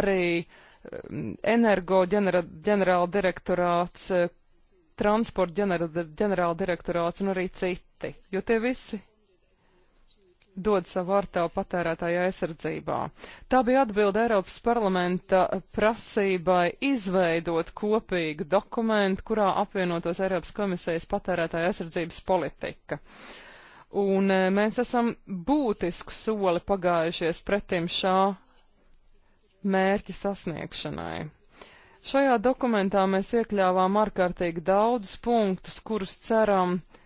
arī um, energo ģenera, ģenerāldirektorāts, eh, transporta ģenerāldirektorāts un arī citi, jo tie visi dod savu artavu patērētāju aizsardzībā. Tā bija atbilda Eiropas parlamenta prasībai izveidot kopīgu dokumentu, kurā apvienotos Eiropas komisijas patērētāju aizsardzības politika. Un e, mēs esam būtisku soli pagājušies pretim šā mērķa sasniegšanai. Šajā dokumentā mēs iekļāvām ārkārtīgi daudz punktus, kurus ceram, uh,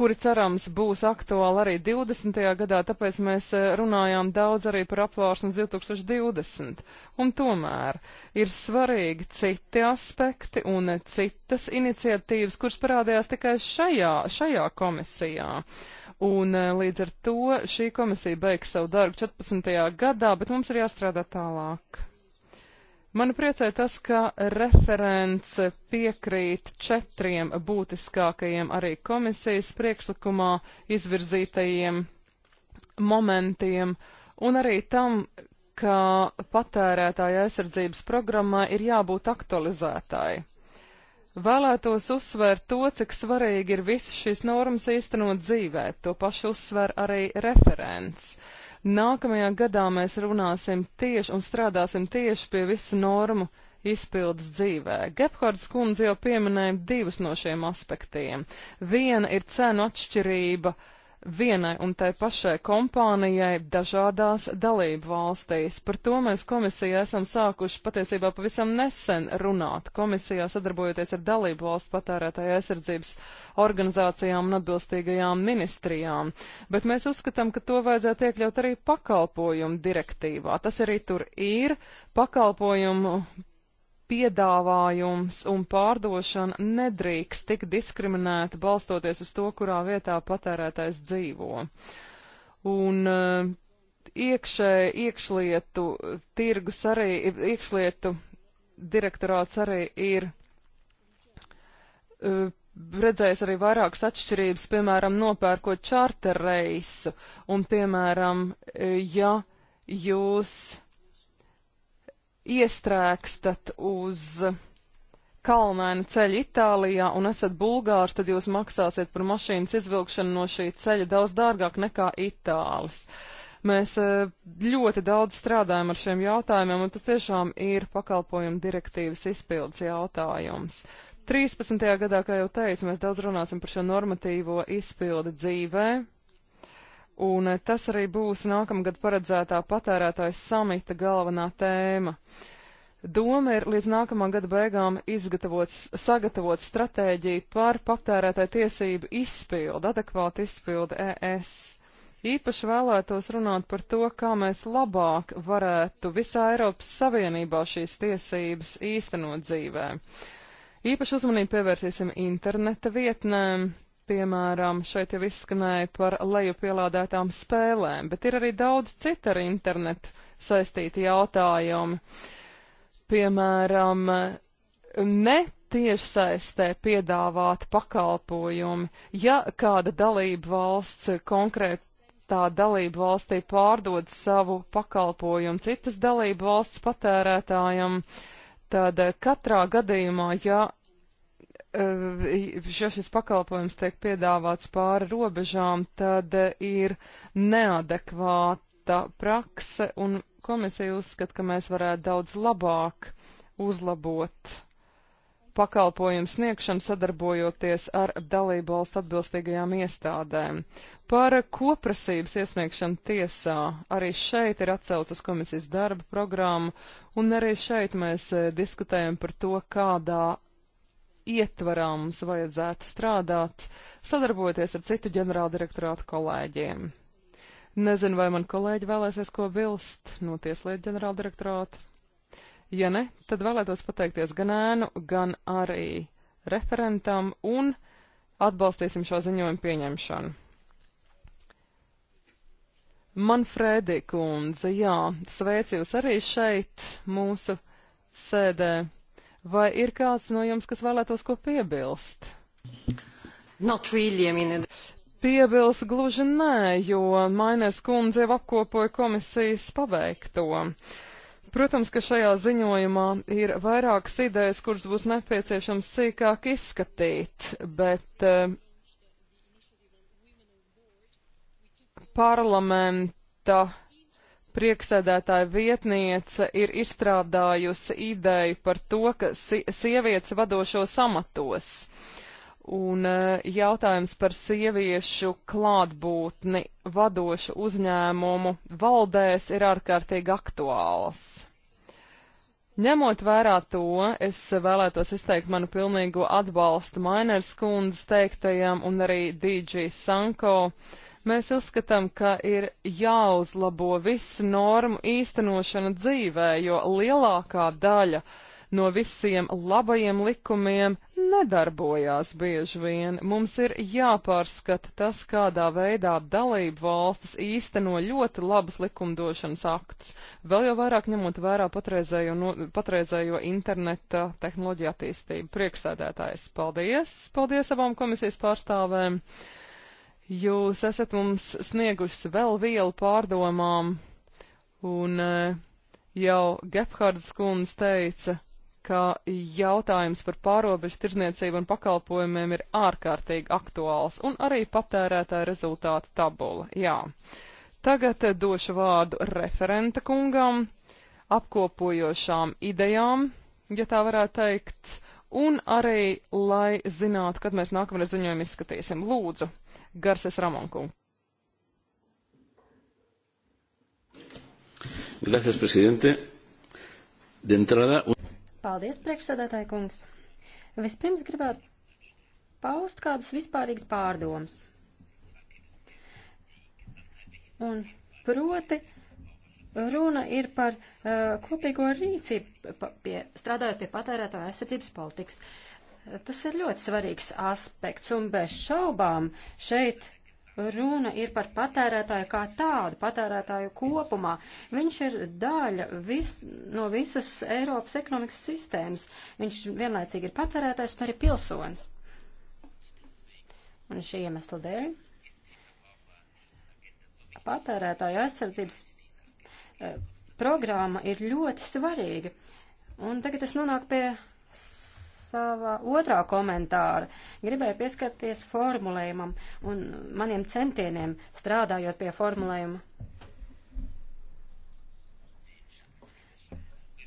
kuri cerams būs aktuāli arī 20. gadā, tāpēc mēs eh, runājām daudz arī par apvārsnes 2020. Un tomēr ir svarīgi citi aspekti un citas iniciatīvas, kuras parādījās tikai šajā, šajā komisijā. Un eh, līdz ar to šī komisija beigs savu darbu 14. gadā, bet mums ir jāstrādā tālāk. Man priecē tas, ka referents piekrīt četriem būtiskākajiem arī komisijas priekšlikumā izvirzītajiem momentiem un arī tam, ka patērētāja aizsardzības programmā ir jābūt aktualizētāji. Vēlētos uzsvērt to, cik svarīgi ir visas šīs normas īstenot dzīvē, to pašu uzsver arī referents. Uh, Nākamajā gadā mēs runāsim tieši un strādāsim tieši pie visu normu izpildes dzīvē. Gephards kundze jau pieminēja divus no šiem aspektiem. Viena ir cenu atšķirība uh, vienai un tai pašai kompānijai dažādās dalību valstīs. Par to mēs komisijā esam sākuši patiesībā pavisam nesen runāt. Komisijā sadarbojoties ar dalību valstu patērētāju aizsardzības organizācijām un atbilstīgajām ministrijām. Bet mēs uzskatām, ka to vajadzētu iekļaut arī pakalpojumu direktīvā. Tas arī tur ir pakalpojumu piedāvājums un pārdošana nedrīkst tik diskriminēta balstoties uz to, kurā vietā patērētājs dzīvo. Un eh, iekšē, iekšlietu tirgus arī, iekšlietu direktorāts arī ir eh, redzējis arī vairākas atšķirības, piemēram, nopērkot čārter reisu un, piemēram, eh, ja jūs iestrēkstat uz kalnaina ceļa Itālijā un esat bulgārs, tad jūs maksāsiet par mašīnas izvilkšanu no šī ceļa daudz dārgāk nekā itālis. Mēs e, ļoti daudz strādājam ar šiem jautājumiem, un tas tiešām ir pakalpojumu direktīvas izpildes jautājums. 13. gadā, kā jau teicu, mēs daudz runāsim par šo normatīvo izpildi dzīvē, un eh, tas arī būs nākamgad paredzētā patērētājs samita galvenā tēma. Doma ir līdz nākamā gada beigām sagatavot stratēģiju par patērētāju tiesību izpildu, adekvātu izpildu ES. Īpaši vēlētos runāt par to, kā mēs labāk varētu visā Eiropas Savienībā šīs tiesības īstenot dzīvē. Īpaši uzmanību pievērsīsim interneta vietnēm, Piemēram, šeit jau izskanēja par lejupielādētām spēlēm, bet ir arī daudz citu ar internetu saistīti jautājumi. Piemēram, ne tiešsaistē piedāvāti pakalpojumi, ja kāda dalība valsts konkrētā dalība valstī pārdod savu pakalpojumu citas dalība valsts patērētājam, tad katrā gadījumā, ja ja šis pakalpojums tiek piedāvāts pāri robežām, tad e, ir neadekvāta prakse, un komisija uzskata, ka mēs varētu daudz labāk uzlabot pakalpojumu sniegšanu sadarbojoties ar dalību valstu atbilstīgajām iestādēm. Par koprasības iesniegšanu tiesā arī šeit ir atcauc uz komisijas darba programmu, un arī šeit mēs e, diskutējam par to, kādā ietvarā mums vajadzētu strādāt, sadarbojoties ar citu ģenerāldirektorātu kolēģiem. Nezinu, vai man kolēģi vēlēsies ko bilst no tieslietu ģenerāldirektorāta. Ja ne, tad vēlētos pateikties gan ēnu, gan arī referentam un atbalstīsim šo ziņojumu pieņemšanu. Manfrēdi kundze, jā, sveic jūs arī šeit mūsu sēdē. Vai ir kāds no jums, kas vēlētos ko piebilst? Not really, I mean... Piebilst gluži nē, jo Mainēs kundze jau apkopoja komisijas paveikto. Protams, ka šajā ziņojumā ir vairākas idejas, kuras būs nepieciešams sīkāk izskatīt, bet eh, parlamenta Prieksēdētāja vietniece ir izstrādājusi ideju par to, ka si sievietes vadošo samatos. Un e, jautājums par sieviešu klātbūtni vadošu uzņēmumu valdēs ir ārkārtīgi aktuāls. Ņemot vērā to, es vēlētos izteikt manu pilnīgo atbalstu Mainers kundzes teiktajam un arī DJ Sanko. Uh, Mēs uzskatām, ka ir jāuzlabo visu normu īstenošana dzīvē, jo lielākā daļa no visiem labajiem likumiem nedarbojās bieži vien. Mums ir jāpārskata tas, kādā veidā dalību valstis īsteno ļoti labus likumdošanas aktus, vēl jau vairāk ņemot vērā patreizējo, no, patreizējo interneta tehnoloģiju attīstību. Prieksēdētājs, paldies! Paldies abām komisijas pārstāvēm! Jūs esat mums sniegusi vēl vielu pārdomām, un eh, jau Gephardas kundze teica, ka jautājums par pārobežu tirzniecību un pakalpojumiem ir ārkārtīgi aktuāls, un arī patērētāja rezultāta tabula. Jā. Tagad eh, došu vārdu referenta kungam, apkopojošām idejām, ja tā varētu teikt, un arī, lai zinātu, kad mēs nākamreiz ziņojumu izskatīsim. Lūdzu! Garses Ramonkungs. Gracias, presidente. De entrada... Paldies, priekšsēdētāji kungs. Vispirms gribētu paust kādas vispārīgas pārdomas. Un proti, runa ir par uh, kopīgo rīcību, pa, pie, strādājot pie patērētāja aizsardzības politikas. Uh, Tas ir ļoti svarīgs aspekts, un bez šaubām šeit runa ir par patērētāju kā tādu, patērētāju kopumā. Viņš ir daļa vis, no visas Eiropas ekonomikas sistēmas. Viņš vienlaicīgi ir patērētājs un arī pilsonis. Un šī iemesla dēļ patērētāju aizsardzības eh, programma ir ļoti svarīga. Un tagad es nonāku pie savā otrā komentāra. Gribēju pieskarties formulējumam un maniem centieniem strādājot pie formulējuma.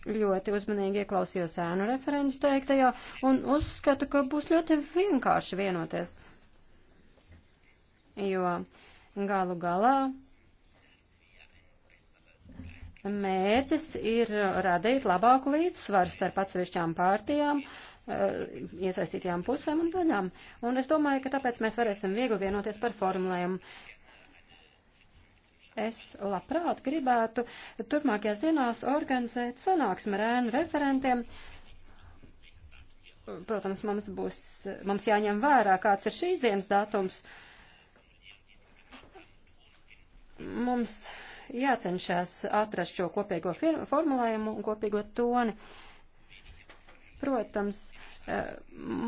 Ļoti uzmanīgi ieklausījos ēnu referenču teiktajā un uzskatu, ka būs ļoti vienkārši vienoties. Jo galu galā Mērķis ir radīt labāku līdzsvaru starp atsevišķām pārtījām Eh, iesaistītajām pusēm un daļām. Un es domāju, ka tāpēc mēs varēsim viegli vienoties par formulējumu. Es labprāt gribētu turpmākajās dienās organizēt sanāksmi ar ēnu referentiem. Protams, mums būs, mums jāņem vērā, kāds ir šīs dienas datums. Mums jācenšas atrast šo kopīgo formulējumu un kopīgo toni. Uh, Protams, eh,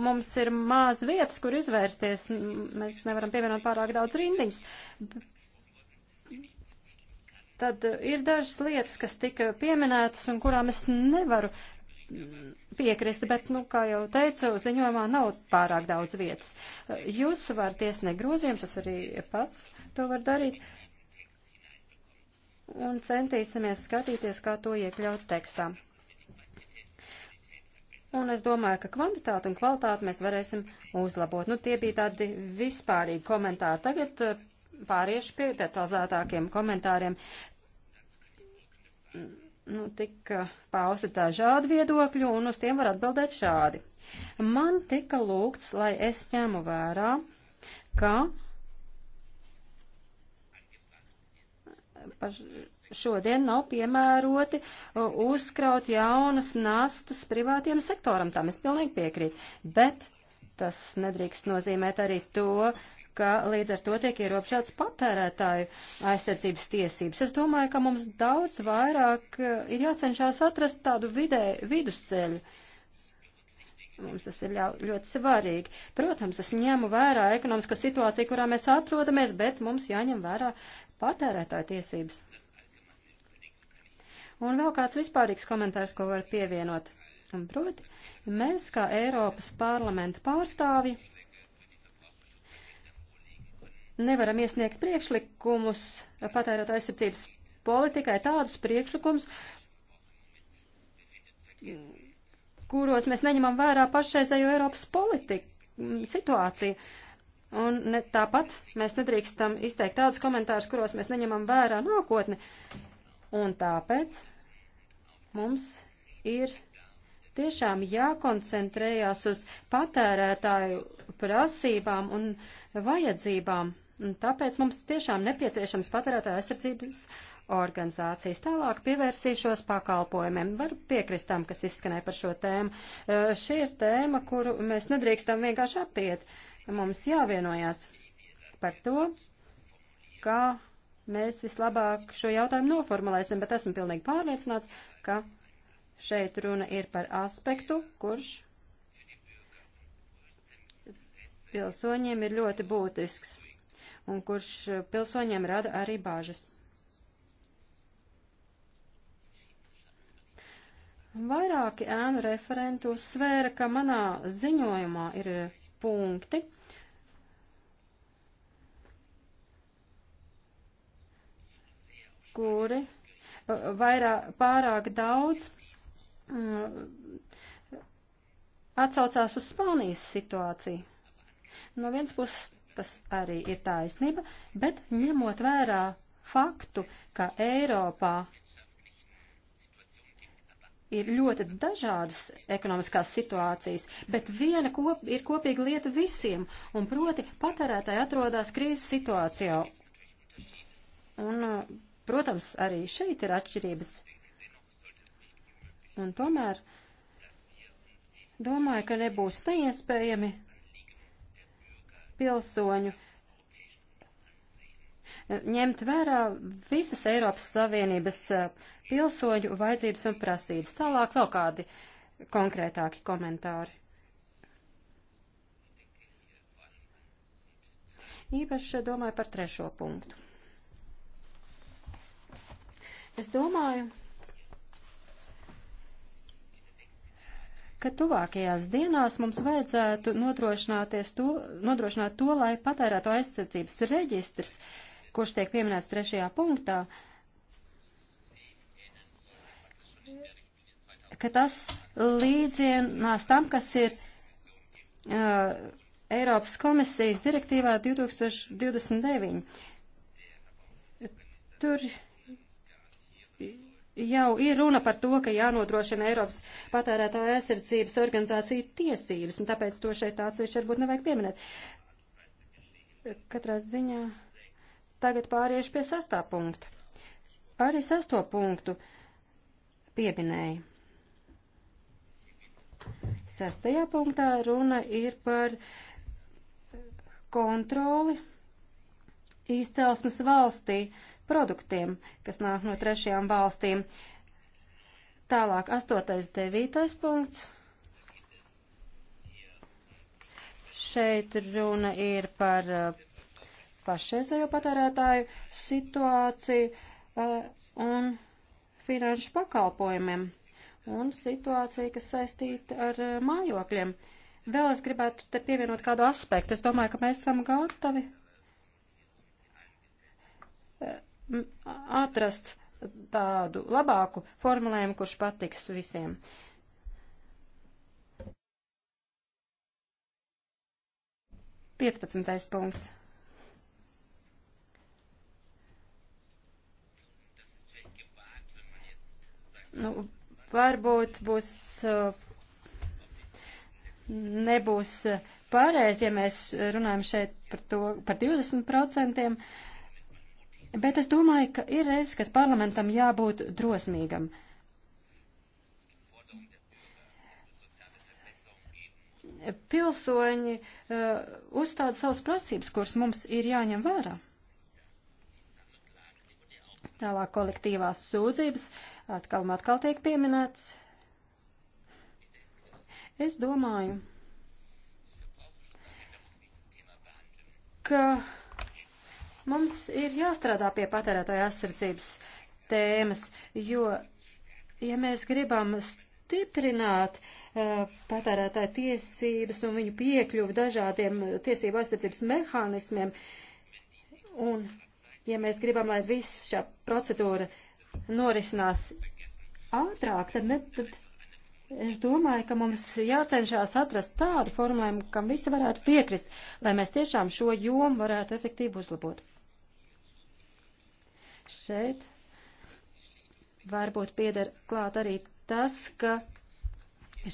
mums ir maz vietas, kur izvērsties, mēs nevaram pievienot pārāk daudz rindiņas. Tad ir dažas lietas, kas tika pieminētas un kurām es nevaru piekrist, bet, nu, kā jau teicu, ziņojumā nav pārāk daudz vietas. Jūs varat iesniegt grozījums, tas arī pats to var darīt, un centīsimies skatīties, kā to iekļaut tekstā. Un es domāju, ka kvantitāti un kvalitāti mēs varēsim uzlabot. Nu, tie bija tādi vispārīgi komentāri. Tagad eh, pāriešu pie detalizētākiem komentāriem. Nu, tika eh, pausti dažādi viedokļi, un uz tiem var atbildēt šādi. Man tika lūgts, lai es ņemu vērā, ka par šodien nav piemēroti uh, uzkraut jaunas nastas privātiem sektoram. Tam es pilnīgi piekrītu. Bet tas nedrīkst nozīmēt arī to, ka līdz ar to tiek ierobežots patērētāju aizsardzības tiesības. Es domāju, ka mums daudz vairāk uh, ir jācenšas atrast tādu vidē, vidusceļu. Mums tas ir ļau, ļoti svarīgi. Protams, es ņemu vērā ekonomisko situāciju, kurā mēs atrodamies, bet mums jāņem vērā patērētāju tiesības. Un vēl kāds vispārīgs komentārs, ko var pievienot. Un proti, mēs kā Eiropas parlamenta pārstāvi nevaram iesniegt priekšlikumus patērot aizsardzības politikai tādus priekšlikumus, kuros mēs neņemam vērā pašreizējo Eiropas politiku situāciju. Un ne, tāpat mēs nedrīkstam izteikt tādus komentārus, kuros mēs neņemam vērā nākotni. Un tāpēc Mums ir tiešām jākoncentrējās uz patērētāju prasībām un vajadzībām. Un tāpēc mums tiešām nepieciešams patērētāju aizsardzības organizācijas. Tālāk pievērsīšos pakalpojumiem. Var piekrist tam, kas izskanēja par šo tēmu. Šī ir tēma, kuru mēs nedrīkstam vienkārši apiet. Mums jāvienojās par to, kā mēs vislabāk šo jautājumu noformulēsim, bet esmu pilnīgi pārliecināts, ka šeit runa ir par aspektu, kurš pilsoņiem ir ļoti būtisks un kurš pilsoņiem rada arī bāžas. Vairāki ēnu referenti uzsvēra, ka manā ziņojumā ir punkti, kuri vairāk, pārāk daudz mm, atsaucās uz Spānijas situāciju. No vienas puses tas arī ir taisnība, bet ņemot vērā faktu, ka Eiropā ir ļoti dažādas ekonomiskās situācijas, bet viena kop, ir kopīga lieta visiem, un proti patērētāji atrodas krīzes situācijā. Un Protams, arī šeit ir atšķirības. Un tomēr domāju, ka nebūs neiespējami pilsoņu ņemt vērā visas Eiropas Savienības eh, pilsoņu vajadzības un prasības. Tālāk vēl kādi konkrētāki komentāri. Īpaši domāju par trešo punktu. Es domāju, ka tuvākajās dienās mums vajadzētu to, nodrošināt to, lai patērēto aizsardzības reģistrs, kurš tiek pieminēts trešajā punktā, ka tas līdzienās tam, kas ir uh, Eiropas komisijas direktīvā 2029. Tur jau ir runa par to, ka jānodrošina Eiropas patērētāja aizsardzības organizācija tiesības, un tāpēc to šeit atsevišķi varbūt nevajag pieminēt. Katrā ziņā tagad pāriešu pie sastā punkta. Arī sesto punktu pieminēja. Sestajā punktā runa ir par kontroli izcelsmes valstī. Uh, produktiem, kas nāk no trešajām valstīm. Tālāk, 8.9. punkts. Šeit runa ir par uh, pašreizējo patērētāju situāciju uh, un finanšu pakalpojumiem un situācija, kas saistīta ar uh, mājokļiem. Vēl es gribētu te pievienot kādu aspektu. Es domāju, ka mēs esam gatavi atrast tādu labāku formulējumu, kurš patiks visiem. Piecpadsmitais punkts. Nu, varbūt būs, uh, nebūs uh, pareizi, ja mēs runājam šeit par, to, par 20%, Bet es domāju, ka ir reizes, kad parlamentam jābūt drosmīgam. Pilsoņi uh, uzstāda savas prasības, kuras mums ir jāņem vērā. Tālāk kolektīvās sūdzības atkal un atkal tiek pieminēts. Es domāju, ka Mums ir jāstrādā pie patērētāja aizsardzības tēmas, jo, ja mēs gribam stiprināt uh, eh, patērētāju tiesības un viņu piekļuvu dažādiem tiesību aizsardzības mehānismiem, un ja mēs gribam, lai viss šā procedūra norisinās ātrāk, tad, ne, tad es domāju, ka mums jācenšās atrast tādu formulējumu, kam visi varētu piekrist, lai mēs tiešām šo jomu varētu efektīvi uzlabot. Šeit varbūt pieder klāt arī tas, ka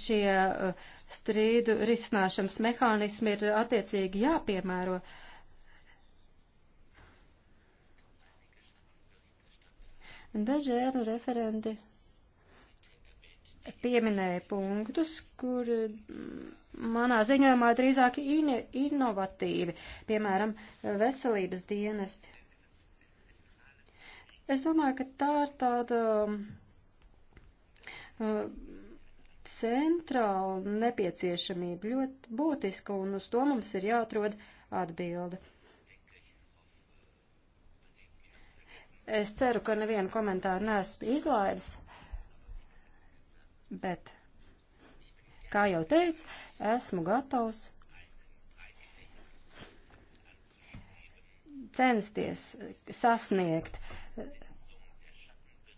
šie uh, strīdu risināšanas mehānismi ir attiecīgi jāpiemēro. Daži ēnu referenti pieminēja punktus, kur mm, manā ziņojumā drīzāk in inovatīvi, piemēram, veselības dienesti. Es domāju, ka tā ir tāda um, uh, centrāla nepieciešamība, ļoti būtiska, un uz to mums ir jāatrod atbilde. Es ceru, ka nevienu komentāru neesmu izlaidis, bet, kā jau teicu, esmu gatavs censties sasniegt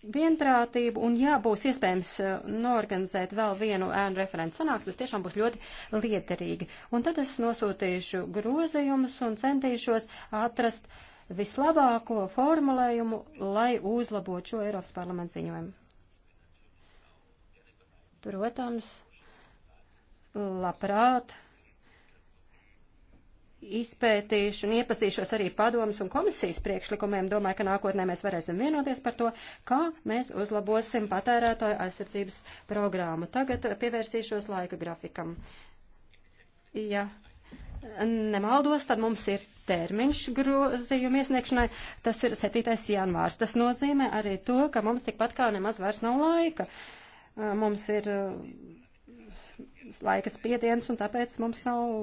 vienprātību, un jā, būs iespējams eh, norganizēt vēl vienu ēnu referentu sanāksmes, tiešām būs ļoti lietarīgi. Un tad es nosūtīšu grozījumus un centīšos atrast vislabāko formulējumu, lai uzlabotu šo Eiropas parlamentu ziņojumu. Protams, labprāt izpētīšu un iepazīšos arī padomas un komisijas priekšlikumiem. Domāju, ka nākotnē mēs varēsim vienoties par to, kā mēs uzlabosim patērētāju aizsardzības programmu. Tagad pievērsīšos laika grafikam. Ja nemaldos, tad mums ir termiņš grozījuma iesniegšanai, tas ir 7. janvārs. Tas nozīmē arī to, ka mums tikpat kā nemaz vairs nav laika. Mums ir laika spiediens, un tāpēc mums nav,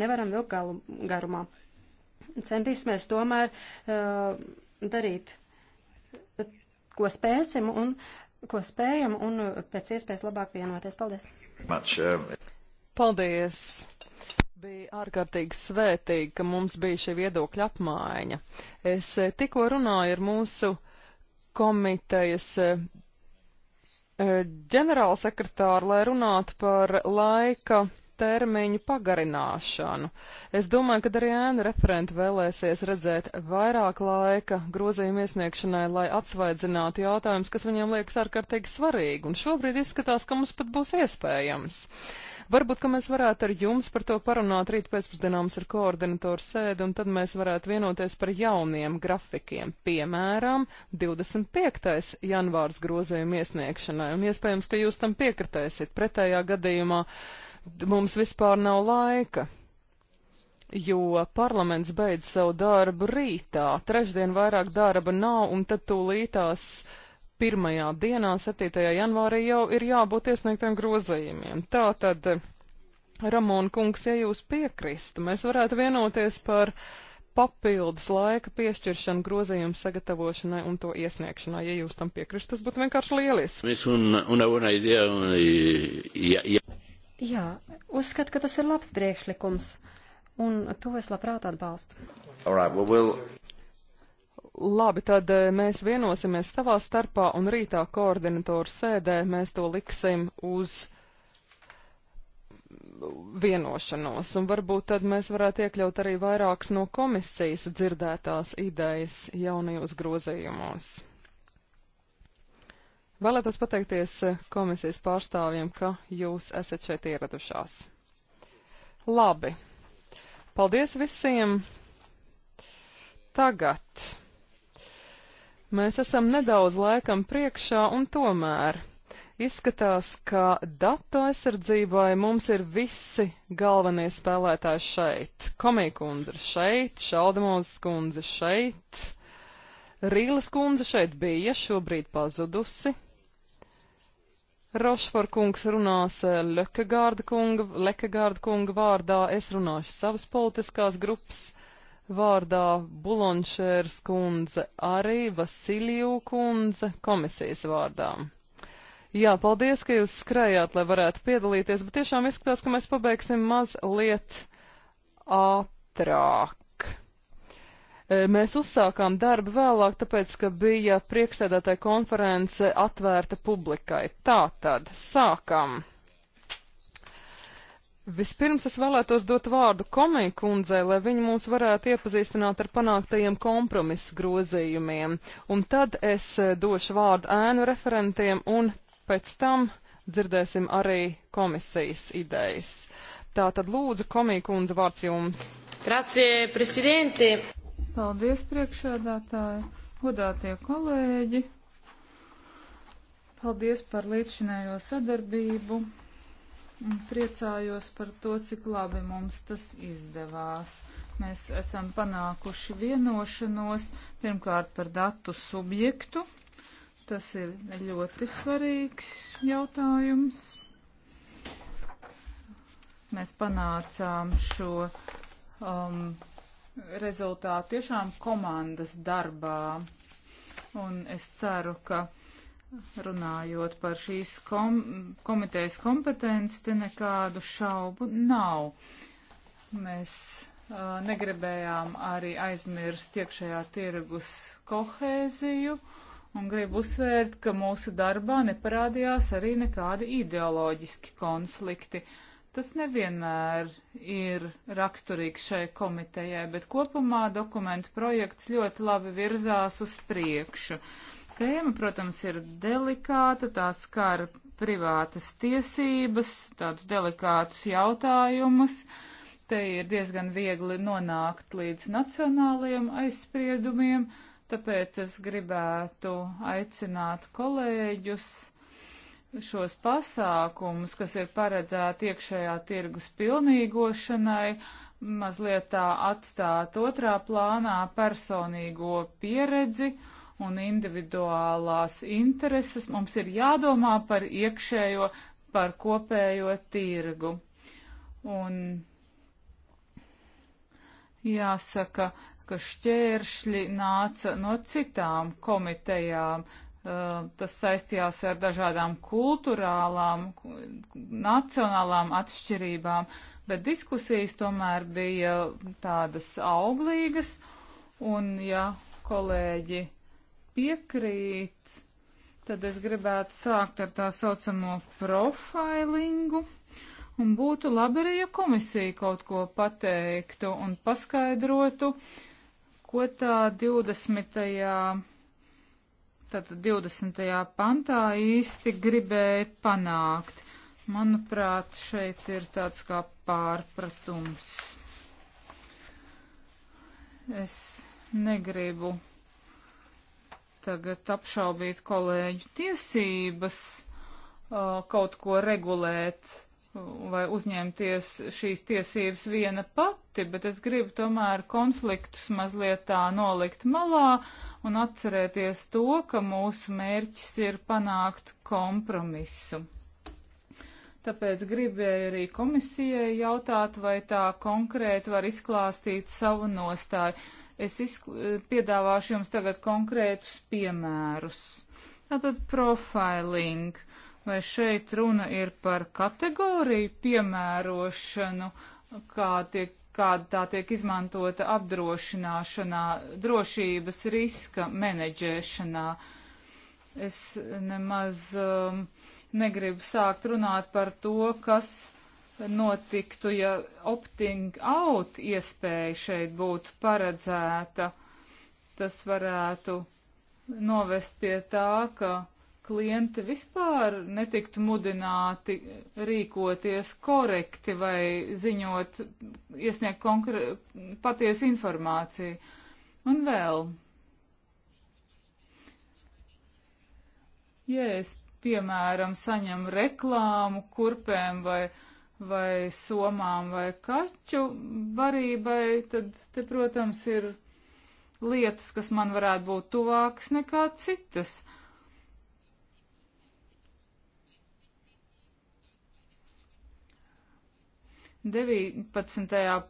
nevaram vilkt galu, garumā. Centīsimies tomēr uh, darīt, ko spēsim un ko spējam, un pēc iespējas labāk vienoties. Paldies! Much, um... Paldies! Bija ārkārtīgi svētīgi, ka mums bija šī viedokļa apmaiņa. Es eh, tikko runāju ar mūsu komitejas eh, ģenerālsekretāru, lai runātu par laika termiņu pagarināšanu. Es domāju, ka arī ēna referenti vēlēsies redzēt vairāk laika grozījuma iesniegšanai, lai atsvaidzinātu jautājumus, kas viņiem liekas ārkārtīgi svarīgi, un šobrīd izskatās, ka mums pat būs iespējams. Varbūt, ka mēs varētu ar jums par to parunāt rīt pēcpusdienā mums ar koordinatoru sēdi, un tad mēs varētu vienoties par jauniem grafikiem, piemēram, 25. janvārs grozījuma iesniegšanai, un iespējams, ka jūs tam piekritēsiet pretējā gadījumā mums vispār nav laika, jo parlaments beidz savu darbu rītā, trešdien vairāk darba nav, un tad tūlītās pirmajā dienā, 7. janvārī, jau ir jābūt iesniegtiem grozījumiem. Tā tad, Ramona kungs, ja jūs piekristu, mēs varētu vienoties par papildus laika piešķiršanu grozījumu sagatavošanai un to iesniegšanai. Ja jūs tam piekristu, tas būtu vienkārši lieliski. Jā, uzskatu, ka tas ir labs priekšlikums, un to es labprāt atbalstu. All right, well, we'll... Labi, tad eh, mēs vienosimies savā starpā, un rītā koordinatoru sēdē mēs to liksim uz vienošanos, un varbūt tad mēs varētu iekļaut arī vairākas no komisijas dzirdētās idejas jaunajos grozījumos. Vēlētos pateikties eh, komisijas pārstāvjiem, ka jūs esat šeit ieradušās. Labi. Paldies visiem. Tagad. Mēs esam nedaudz laikam priekšā un tomēr izskatās, ka datu aizsardzībai mums ir visi galvenie spēlētāji šeit. Komija kundze šeit, Šaldemons kundze šeit, Rīles kundze šeit bija, šobrīd pazudusi. Rošfor kungs runās eh, Lekagārda kunga, Lekagārda kunga vārdā, es runāšu savas politiskās grupas vārdā, Bulonšērs kundze arī, Vasiliju kundze komisijas vārdā. Jā, paldies, ka jūs skrējāt, lai varētu piedalīties, bet tiešām izskatās, ka mēs pabeigsim mazliet ātrāk. E, mēs uzsākām darbu vēlāk, tāpēc, ka bija priekšsēdētāja konference atvērta publikai. Tātad, sākam! Vispirms es vēlētos dot vārdu komiju kundzei, lai viņa mūs varētu iepazīstināt ar panāktajiem kompromisu grozījumiem, un tad es e, došu vārdu ēnu referentiem, un pēc tam dzirdēsim arī komisijas idejas. Tā tad lūdzu, komija kundze, vārds jums. Grazie, prezidenti! Paldies, priekšādātāji, godātie kolēģi. Paldies par līdzinējo sadarbību un priecājos par to, cik labi mums tas izdevās. Mēs esam panākuši vienošanos pirmkārt par datu subjektu. Tas ir ļoti svarīgs jautājums. Mēs panācām šo um, rezultāti tiešām komandas darbā. Un es ceru, ka runājot par šīs kom komitejas kompetenci, te nekādu šaubu nav. Mēs uh, negribējām arī aizmirst iekšējā tirgus kohēziju un gribu uzsvērt, ka mūsu darbā neparādījās arī nekādi ideoloģiski konflikti. Uh, Tas nevienmēr ir raksturīgs šai komitejai, bet kopumā dokumentu projekts ļoti labi virzās uz priekšu. Tēma, protams, ir delikāta, tā skar privātas tiesības, tādus delikātus jautājumus. Te ir diezgan viegli nonākt līdz nacionāliem aizspriedumiem, tāpēc es gribētu aicināt kolēģus šos pasākumus, kas ir paredzēti iekšējā tirgus pilnīgošanai, mazliet tā atstāt otrā plānā personīgo pieredzi un individuālās intereses. Mums ir jādomā par iekšējo, par kopējo tirgu. Un jāsaka, ka šķēršļi nāca no citām komitejām, Uh, tas saistījās ar dažādām kultūrālām, nacionālām atšķirībām, bet diskusijas tomēr bija tādas auglīgas, un ja kolēģi piekrīt, tad es gribētu sākt ar tā saucamo profilingu, un būtu labi arī, ja komisija kaut ko pateiktu un paskaidrotu, ko tā 20 tātad 20. pantā īsti gribēja panākt. Manuprāt, šeit ir tāds kā pārpratums. Es negribu tagad apšaubīt kolēģu tiesības uh, kaut ko regulēt vai uzņemties šīs tiesības viena pati, bet es gribu tomēr konfliktus mazliet tā nolikt malā un atcerēties to, ka mūsu mērķis ir panākt kompromisu. Tāpēc gribēju arī komisijai jautāt, vai tā konkrēti var izklāstīt savu nostāju. Es piedāvāšu jums tagad konkrētus piemērus. Tātad profiling. Uh, vai šeit runa ir par kategoriju piemērošanu, kā tiek, kāda tā tiek izmantota apdrošināšanā, drošības riska menedžēšanā. Es nemaz um, negribu sākt runāt par to, kas notiktu, ja opting out iespēja šeit būtu paredzēta. Tas varētu novest pie tā, ka klienti vispār netiktu mudināti rīkoties korekti vai ziņot, iesniegt konkrē, patiesu informāciju. Un vēl, ja es, piemēram, saņemu reklāmu kurpēm vai, vai somām vai kaķu barībai, tad te, protams, ir lietas, kas man varētu būt tuvākas nekā citas. Uh, 19.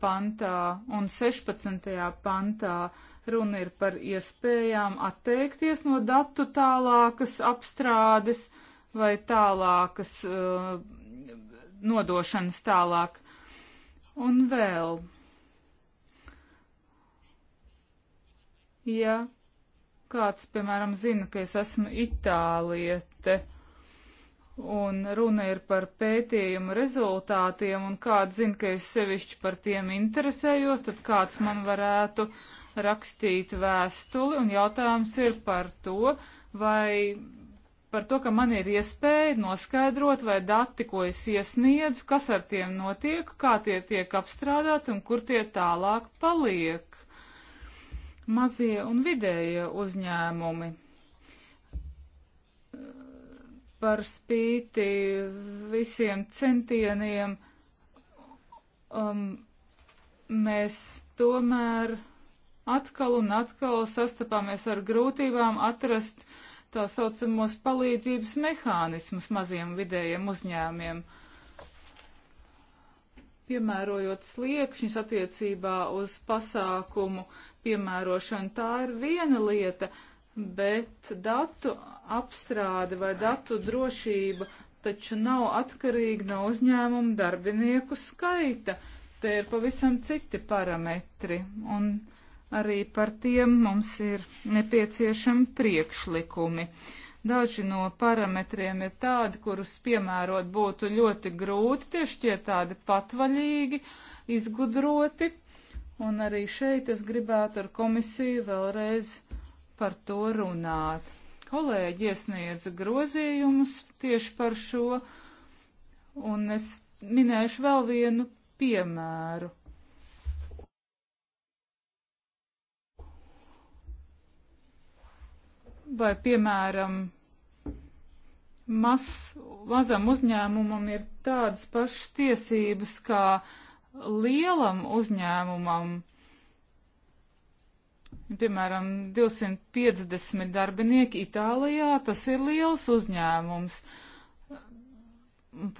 pantā un 16. pantā runa ir par iespējām atteikties no datu tālākas apstrādes vai tālākas uh, nodošanas tālāk. Un vēl, ja kāds, piemēram, zina, ka es esmu itāliete, un runa ir par pētījumu rezultātiem, un kāds zina, ka es sevišķi par tiem interesējos, tad kāds man varētu rakstīt vēstuli, un jautājums ir par to, vai par to, ka man ir iespēja noskaidrot, vai dati, ko es iesniedzu, kas ar tiem notiek, kā tie tiek apstrādāti un kur tie tālāk paliek. Mazie un vidējie uzņēmumi par spīti visiem centieniem, um, mēs tomēr atkal un atkal sastapāmies ar grūtībām atrast tā saucamos palīdzības mehānismus maziem vidējiem uzņēmiem, piemērojot sliekšņus attiecībā uz pasākumu piemērošanu. Tā ir viena lieta, bet datu apstrāde vai datu drošība taču nav atkarīga no uzņēmuma darbinieku skaita. Te ir pavisam citi parametri, un arī par tiem mums ir nepieciešami priekšlikumi. Daži no parametriem ir tādi, kurus piemērot būtu ļoti grūti, tie šķiet tādi patvaļīgi, izgudroti, un arī šeit es gribētu ar komisiju vēlreiz par to runāt. Kolēģi iesniedza grozījumus tieši par šo, un es minēšu vēl vienu piemēru. Vai, piemēram, mas, mazam uzņēmumam ir tādas pašas tiesības kā lielam uzņēmumam Piemēram, 250 darbinieki Itālijā, tas ir liels uzņēmums.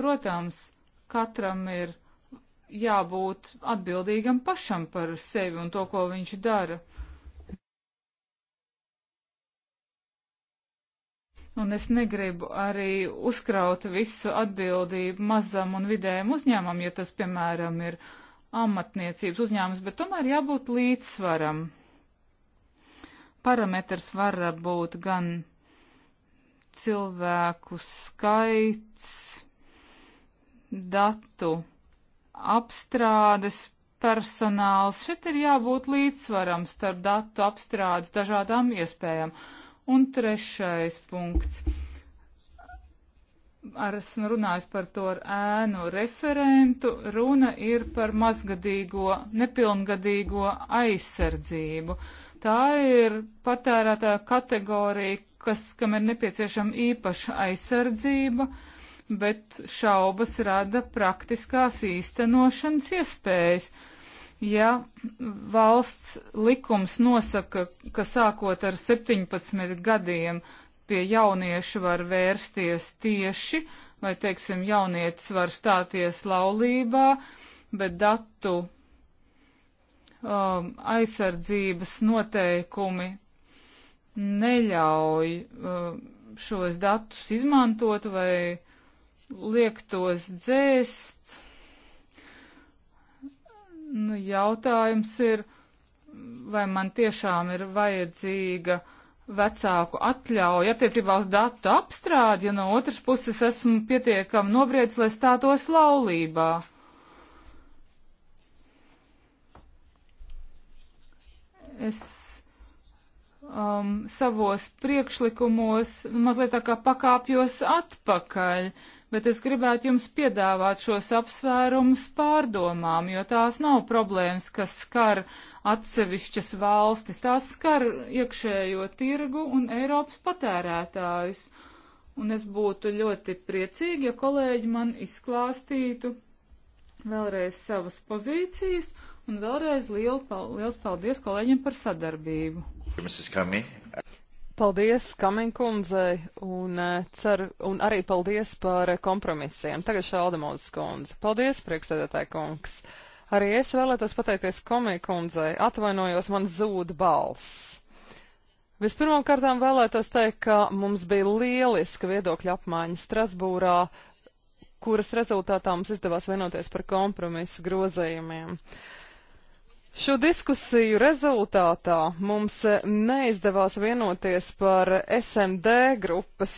Protams, katram ir jābūt atbildīgam pašam par sevi un to, ko viņš dara. Un es negribu arī uzkraut visu atbildību mazam un vidējam uzņēmumam, ja tas, piemēram, ir amatniecības uzņēmums, bet tomēr jābūt līdzsvaram parametrs var būt gan cilvēku skaits, datu apstrādes personāls. Šeit ir jābūt līdzsvaram starp datu apstrādes dažādām iespējām. Un trešais punkts ar esmu runājis par to ar ēnu referentu, runa ir par mazgadīgo, nepilngadīgo aizsardzību. Tā ir patērētāja kategorija, kas, kam ir nepieciešama īpaša aizsardzība, bet šaubas rada praktiskās īstenošanas iespējas. Ja valsts likums nosaka, ka sākot ar 17 gadiem pie jaunieša var vērsties tieši, vai, teiksim, jaunietis var stāties laulībā, bet datu um, aizsardzības noteikumi neļauj um, šos datus izmantot vai liek tos dzēst. Nu, jautājums ir, vai man tiešām ir vajadzīga uh, vecāku atļauju attiecībā uz datu apstrādi, ja no otras puses esmu pietiekami nobriedis, lai stātos laulībā. Es um, savos priekšlikumos mazliet tā kā pakāpjos atpakaļ, bet es gribētu jums piedāvāt šos apsvērumus pārdomām, jo tās nav problēmas, kas skar atsevišķas valstis. Tās skar iekšējo tirgu un Eiropas patērētājus. Un es būtu ļoti priecīgi, ja kolēģi man izklāstītu vēlreiz savas pozīcijas un vēlreiz lielu, liels paldies kolēģiem par sadarbību. Paldies Kaminkundzei un, eh, ceru, un arī paldies par kompromisiem. Tagad šāda mūzes kundze. Paldies, priekšsēdētāji kungs. Uh, Arī es vēlētos pateikties komikundzei, atvainojos, man zūd balss. Vispirmām kārtām vēlētos teikt, ka mums bija lieliska viedokļa apmaiņa Strasbūrā, kuras rezultātā mums izdevās vienoties par kompromisu grozējumiem. Uh, Šo diskusiju rezultātā mums eh, neizdevās vienoties par SMD grupas,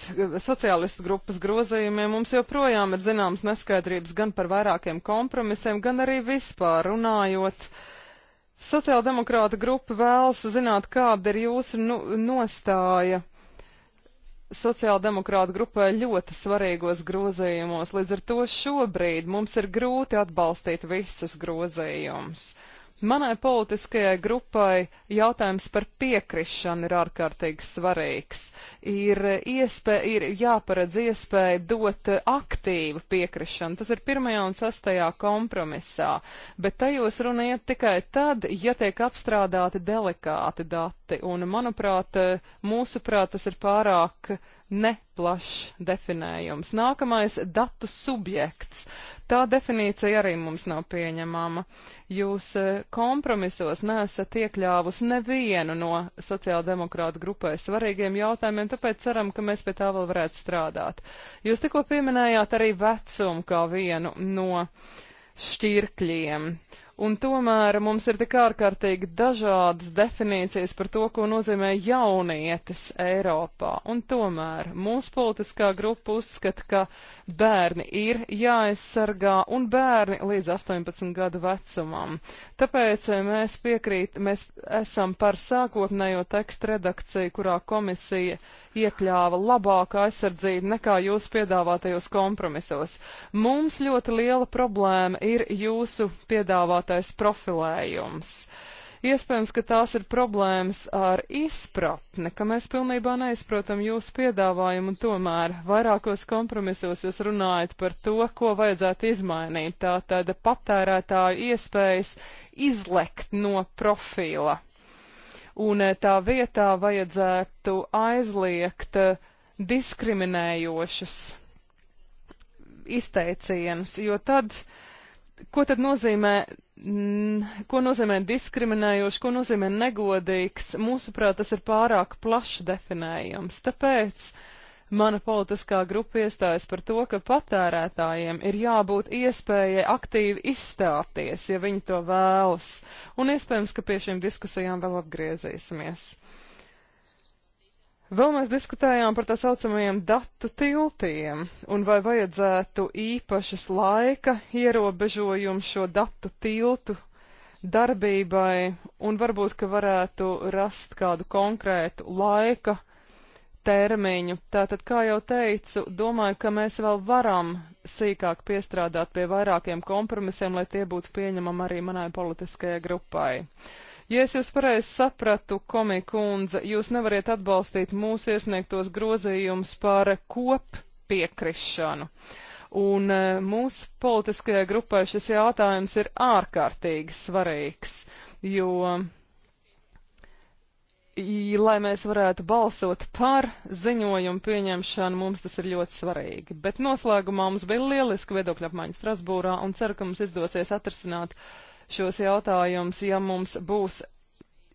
sociālistu grupas grozījumiem. Mums joprojām ir zināmas neskaidrības gan par vairākiem kompromisiem, gan arī vispār runājot. Sociāldemokrāta grupa vēlas zināt, kāda ir jūsu nu, nostāja sociāldemokrāta grupai ļoti svarīgos grozījumos, līdz ar to šobrīd mums ir grūti atbalstīt visus grozījumus. Manai politiskajai grupai jautājums par piekrišanu ir ārkārtīgi svarīgs. Ir, iespēja, ir jāparedz iespēja dot aktīvu piekrišanu. Tas ir pirmajā un sastajā kompromisā, bet tajos runa iet tikai tad, ja tiek apstrādāti delikāti dati. Un, manuprāt, mūsuprāt, tas ir pārāk neplašs definējums. Nākamais - datu subjekts. Tā definīcija arī mums nav pieņemama. Jūs e, kompromisos nesat iekļāvus nevienu no sociāldemokrāta grupai svarīgiem jautājumiem, tāpēc ceram, ka mēs pie tā vēl varētu strādāt. Jūs tikko pieminējāt arī vecumu kā vienu no šķirkļiem. Un tomēr mums ir tik ārkārtīgi dažādas definīcijas par to, ko nozīmē jaunietis Eiropā. Un tomēr mūsu politiskā grupa uzskata, ka bērni ir jāaizsargā un bērni līdz 18 gadu vecumam. Tāpēc eh, mēs piekrīt, mēs esam par sākotnējo tekstu redakciju, kurā komisija iekļāva labāku aizsardzību nekā jūs piedāvātajos kompromisos. Mums ļoti liela problēma ir jūsu piedāvātajos minētais profilējums. Iespējams, ka tās ir problēmas ar izpratni, ka mēs pilnībā neizprotam jūsu piedāvājumu un tomēr vairākos kompromisos jūs runājat par to, ko vajadzētu izmainīt. Tā tāda patērētāju iespējas izlekt no profila. Un eh, tā vietā vajadzētu aizliegt eh, diskriminējošus izteicienus, jo tad uh, ko tad nozīmē, mm, ko nozīmē diskriminējoši, ko nozīmē negodīgs? Mūsuprāt, tas ir pārāk plašs definējums. Tāpēc mana politiskā grupa iestājas par to, ka patērētājiem ir jābūt iespējai aktīvi izstāties, ja viņi to vēlas. Un iespējams, ka pie šīm diskusijām vēl atgriezīsimies. Vēl mēs diskutējām par tā saucamajiem datu tiltiem un vai vajadzētu īpašas laika ierobežojumu šo datu tiltu darbībai un varbūt, ka varētu rast kādu konkrētu laika termiņu. Tātad, kā jau teicu, domāju, ka mēs vēl varam sīkāk piestrādāt pie vairākiem kompromisiem, lai tie būtu pieņemami arī manai politiskajai grupai. Uh, Ja es jūs pareizi sapratu, komikundze, jūs nevariet atbalstīt mūsu iesniegtos grozījumus par kop piekrišanu. Un e, mūsu politiskajai grupai šis jautājums ir ārkārtīgi svarīgs, jo lai mēs varētu balsot par ziņojumu pieņemšanu, mums tas ir ļoti svarīgi. Bet noslēgumā mums bija lieliska viedokļa apmaiņa Strasbūrā un ceru, ka mums izdosies atrasināt šos jautājumus, ja mums būs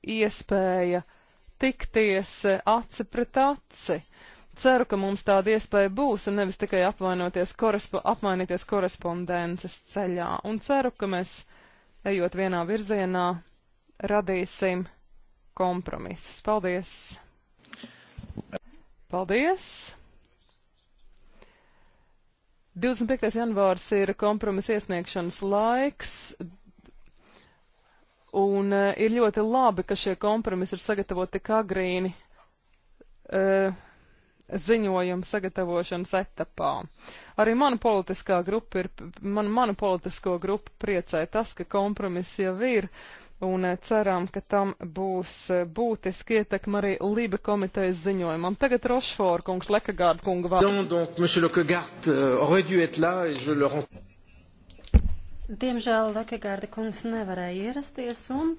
iespēja tikties eh, aci pret aci. Ceru, ka mums tāda iespēja būs un nevis tikai korespo, apmainīties korespondences ceļā. Un ceru, ka mēs, ejot vienā virzienā, radīsim kompromisus. Paldies! Paldies! 25. janvārs ir kompromisa iesniegšanas laiks. Un uh, ir ļoti labi, ka šie kompromisi ir sagatavoti tik agrīni uh, ziņojuma sagatavošanas etapā. Arī mana politiskā grupa ir, man, mana politisko grupu priecē tas, ka kompromiss jau ir, un uh, ceram, ka tam būs uh, būtiski ietekma arī Liba komitejas ziņojumam. Tagad Rošfor kungs, Lekagārda kunga vārds. Diemžēl Lokegārda kungs nevarēja ierasties, un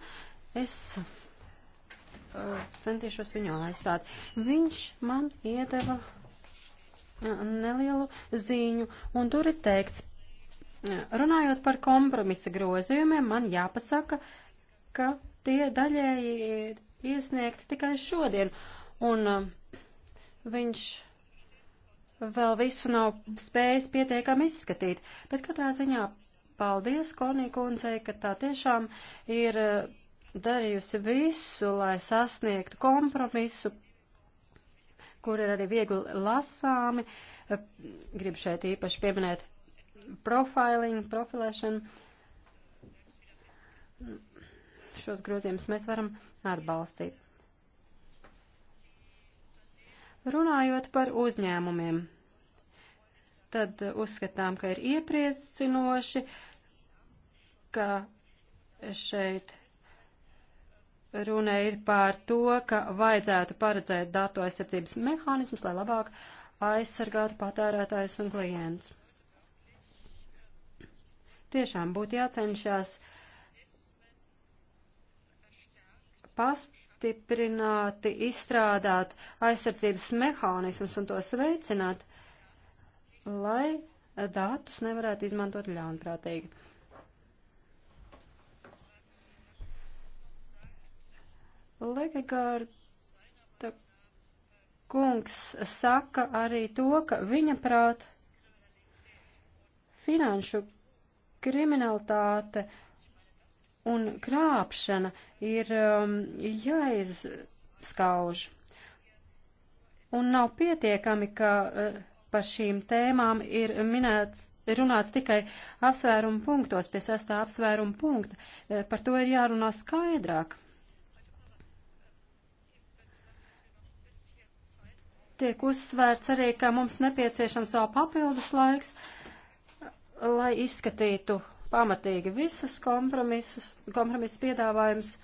es uh, centīšos viņu aizstāt. Viņš man iedeva uh, nelielu ziņu, un tur ir teikts, uh, runājot par kompromisa grozījumiem, man jāpasaka, ka tie daļēji ir iesniegti tikai šodien, un viņš vēl visu nav spējis pietiekami izskatīt, bet katrā ziņā paldies Konī kundzei, ka tā tiešām ir eh, darījusi visu, lai sasniegtu kompromisu, kur ir arī viegli lasāmi. Eh, gribu šeit īpaši pieminēt profiling, profilēšanu. Šos grozījumus mēs varam atbalstīt. Runājot par uzņēmumiem tad uh, uzskatām, ka ir iepriecinoši, ka šeit runa ir par to, ka vajadzētu paredzēt datu aizsardzības mehānismus, lai labāk aizsargātu patērētājus un klientus. Tiešām būtu jācenšas pastiprināti izstrādāt aizsardzības mehānismus un tos veicināt, lai datus nevarētu izmantot ļaunprātīgi. Legegārda kungs saka arī to, ka viņa prāt finanšu kriminalitāte un krāpšana ir um, jāizskauž. Un nav pietiekami, ka uh, par šīm tēmām ir minēts, runāts tikai apsvērumu punktos, pie sestā apsvērumu punkta. E, par to ir jārunā skaidrāk. Tiek uzsvērts arī, ka mums nepieciešams vēl papildus laiks, lai izskatītu pamatīgi visus kompromisus, kompromisus piedāvājumus.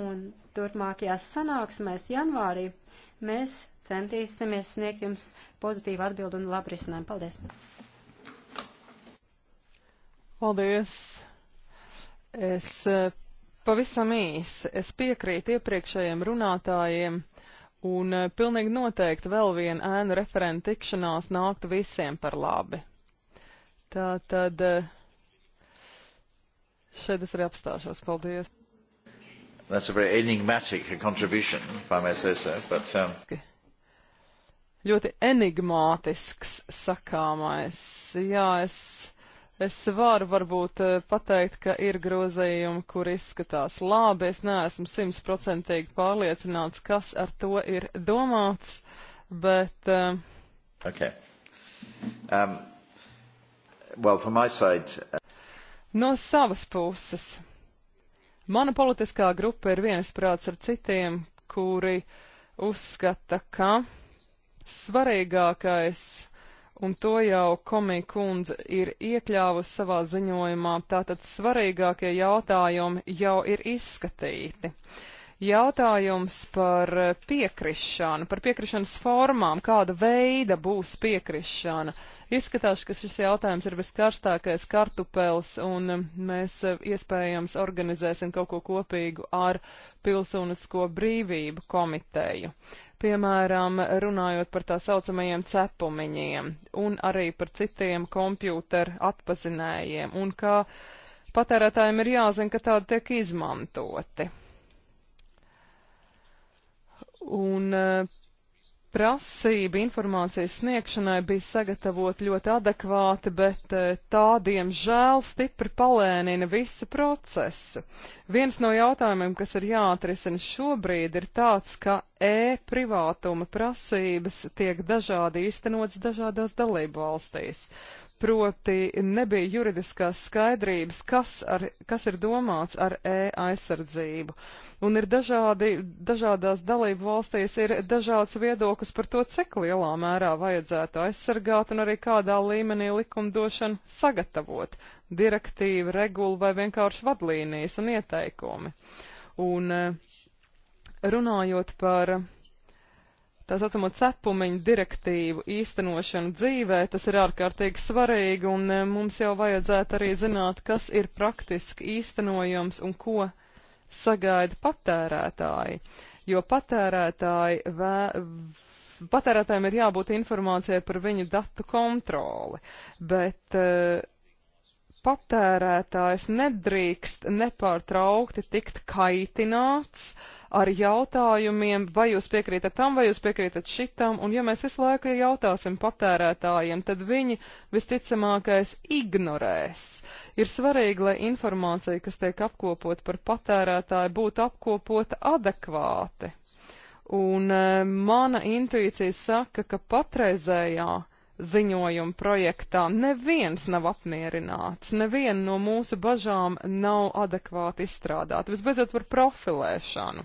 Un turpmākajās sanāksmēs janvārī mēs centīsimies sniegt jums pozitīvu atbildu un labu risinājumu. Paldies! Paldies! Es eh, pavisam īsi, es piekrītu iepriekšējiem runātājiem. Un eh, pilnīgi noteikti vēl viena ēnu referenta tikšanās nāktu visiem par labi. Tā tad eh, šeit es arī apstāšos. Paldies! That's a very enigmatic contribution, if I may say so, but... Um... Okay ļoti enigmātisks sakāmais. Jā, es. Es varu varbūt eh, pateikt, ka ir grozījumi, kur izskatās labi. Es neesmu simtprocentīgi pārliecināts, kas ar to ir domāts, bet. Eh, okay. Um, well, side... Uh, no savas puses. Mana politiskā grupa ir viensprāts ar citiem, kuri uzskata, ka Svarīgākais, un to jau komija kundze ir iekļāvusi savā ziņojumā, tātad svarīgākie jautājumi jau ir izskatīti. Jautājums par piekrišanu, par piekrišanas formām, kāda veida būs piekrišana. Izskatās, ka šis jautājums ir viskarstākais kartupels, un mēs iespējams organizēsim kaut ko kopīgu ar Pilsonisko brīvību komiteju piemēram, runājot par tā saucamajiem cepumiņiem un arī par citiem kompjūteru atpazinējiem un kā patērētājiem ir jāzina, ka tādi tiek izmantoti. Un eh, prasība informācijas sniegšanai bija sagatavot ļoti adekvāti, bet eh, tā, diemžēl, stipri palēnina visu procesu. Viens no jautājumiem, kas ir jāatrisina šobrīd, ir tāds, ka e-privātuma prasības tiek dažādi īstenots dažādās dalību valstīs proti nebija juridiskās skaidrības, kas, ar, kas ir domāts ar e-aizsardzību. Un ir dažādi, dažādās dalību valstīs ir dažāds viedoklis par to, cik lielā mērā vajadzētu aizsargāt un arī kādā līmenī likumdošanu sagatavot - direktīva, regula vai vienkārši vadlīnijas un ieteikumi. Un eh, runājot par tā saucamo cepumiņu direktīvu īstenošanu dzīvē, tas ir ārkārtīgi svarīgi, un e, mums jau vajadzētu arī zināt, kas ir praktiski īstenojams un ko sagaida patērētāji. Jo patērētāji vē, patērētājiem ir jābūt informācijai par viņu datu kontroli, bet uh, patērētājs nedrīkst nepārtraukti tikt kaitināts ar jautājumiem, vai jūs piekrītat tam, vai jūs piekrītat šitam, un ja mēs visu laiku jautāsim patērētājiem, tad viņi visticamākais ignorēs. Ir svarīgi, lai informācija, kas tiek apkopot par patērētāju, būtu apkopota adekvāti. Un e, mana intuīcija saka, ka patreizējā ziņojuma projektā neviens nav apmierināts, neviena no mūsu bažām nav adekvāti izstrādāta. Visbeidzot par profilēšanu.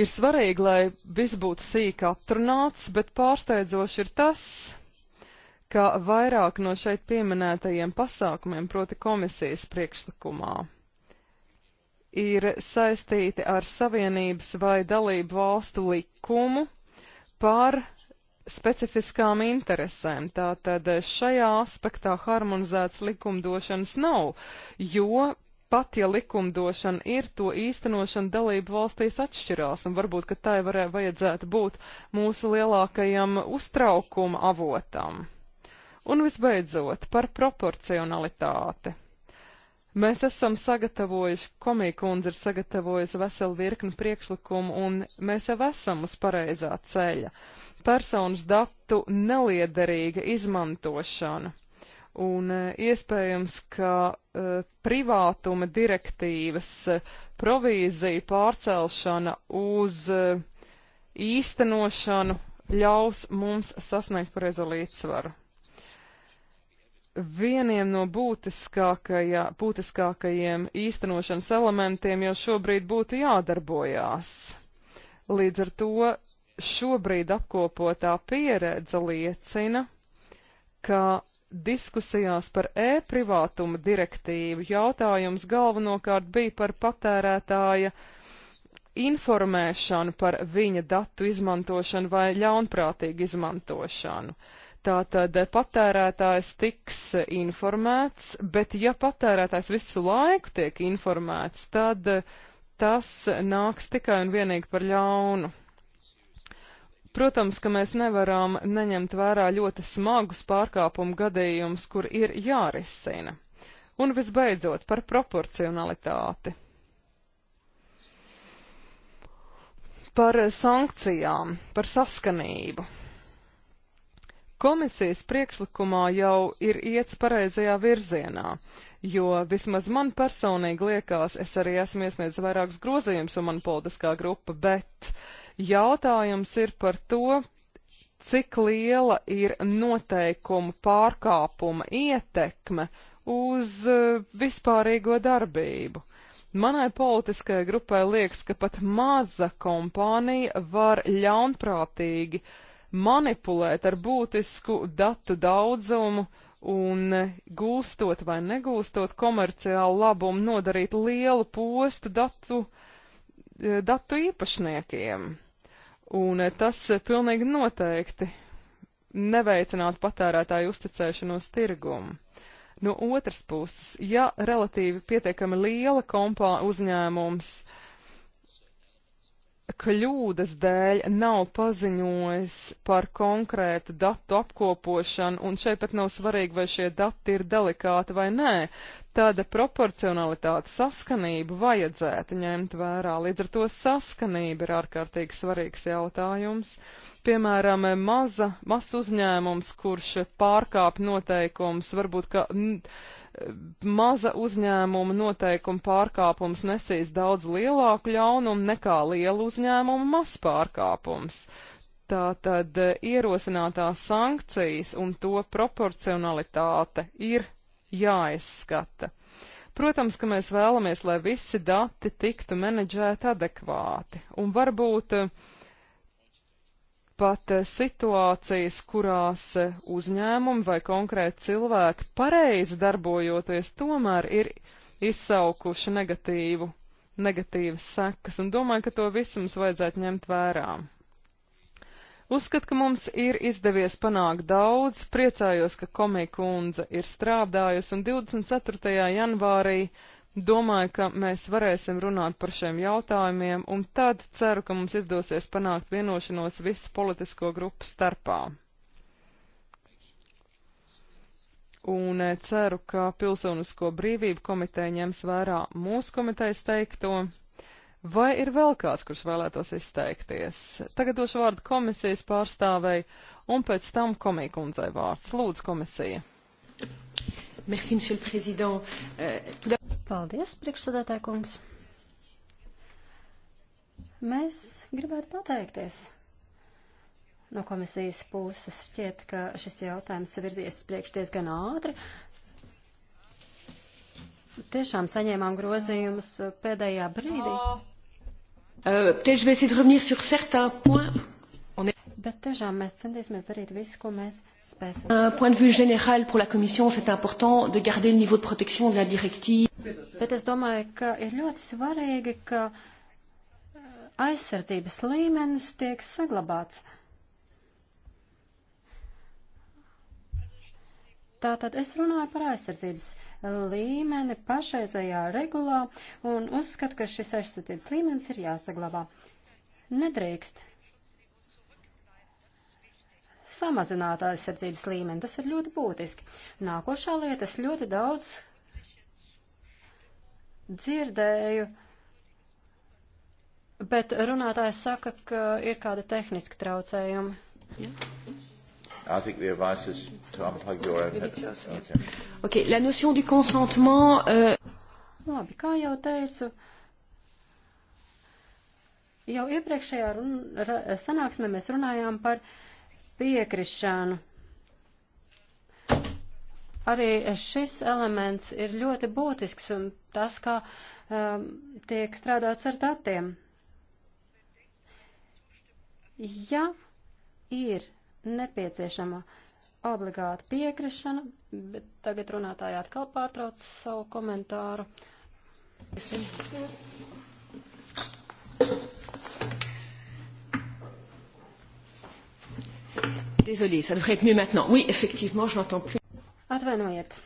Ir svarīgi, lai viss būtu sīk atrunāts, bet pārsteidzoši ir tas, ka vairāk no šeit pieminētajiem pasākumiem, proti komisijas priekšlikumā, ir saistīti ar Savienības vai dalību valstu likumu par specifiskām interesēm. Tātad šajā aspektā harmonizēts likumdošanas nav, jo pat ja likumdošana ir, to īstenošana dalību valstīs atšķirās, un varbūt, ka tai varē vajadzētu būt mūsu lielākajam uztraukuma avotam. Un visbeidzot, par proporcionalitāti. Mēs esam sagatavojuši, komija kundze ir sagatavojusi veselu virkni priekšlikumu, un mēs jau esam uz pareizā ceļa. Personas datu neliederīga izmantošana. Un e, iespējams, ka uh, privātuma direktīvas uh, provīzija pārcelšana uz uh, īstenošanu ļaus mums sasniegt pareizo līdzsvaru vieniem no būtiskākajiem īstenošanas elementiem jau šobrīd būtu jādarbojās. Līdz ar to šobrīd apkopotā pieredze liecina, ka diskusijās par e-privātuma direktīvu jautājums galvenokārt bija par patērētāja informēšanu par viņa datu izmantošanu vai ļaunprātīgu izmantošanu. Uh, Tātad patērētājs tiks informēts, bet ja patērētājs visu laiku tiek informēts, tad tas nāks tikai un vienīgi par ļaunu. Protams, ka mēs nevaram neņemt vērā ļoti smagus pārkāpumu gadījumus, kur ir jārisina. Un visbeidzot par proporcionalitāti. Par sankcijām, par saskanību. Komisijas priekšlikumā jau ir iets pareizajā virzienā, jo vismaz man personīgi liekas, es arī esmu iesniedzis vairākus grozījumus un man politiskā grupa, bet jautājums ir par to, cik liela ir noteikumu pārkāpuma ietekme uz eh, vispārīgo darbību. Manai politiskajai grupai liekas, ka pat maza kompānija var ļaunprātīgi uh, manipulēt ar būtisku datu daudzumu un gūstot vai negūstot komerciālu labumu nodarīt lielu postu datu, eh, datu īpašniekiem. Un eh, tas pilnīgi noteikti neveicinātu patērētāju uzticēšanos tirgumu. No otras puses, ja relatīvi pietiekami liela kompā uzņēmums uh, kļūdas dēļ nav paziņojis par konkrētu datu apkopošanu, un šeit pat nav svarīgi, vai šie dati ir delikāti vai nē, tāda proporcionalitāte saskanību vajadzētu ņemt vērā. Līdz ar to saskanība ir ārkārtīgi svarīgs jautājums. Piemēram, maza, mazs uzņēmums, kurš pārkāp noteikums, varbūt, ka. Mm, maza uzņēmuma noteikuma pārkāpums nesīs daudz lielāku ļaunumu nekā liela uzņēmuma maz pārkāpums. Tātad eh, ierosinātās sankcijas un to proporcionalitāte ir jāizskata. Protams, ka mēs vēlamies, lai visi dati tiktu menedžēti adekvāti, un varbūt uh, pat eh, situācijas, kurās eh, uzņēmumi vai konkrēti cilvēki pareizi darbojoties, tomēr ir izsaukuši negatīvu, negatīvas sekas, un domāju, ka to visu mums vajadzētu ņemt vērā. Uzskat, ka mums ir izdevies panākt daudz, priecājos, ka komija kundze ir strādājusi, un 24. janvārī Domāju, ka mēs varēsim runāt par šiem jautājumiem, un tad ceru, ka mums izdosies panākt vienošanos visu politisko grupu starpā. Un eh, ceru, ka Pilsonisko brīvību komiteja ņems vērā mūsu komitejas teikto. Vai ir vēl kāds, kurš vēlētos izteikties? Tagad došu vārdu komisijas pārstāvei, un pēc tam komīkundzei vārds. Lūdzu, komisija! Merci, monsieur le président. Euh, Paldies, priekšsadātāja kungs. Mēs gribētu pateikties no komisijas puses. Šķiet, ka šis jautājums virzies priekš diezgan ātri. Tiešām saņēmām grozījumus pēdējā brīdī. Oh. Euh, Bet tiešām mēs centīsimies darīt visu, ko mēs spēsim. Point de vue général pour la Commission, c'est important de garder le niveau de protection de la directive. Bet es domāju, ka ir ļoti svarīgi, ka uh, aizsardzības līmenis tiek saglabāts. Tātad es runāju par aizsardzības līmeni pašreizējā regulā un uzskatu, ka šis aizsardzības līmenis ir jāsaglabā. Nedrīkst samazināt aizsardzības līmeni. Tas ir ļoti būtiski. Nākošā lieta es ļoti daudz dzirdēju, bet runātājs saka, ka ir kāda tehniska traucējuma. Ja? I think the advice is to unplug your own head. Okay. okay, la notion du consentement. Euh... Labi, kā jau teicu, jau iepriekšējā sanāksmē mēs runājām par uh, piekrišanu. Arī šis elements ir ļoti būtisks un tas, kā um, tiek strādāts ar datiem. Ja ir nepieciešama obligāta piekrišana, bet tagad runātāja atkal pārtrauc savu komentāru. Thank you. Désolé, ça devrait être mieux maintenant. Oui, effectivement, je n'entends plus. Atvainojiet.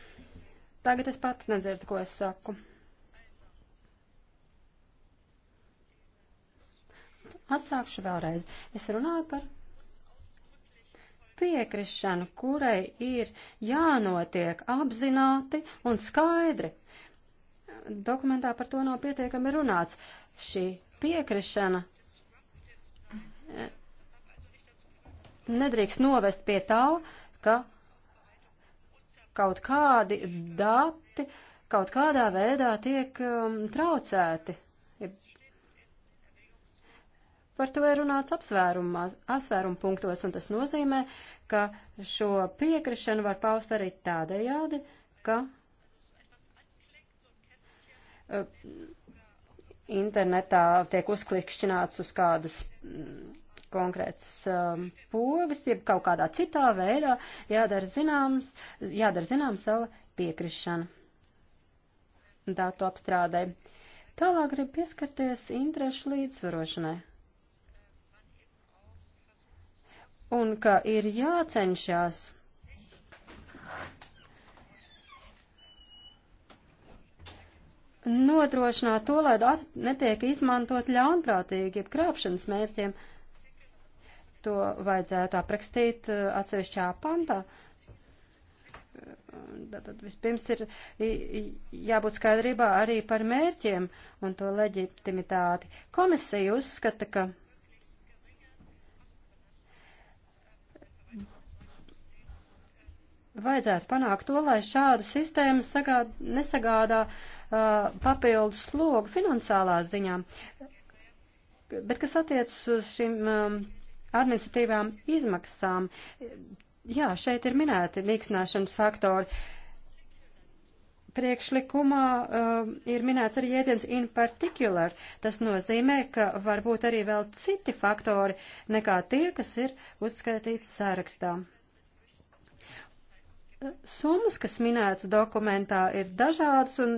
Tagad es pats nedzirdu, ko es saku. Atsākšu vēlreiz. Es runāju par piekrišanu, kurai ir jānotiek apzināti un skaidri. Dokumentā par to nav pietiekami runāts. Šī piekrišana nedrīkst novest pie tā, ka kaut kādi dati kaut kādā veidā tiek um, traucēti. Par to ir runāts apsvērumu punktos, un tas nozīmē, ka šo piekrišanu var paust arī tādējādi, ka uh, internetā tiek uzklikšķināts uz kādas mm, konkrēts um, pogas, jeb kaut kādā citā veidā jādara zināms, jādara zināms sava piekrišana datu apstrādē. Tālāk grib pieskarties interešu līdzsvarošanai. Un ka ir jācenšas nodrošināt to, lai dati netiek izmantot ļaunprātīgi, jeb krāpšanas mērķiem. Uh, to vajadzētu aprakstīt eh, atsevišķā pantā. Tātad vispirms ir jābūt skaidrībā arī par mērķiem un to leģitimitāti. Komisija uzskata, ka vajadzētu panākt to, lai šāda sistēma sagād, nesagādā uh, papildus slogu finansiālā ziņā. Bet kas attiecas uz šim um, administratīvām izmaksām. Jā, šeit ir minēti mīkstināšanas faktori. Priekšlikumā uh, ir minēts arī jēdziens in particular. Tas nozīmē, ka var būt arī vēl citi faktori nekā tie, kas ir uzskaitīts sarakstām. Summas, kas minētas dokumentā, ir dažādas un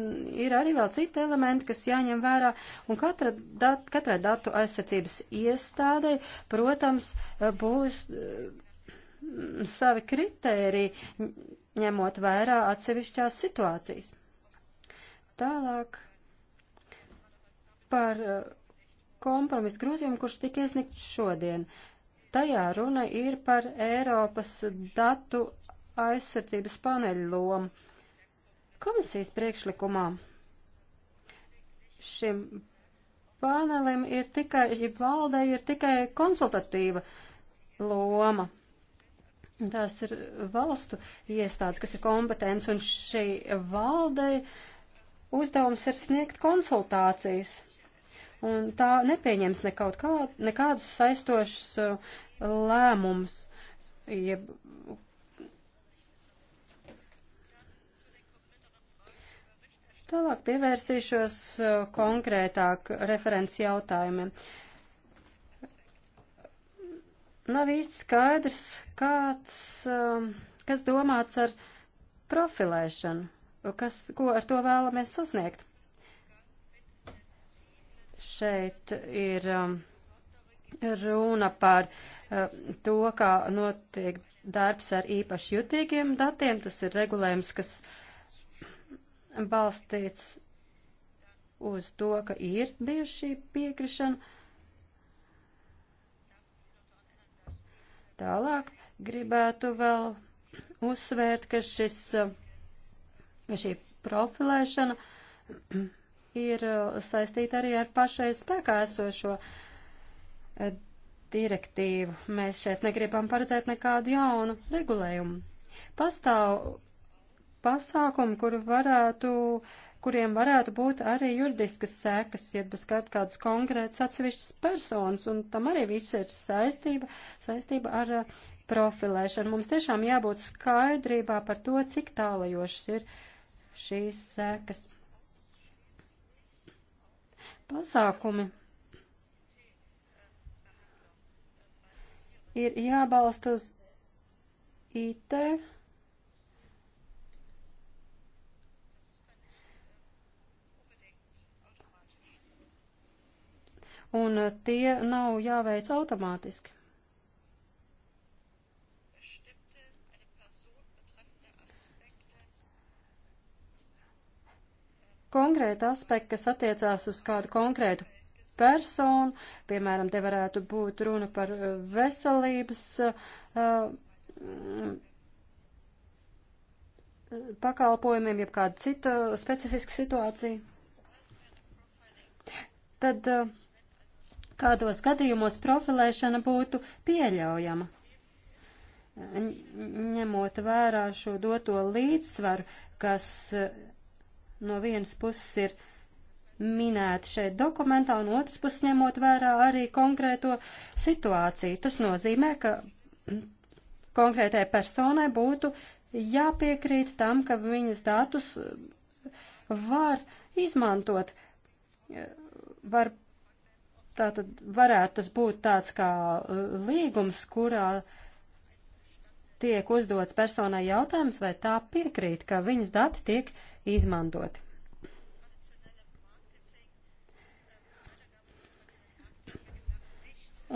ir arī vēl citi elementi, kas jāņem vērā. Un katra dat, katrai datu aizsardzības iestādei, protams, būs mm, savi kritēriji, ņemot vērā atsevišķās situācijas. Tālāk par eh, kompromisu grozījumu, kurš tika iesniegts šodien. Tajā runa ir par Eiropas datu aizsardzības paneļa loma. Komisijas priekšlikumā šim panelim ir tikai, ja valdē ir tikai konsultatīva loma. Tās ir valstu iestādes, kas ir kompetents, un šī valdei uzdevums ir sniegt konsultācijas un tā nepieņems nekaut kā, nekādus saistošus uh, lēmumus, jeb Tālāk pievērsīšos uh, konkrētāk referents jautājumiem. Nav īsti skaidrs, kāds, um, kas domāts ar profilēšanu, kas, ko ar to vēlamies sasniegt. Šeit ir um, runa par uh, to, kā notiek darbs ar īpaši jutīgiem datiem. Tas ir regulējums, kas uh, balstīts uz to, ka ir bijusi šī piekrišana. Tālāk gribētu vēl uzsvērt, ka šis, šī profilēšana ir saistīta arī ar pašais spēkā esošo direktīvu. Mēs šeit negribam paredzēt nekādu jaunu regulējumu. Pastāv pasākumi, kur varētu, kuriem varētu būt arī juridiskas sekas, ja bez kārt kādas konkrētas atsevišķas personas, un tam arī viss ir saistība, saistība ar uh, profilēšanu. Mums tiešām jābūt skaidrībā par to, cik tālajošas ir šīs sekas. Pasākumi ir jābalst uz IT un tie nav jāveic automātiski. Konkrēti aspekti, kas attiecās uz kādu konkrētu personu, piemēram, te varētu būt runa par uh, veselības uh, mm, pakalpojumiem, jeb kāda cita specifiska situācija. Tad uh, kādos gadījumos profilēšana būtu pieļaujama. Ņemot vērā šo doto līdzsvaru, kas eh, no vienas puses ir minēti šeit dokumentā, un otrs puses ņemot vērā arī konkrēto situāciju. Tas nozīmē, ka konkrētai personai būtu jāpiekrīt tam, ka viņas datus var izmantot, eh, var Tātad varētu tas būt tāds kā uh, līgums, kurā tiek uzdots personai jautājums, vai tā piekrīt, ka viņas dati tiek izmantoti.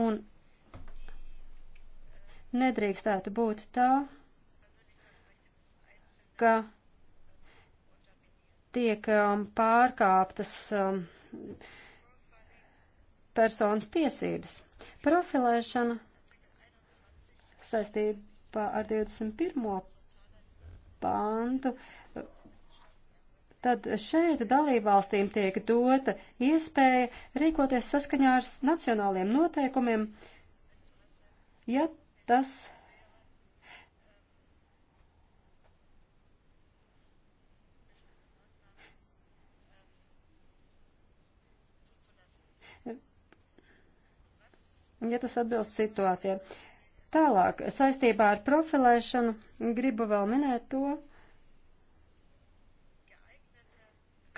Un nedrīkstētu būt tā, ka tiek um, pārkāptas um, personas tiesības. Profilēšana saistībā ar 21. pāntu. Tad šeit dalībvalstīm tiek dota iespēja rīkoties saskaņā ar nacionāliem noteikumiem, ja tas ja tas atbilst situācijai. Tālāk, saistībā ar profilēšanu, gribu vēl minēt to,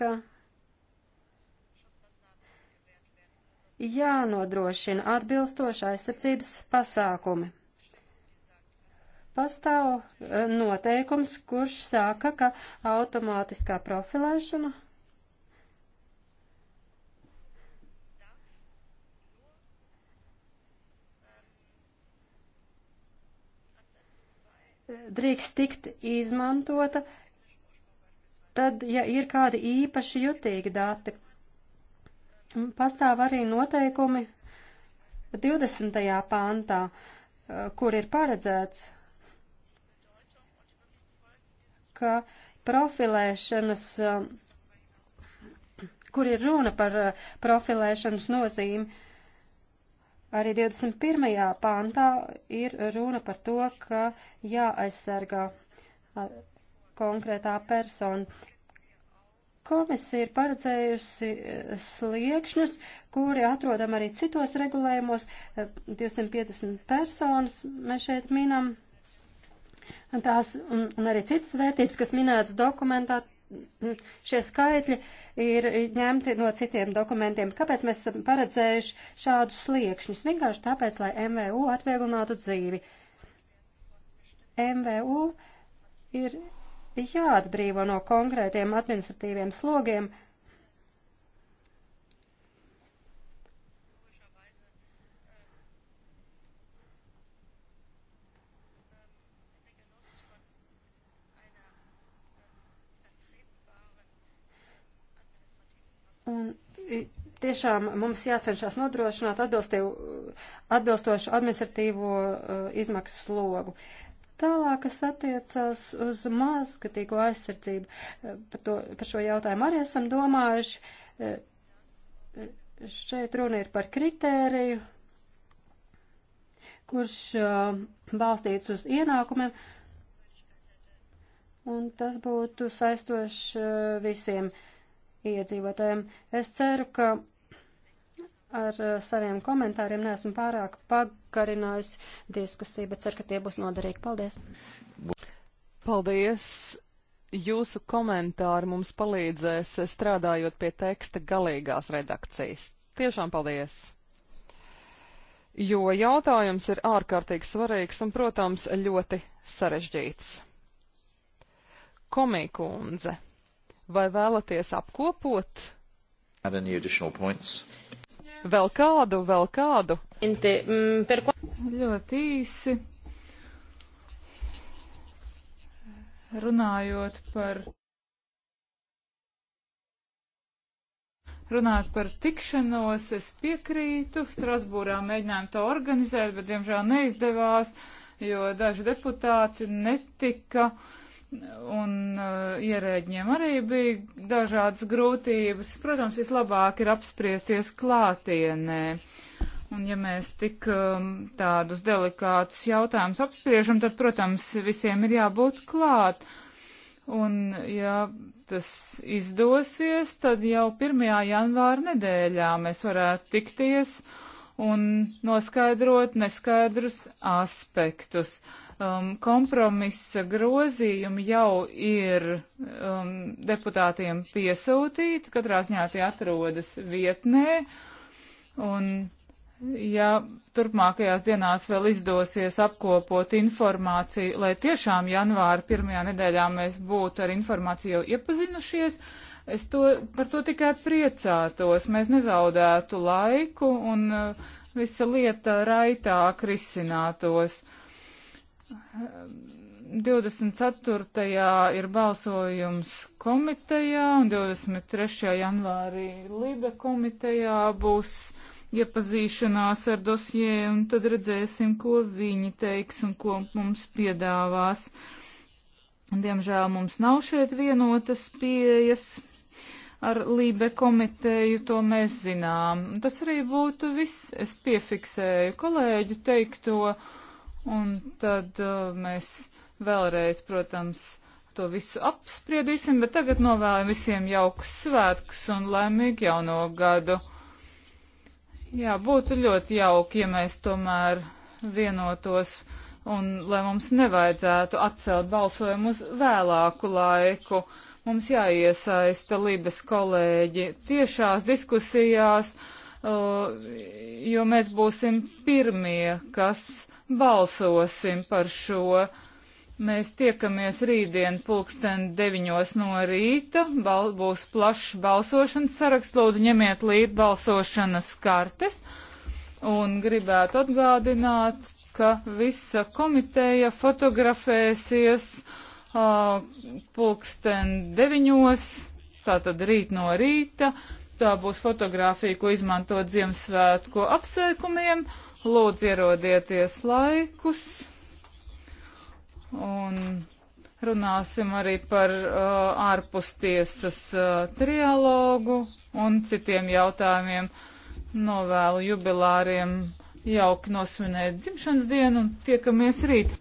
ka jānodrošina atbilstoši aizsardzības pasākumi. Pastāv eh, noteikums, kurš saka, ka automātiskā profilēšana drīkst tikt izmantota, tad, ja ir kādi īpaši jutīgi dati. Pastāv arī noteikumi 20. pāntā, eh, kur ir paredzēts, ka profilēšanas, eh, kur ir runa par eh, profilēšanas nozīmi, Arī 21. pāntā ir runa par to, ka jāaizsargā konkrētā persona. Komisija ir paredzējusi e, sliekšņus, kuri atrodam arī citos regulējumos. 250 e, personas mēs šeit minam. Tās un, un arī citas vērtības, kas minētas dokumentā, šie skaitļi uh, ir ņemti no citiem dokumentiem. Kāpēc mēs esam paredzējuši šādus sliekšņus? Vienkārši tāpēc, lai MVU atvieglinātu dzīvi. MVU ir jāatbrīvo no konkrētiem administratīviem slogiem tiešām mums jācenšas nodrošināt atbilstošu administratīvo uh, izmaksu slogu. Tālāk, kas attiecas uz mazskatīgo aizsardzību, uh, par, to, par šo jautājumu arī esam domājuši. Uh, šeit runa ir par kritēriju, kurš uh, balstīts uz ienākumiem, un tas būtu saistoši uh, visiem. Uh, iedzīvotājiem. Es ceru, ka ar saviem komentāriem neesmu pārāk pagarinājusi diskusiju, bet ceru, ka tie būs noderīgi. Paldies! Paldies! Jūsu komentāri mums palīdzēs strādājot pie teksta galīgās redakcijas. Tiešām paldies! Jo jautājums ir ārkārtīgi svarīgs un, protams, ļoti sarežģīts. Komikundze. Vai vēlaties apkopot? Vēl kādu, vēl kādu? Mm, Ļoti īsi. Runājot par. Runāt par tikšanos, es piekrītu. Strasbūrā mēģinājām to organizēt, bet diemžēl neizdevās, jo daži deputāti netika uh, un uh, ierēģiem arī bija dažādas grūtības. Protams, vislabāk ir apspriesties klātienē. Un ja mēs tik um, tādus delikātus jautājumus apspriežam, tad, protams, visiem ir jābūt klāt. Un, ja tas izdosies, tad jau 1. janvāra nedēļā mēs varētu tikties un noskaidrot neskaidrus aspektus. Uh, um, kompromisa grozījumi jau ir um, deputātiem piesūtīti, katrā ziņā tie atrodas vietnē. Un, ja turpmākajās dienās vēl izdosies apkopot informāciju, lai tiešām janvāra pirmajā nedēļā mēs būtu ar informāciju jau iepazinušies, es to, par to tikai priecātos. Mēs nezaudētu laiku un uh, visa lieta raitāk risinātos. Uh, 24. ir balsojums komitejā un 23. janvārī Libe komitejā būs iepazīšanās ar dosjē un tad redzēsim, ko viņi teiks un ko mums piedāvās. Diemžēl mums nav šeit vienotas pieejas ar Lībe komiteju, to mēs zinām. Tas arī būtu viss. Es piefiksēju kolēģu teikto Un tad uh, mēs vēlreiz, protams, to visu apspriedīsim, bet tagad novēlam visiem jaukus svētkus un laimīgu jauno gadu. Jā, būtu ļoti jauki, ja mēs tomēr vienotos un lai mums nevajadzētu atcelt balsojumu uz vēlāku laiku. Mums jāiesaista Libes kolēģi tiešās diskusijās, uh, jo mēs būsim pirmie, kas balsosim par šo. Mēs tiekamies rītdien pulksten deviņos no rīta. Bal būs plašs balsošanas saraksts. Lūdzu, ņemiet līdzi balsošanas kartes. Un gribētu atgādināt, ka visa komiteja fotografēsies uh, pulksten deviņos, tātad rīt no rīta. Tā būs fotografija, ko izmantot Ziemassvētku apsveikumiem Lūdzu, ierodieties laikus un runāsim arī par uh, ārpustiesas uh, trialogu un citiem jautājumiem. Novēlu jubilāriem jauki nosvinēt dzimšanas dienu un tiekamies rīt.